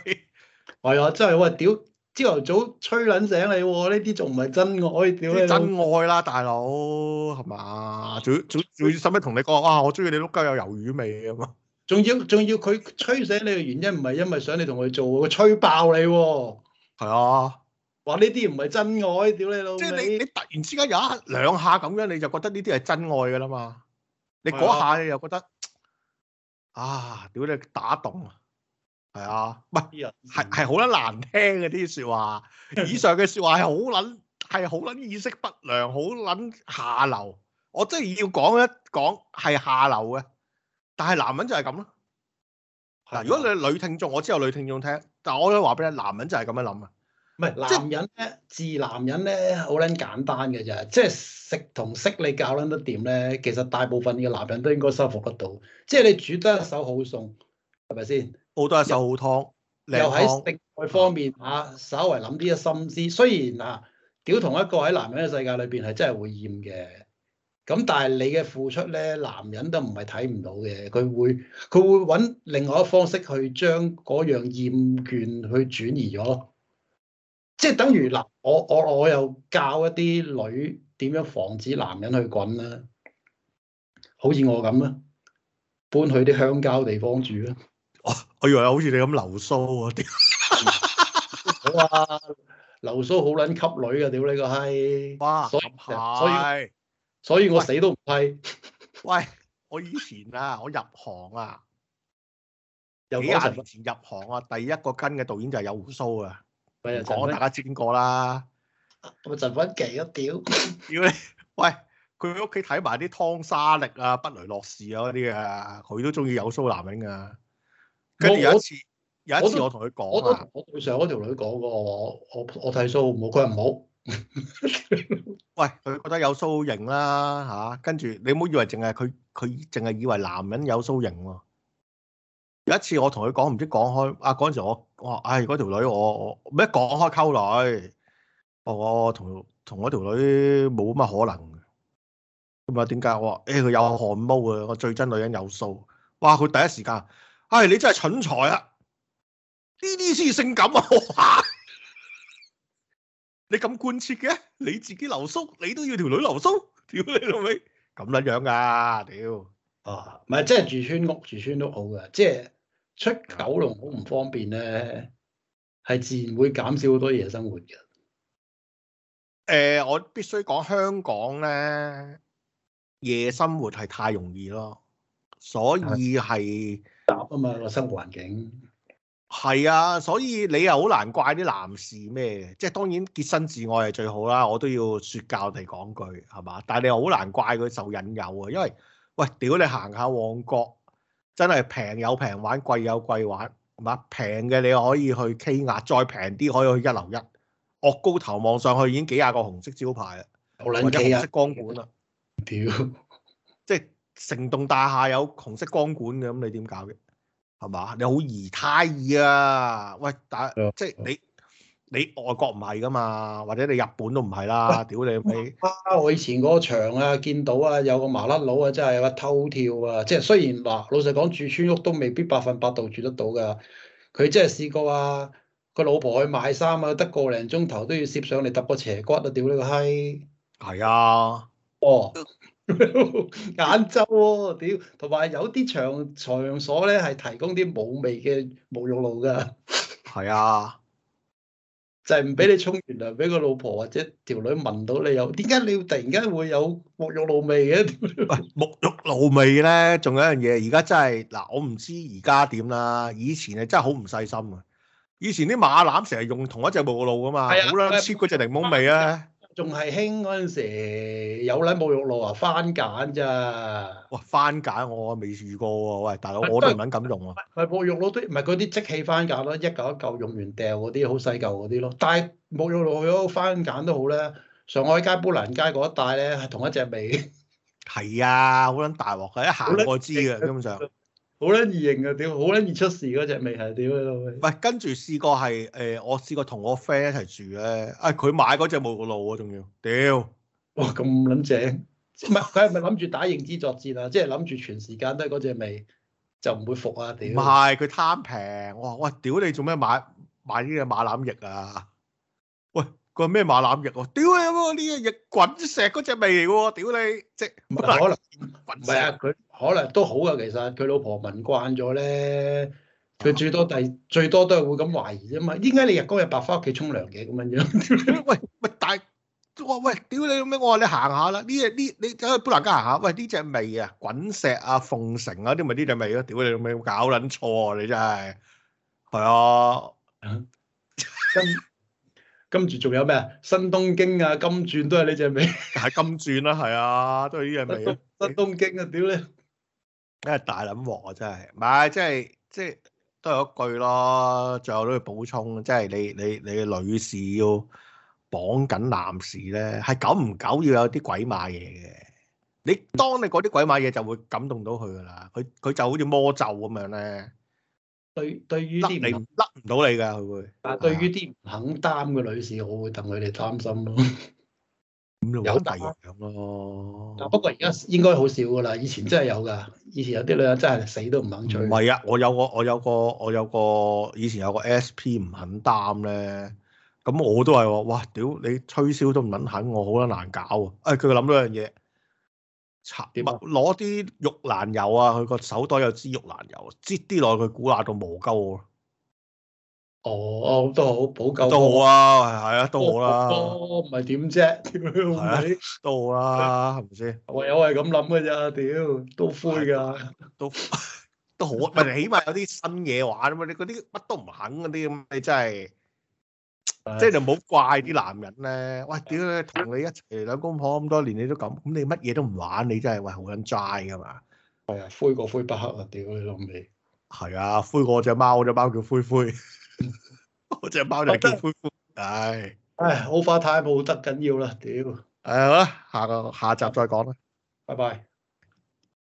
係啊、哎，真係我屌朝頭早吹卵醒你喎！呢啲仲唔係真愛？屌你真愛啦，大佬係嘛？仲仲仲，使乜同你講啊？我中意你碌鳩有魷魚味啊嘛！仲要仲要，佢吹醒你嘅原因唔係因為想你同佢做，佢吹爆你喎。係啊！話呢啲唔係真愛，屌你老味！即係你你突然之間有一兩下咁樣，你就覺得呢啲係真愛㗎啦嘛？你嗰下你又覺得啊，屌你打動啊，係啊，乜係係好撚難聽嗰啲説話。以上嘅説話係好撚係好撚意識不良，好撚下流。我真係要講一講係下流嘅，但係男人就係咁咯。嗱，如果你係女聽眾，我知道女聽眾聽，但係我都話俾你，男人就係咁樣諗啊。唔係即男人咧，治男人咧好撚簡單嘅啫。即係食同識你教撚得掂咧，其實大部分嘅男人都應該收服得到。即係你煮得一手好餸，係咪先？好多一手好湯，又喺菜食嘅方面啊，的稍微諗啲嘅心思。雖然啊，屌同一個喺男人嘅世界裏邊係真係會厭嘅。咁但係你嘅付出咧，男人都唔係睇唔到嘅。佢會佢會揾另外一方式去將嗰樣厭倦去轉移咗。即係等於嗱，我我我又教一啲女點樣防止男人去滾啦，好似我咁啦，搬去啲鄉郊地方住啦、啊。我以為好似你咁留鬚啊！屌 *laughs* 好啊，留鬚好撚吸女噶，屌你個閪！哇所以所，所以所以我死都唔係喂。 *laughs* 喂，我以前啊，我入行啊， *laughs* 幾廿年前入行啊，第一個跟嘅導演就係有鬍鬚啊。我大家知經過啦，陳溫傑啊屌，屌你！喂，佢屋企睇埋啲湯沙力啊、不雷諾士啊嗰啲啊，佢都中意有蘇男人噶。跟住有一次，有一次我同佢講啊，我對上嗰條女講過，我我我睇蘇唔好，佢又唔好。喂，佢覺得有蘇型啦吓，跟住你唔好以為淨係佢佢淨係以為男人有蘇型喎。有一次我，講講，啊我，哎、我，我，講我同佢講唔知講開啊嗰陣時我我唉，嗰條女我我咩講開溝女，我我同同嗰條女冇乜可能咁啊。點解我話誒，佢有汗毛啊，我最憎女人有鬚，哇，佢第一時間唉、哎、你真係蠢材啊，呢啲先性感啊。你咁貫徹嘅，你自己留鬚？你都要條女留鬚、 *laughs* 啊？屌你老味咁捻樣噶屌啊，唔係即係住村屋，住村屋好嘅，即係。就是出九龍好唔方便咧，係自然會減少好多夜生活嘅。誒、呃，我必須講香港咧，夜生活係太容易咯，所以係雜啊嘛個生活環境。係啊，所以你又好難怪啲男士咩？即係當然潔身自愛係最好啦，我都要説教地講句係嘛。但係你又好難怪佢受引誘啊，因為喂屌你行下旺角。真係平有平玩，貴有貴玩，係嘛？平嘅你可以去 K 壓，再平啲可以去一樓一。惡高頭望上去已經幾廿個紅色招牌啦，我或者紅色光管啦。屌！ *laughs* 即係成棟大廈有紅色光管嘅，咁你點搞嘅？係嘛？你好疑太啊！喂，打！即係你。你外國唔係噶嘛，或者你日本都唔係啦，屌、啊、你、啊！我以前嗰場啊，見到啊，有個麻甩佬啊，真係話偷跳啊！即係雖然話、啊，老實講住村屋都未必百分百度住得到噶，佢真係試過啊，個老婆去買衫啊，得個零鐘頭都要攝上嚟揼個斜骨啊，屌你個閪！係啊，哦 *laughs* 眼周喎、啊，屌！同埋有啲場場所咧係提供啲冇味嘅沐浴露噶，係啊。就係唔俾你沖完涼，俾個老婆或者條女聞到你有點解你要突然間會有沐浴露味嘅？唔 *laughs* 沐浴露味咧，仲有一樣嘢，而家真係嗱，我唔知而家點啦。以前係真係好唔細心啊！以前啲馬欖成日用同一隻沐浴露噶嘛，好啦、啊，黐嗰隻檸檬味啊！仲係興嗰陣時有侮辱，有撚冇沐浴露啊，番梘咋？喂，番梘我未試過喎、啊，喂！大佬我都唔撚敢，敢用啊！喎。咪沐浴露都唔係嗰啲即棄番梘咯，一嚿一嚿用完掉嗰啲，好細嚿嗰啲咯。但係冇沐浴露有番梘都好啦！上海街、寶蘭街嗰一帶咧係、嗯、同一隻味。係啊，好撚大鑊㗎，一行我知嘅，基嘞本上。好撚易認啊，屌！好撚易出事嗰隻味係，屌你！喂，跟住試過係誒，我試過同我 friend 一齊住咧，啊、哎、佢買嗰隻冇個路啊，仲要，屌！哇，咁撚正，唔係佢係咪諗住打認知作戰啊？即係諗住全時間都係嗰隻味，就唔會服啊！屌！唔係佢貪平，我話喂，屌、哎、你做咩買買呢隻馬騮翼啊？喂，佢係咩馬騮翼喎？屌你喎，呢、哎呢個日滾石嗰隻味嚟喎，屌、哎、你！即能可能，唔係啊佢。可能都好㗎，其實佢老婆聞慣咗咧，佢最多第最多都係會咁懷疑啫嘛。點解你日光日白返屋企沖涼嘅咁樣？樣喂喂，大我喂，屌你咩？我話你行下啦。呢隻呢你走去砵蘭街行下。喂，呢隻味啊，滾石啊，鳳城啊，啲咪呢隻味咯？屌你咪搞撚錯！你真係係啊。跟跟住仲有咩？新東京啊，金鑽都係呢隻味。係金鑽啦、啊，係啊，都係呢隻味。新、啊東,啊、東京啊，屌你！因為大捻鑊啊，真係唔係，即係即係都係嗰句咯。最後都要補充，即係你你你女士要綁緊男士咧，係久唔久要有啲鬼馬嘢嘅。你當你嗰啲鬼馬嘢就會感動到佢噶啦，佢佢就好似魔咒咁樣咧。對對於啲唔甩唔到你噶佢會，但係對於啲唔肯擔嘅女士，我會戥佢哋擔心咯。咁又好大樣咯。不過而家應該好少噶啦，以前真係有噶。以前有啲女人真係死都唔肯追。唔係啊，我有個我有個我有個以前有個 S P 唔肯擔咧。咁我都係，哇屌你吹簫都唔肯肯，我好難搞啊！佢諗到樣嘢，雜啊，攞啲玉蘭油啊，佢個手袋有支玉蘭油，擠啲落去，佢估辣到毛鳩。哦，都好，補救都好啊，係、哎啊，哦、 *laughs* 是啊，都好啦、啊，唔係點啫？係啊，都好啦，係咪先？我有係咁諗嘅咋。屌都灰噶，都都好，啊，係起碼有啲新嘢玩啊嘛！你嗰啲乜都唔肯嗰啲，你真係，即係就唔、是、好怪啲男人咧。喂，屌，同你一齊兩公婆咁多年，你都咁，咁你乜嘢都唔玩，你真係喂好捻齋噶嘛？係啊、哎，灰過灰不黑啊，屌你諗你，係啊、哎，灰過隻貓，隻貓叫灰灰。我隻貓嚟，叫灰灰，係、啊，哎、唉，好快太冇得緊要啦，屌，好啦，下個下集再講啦，拜拜。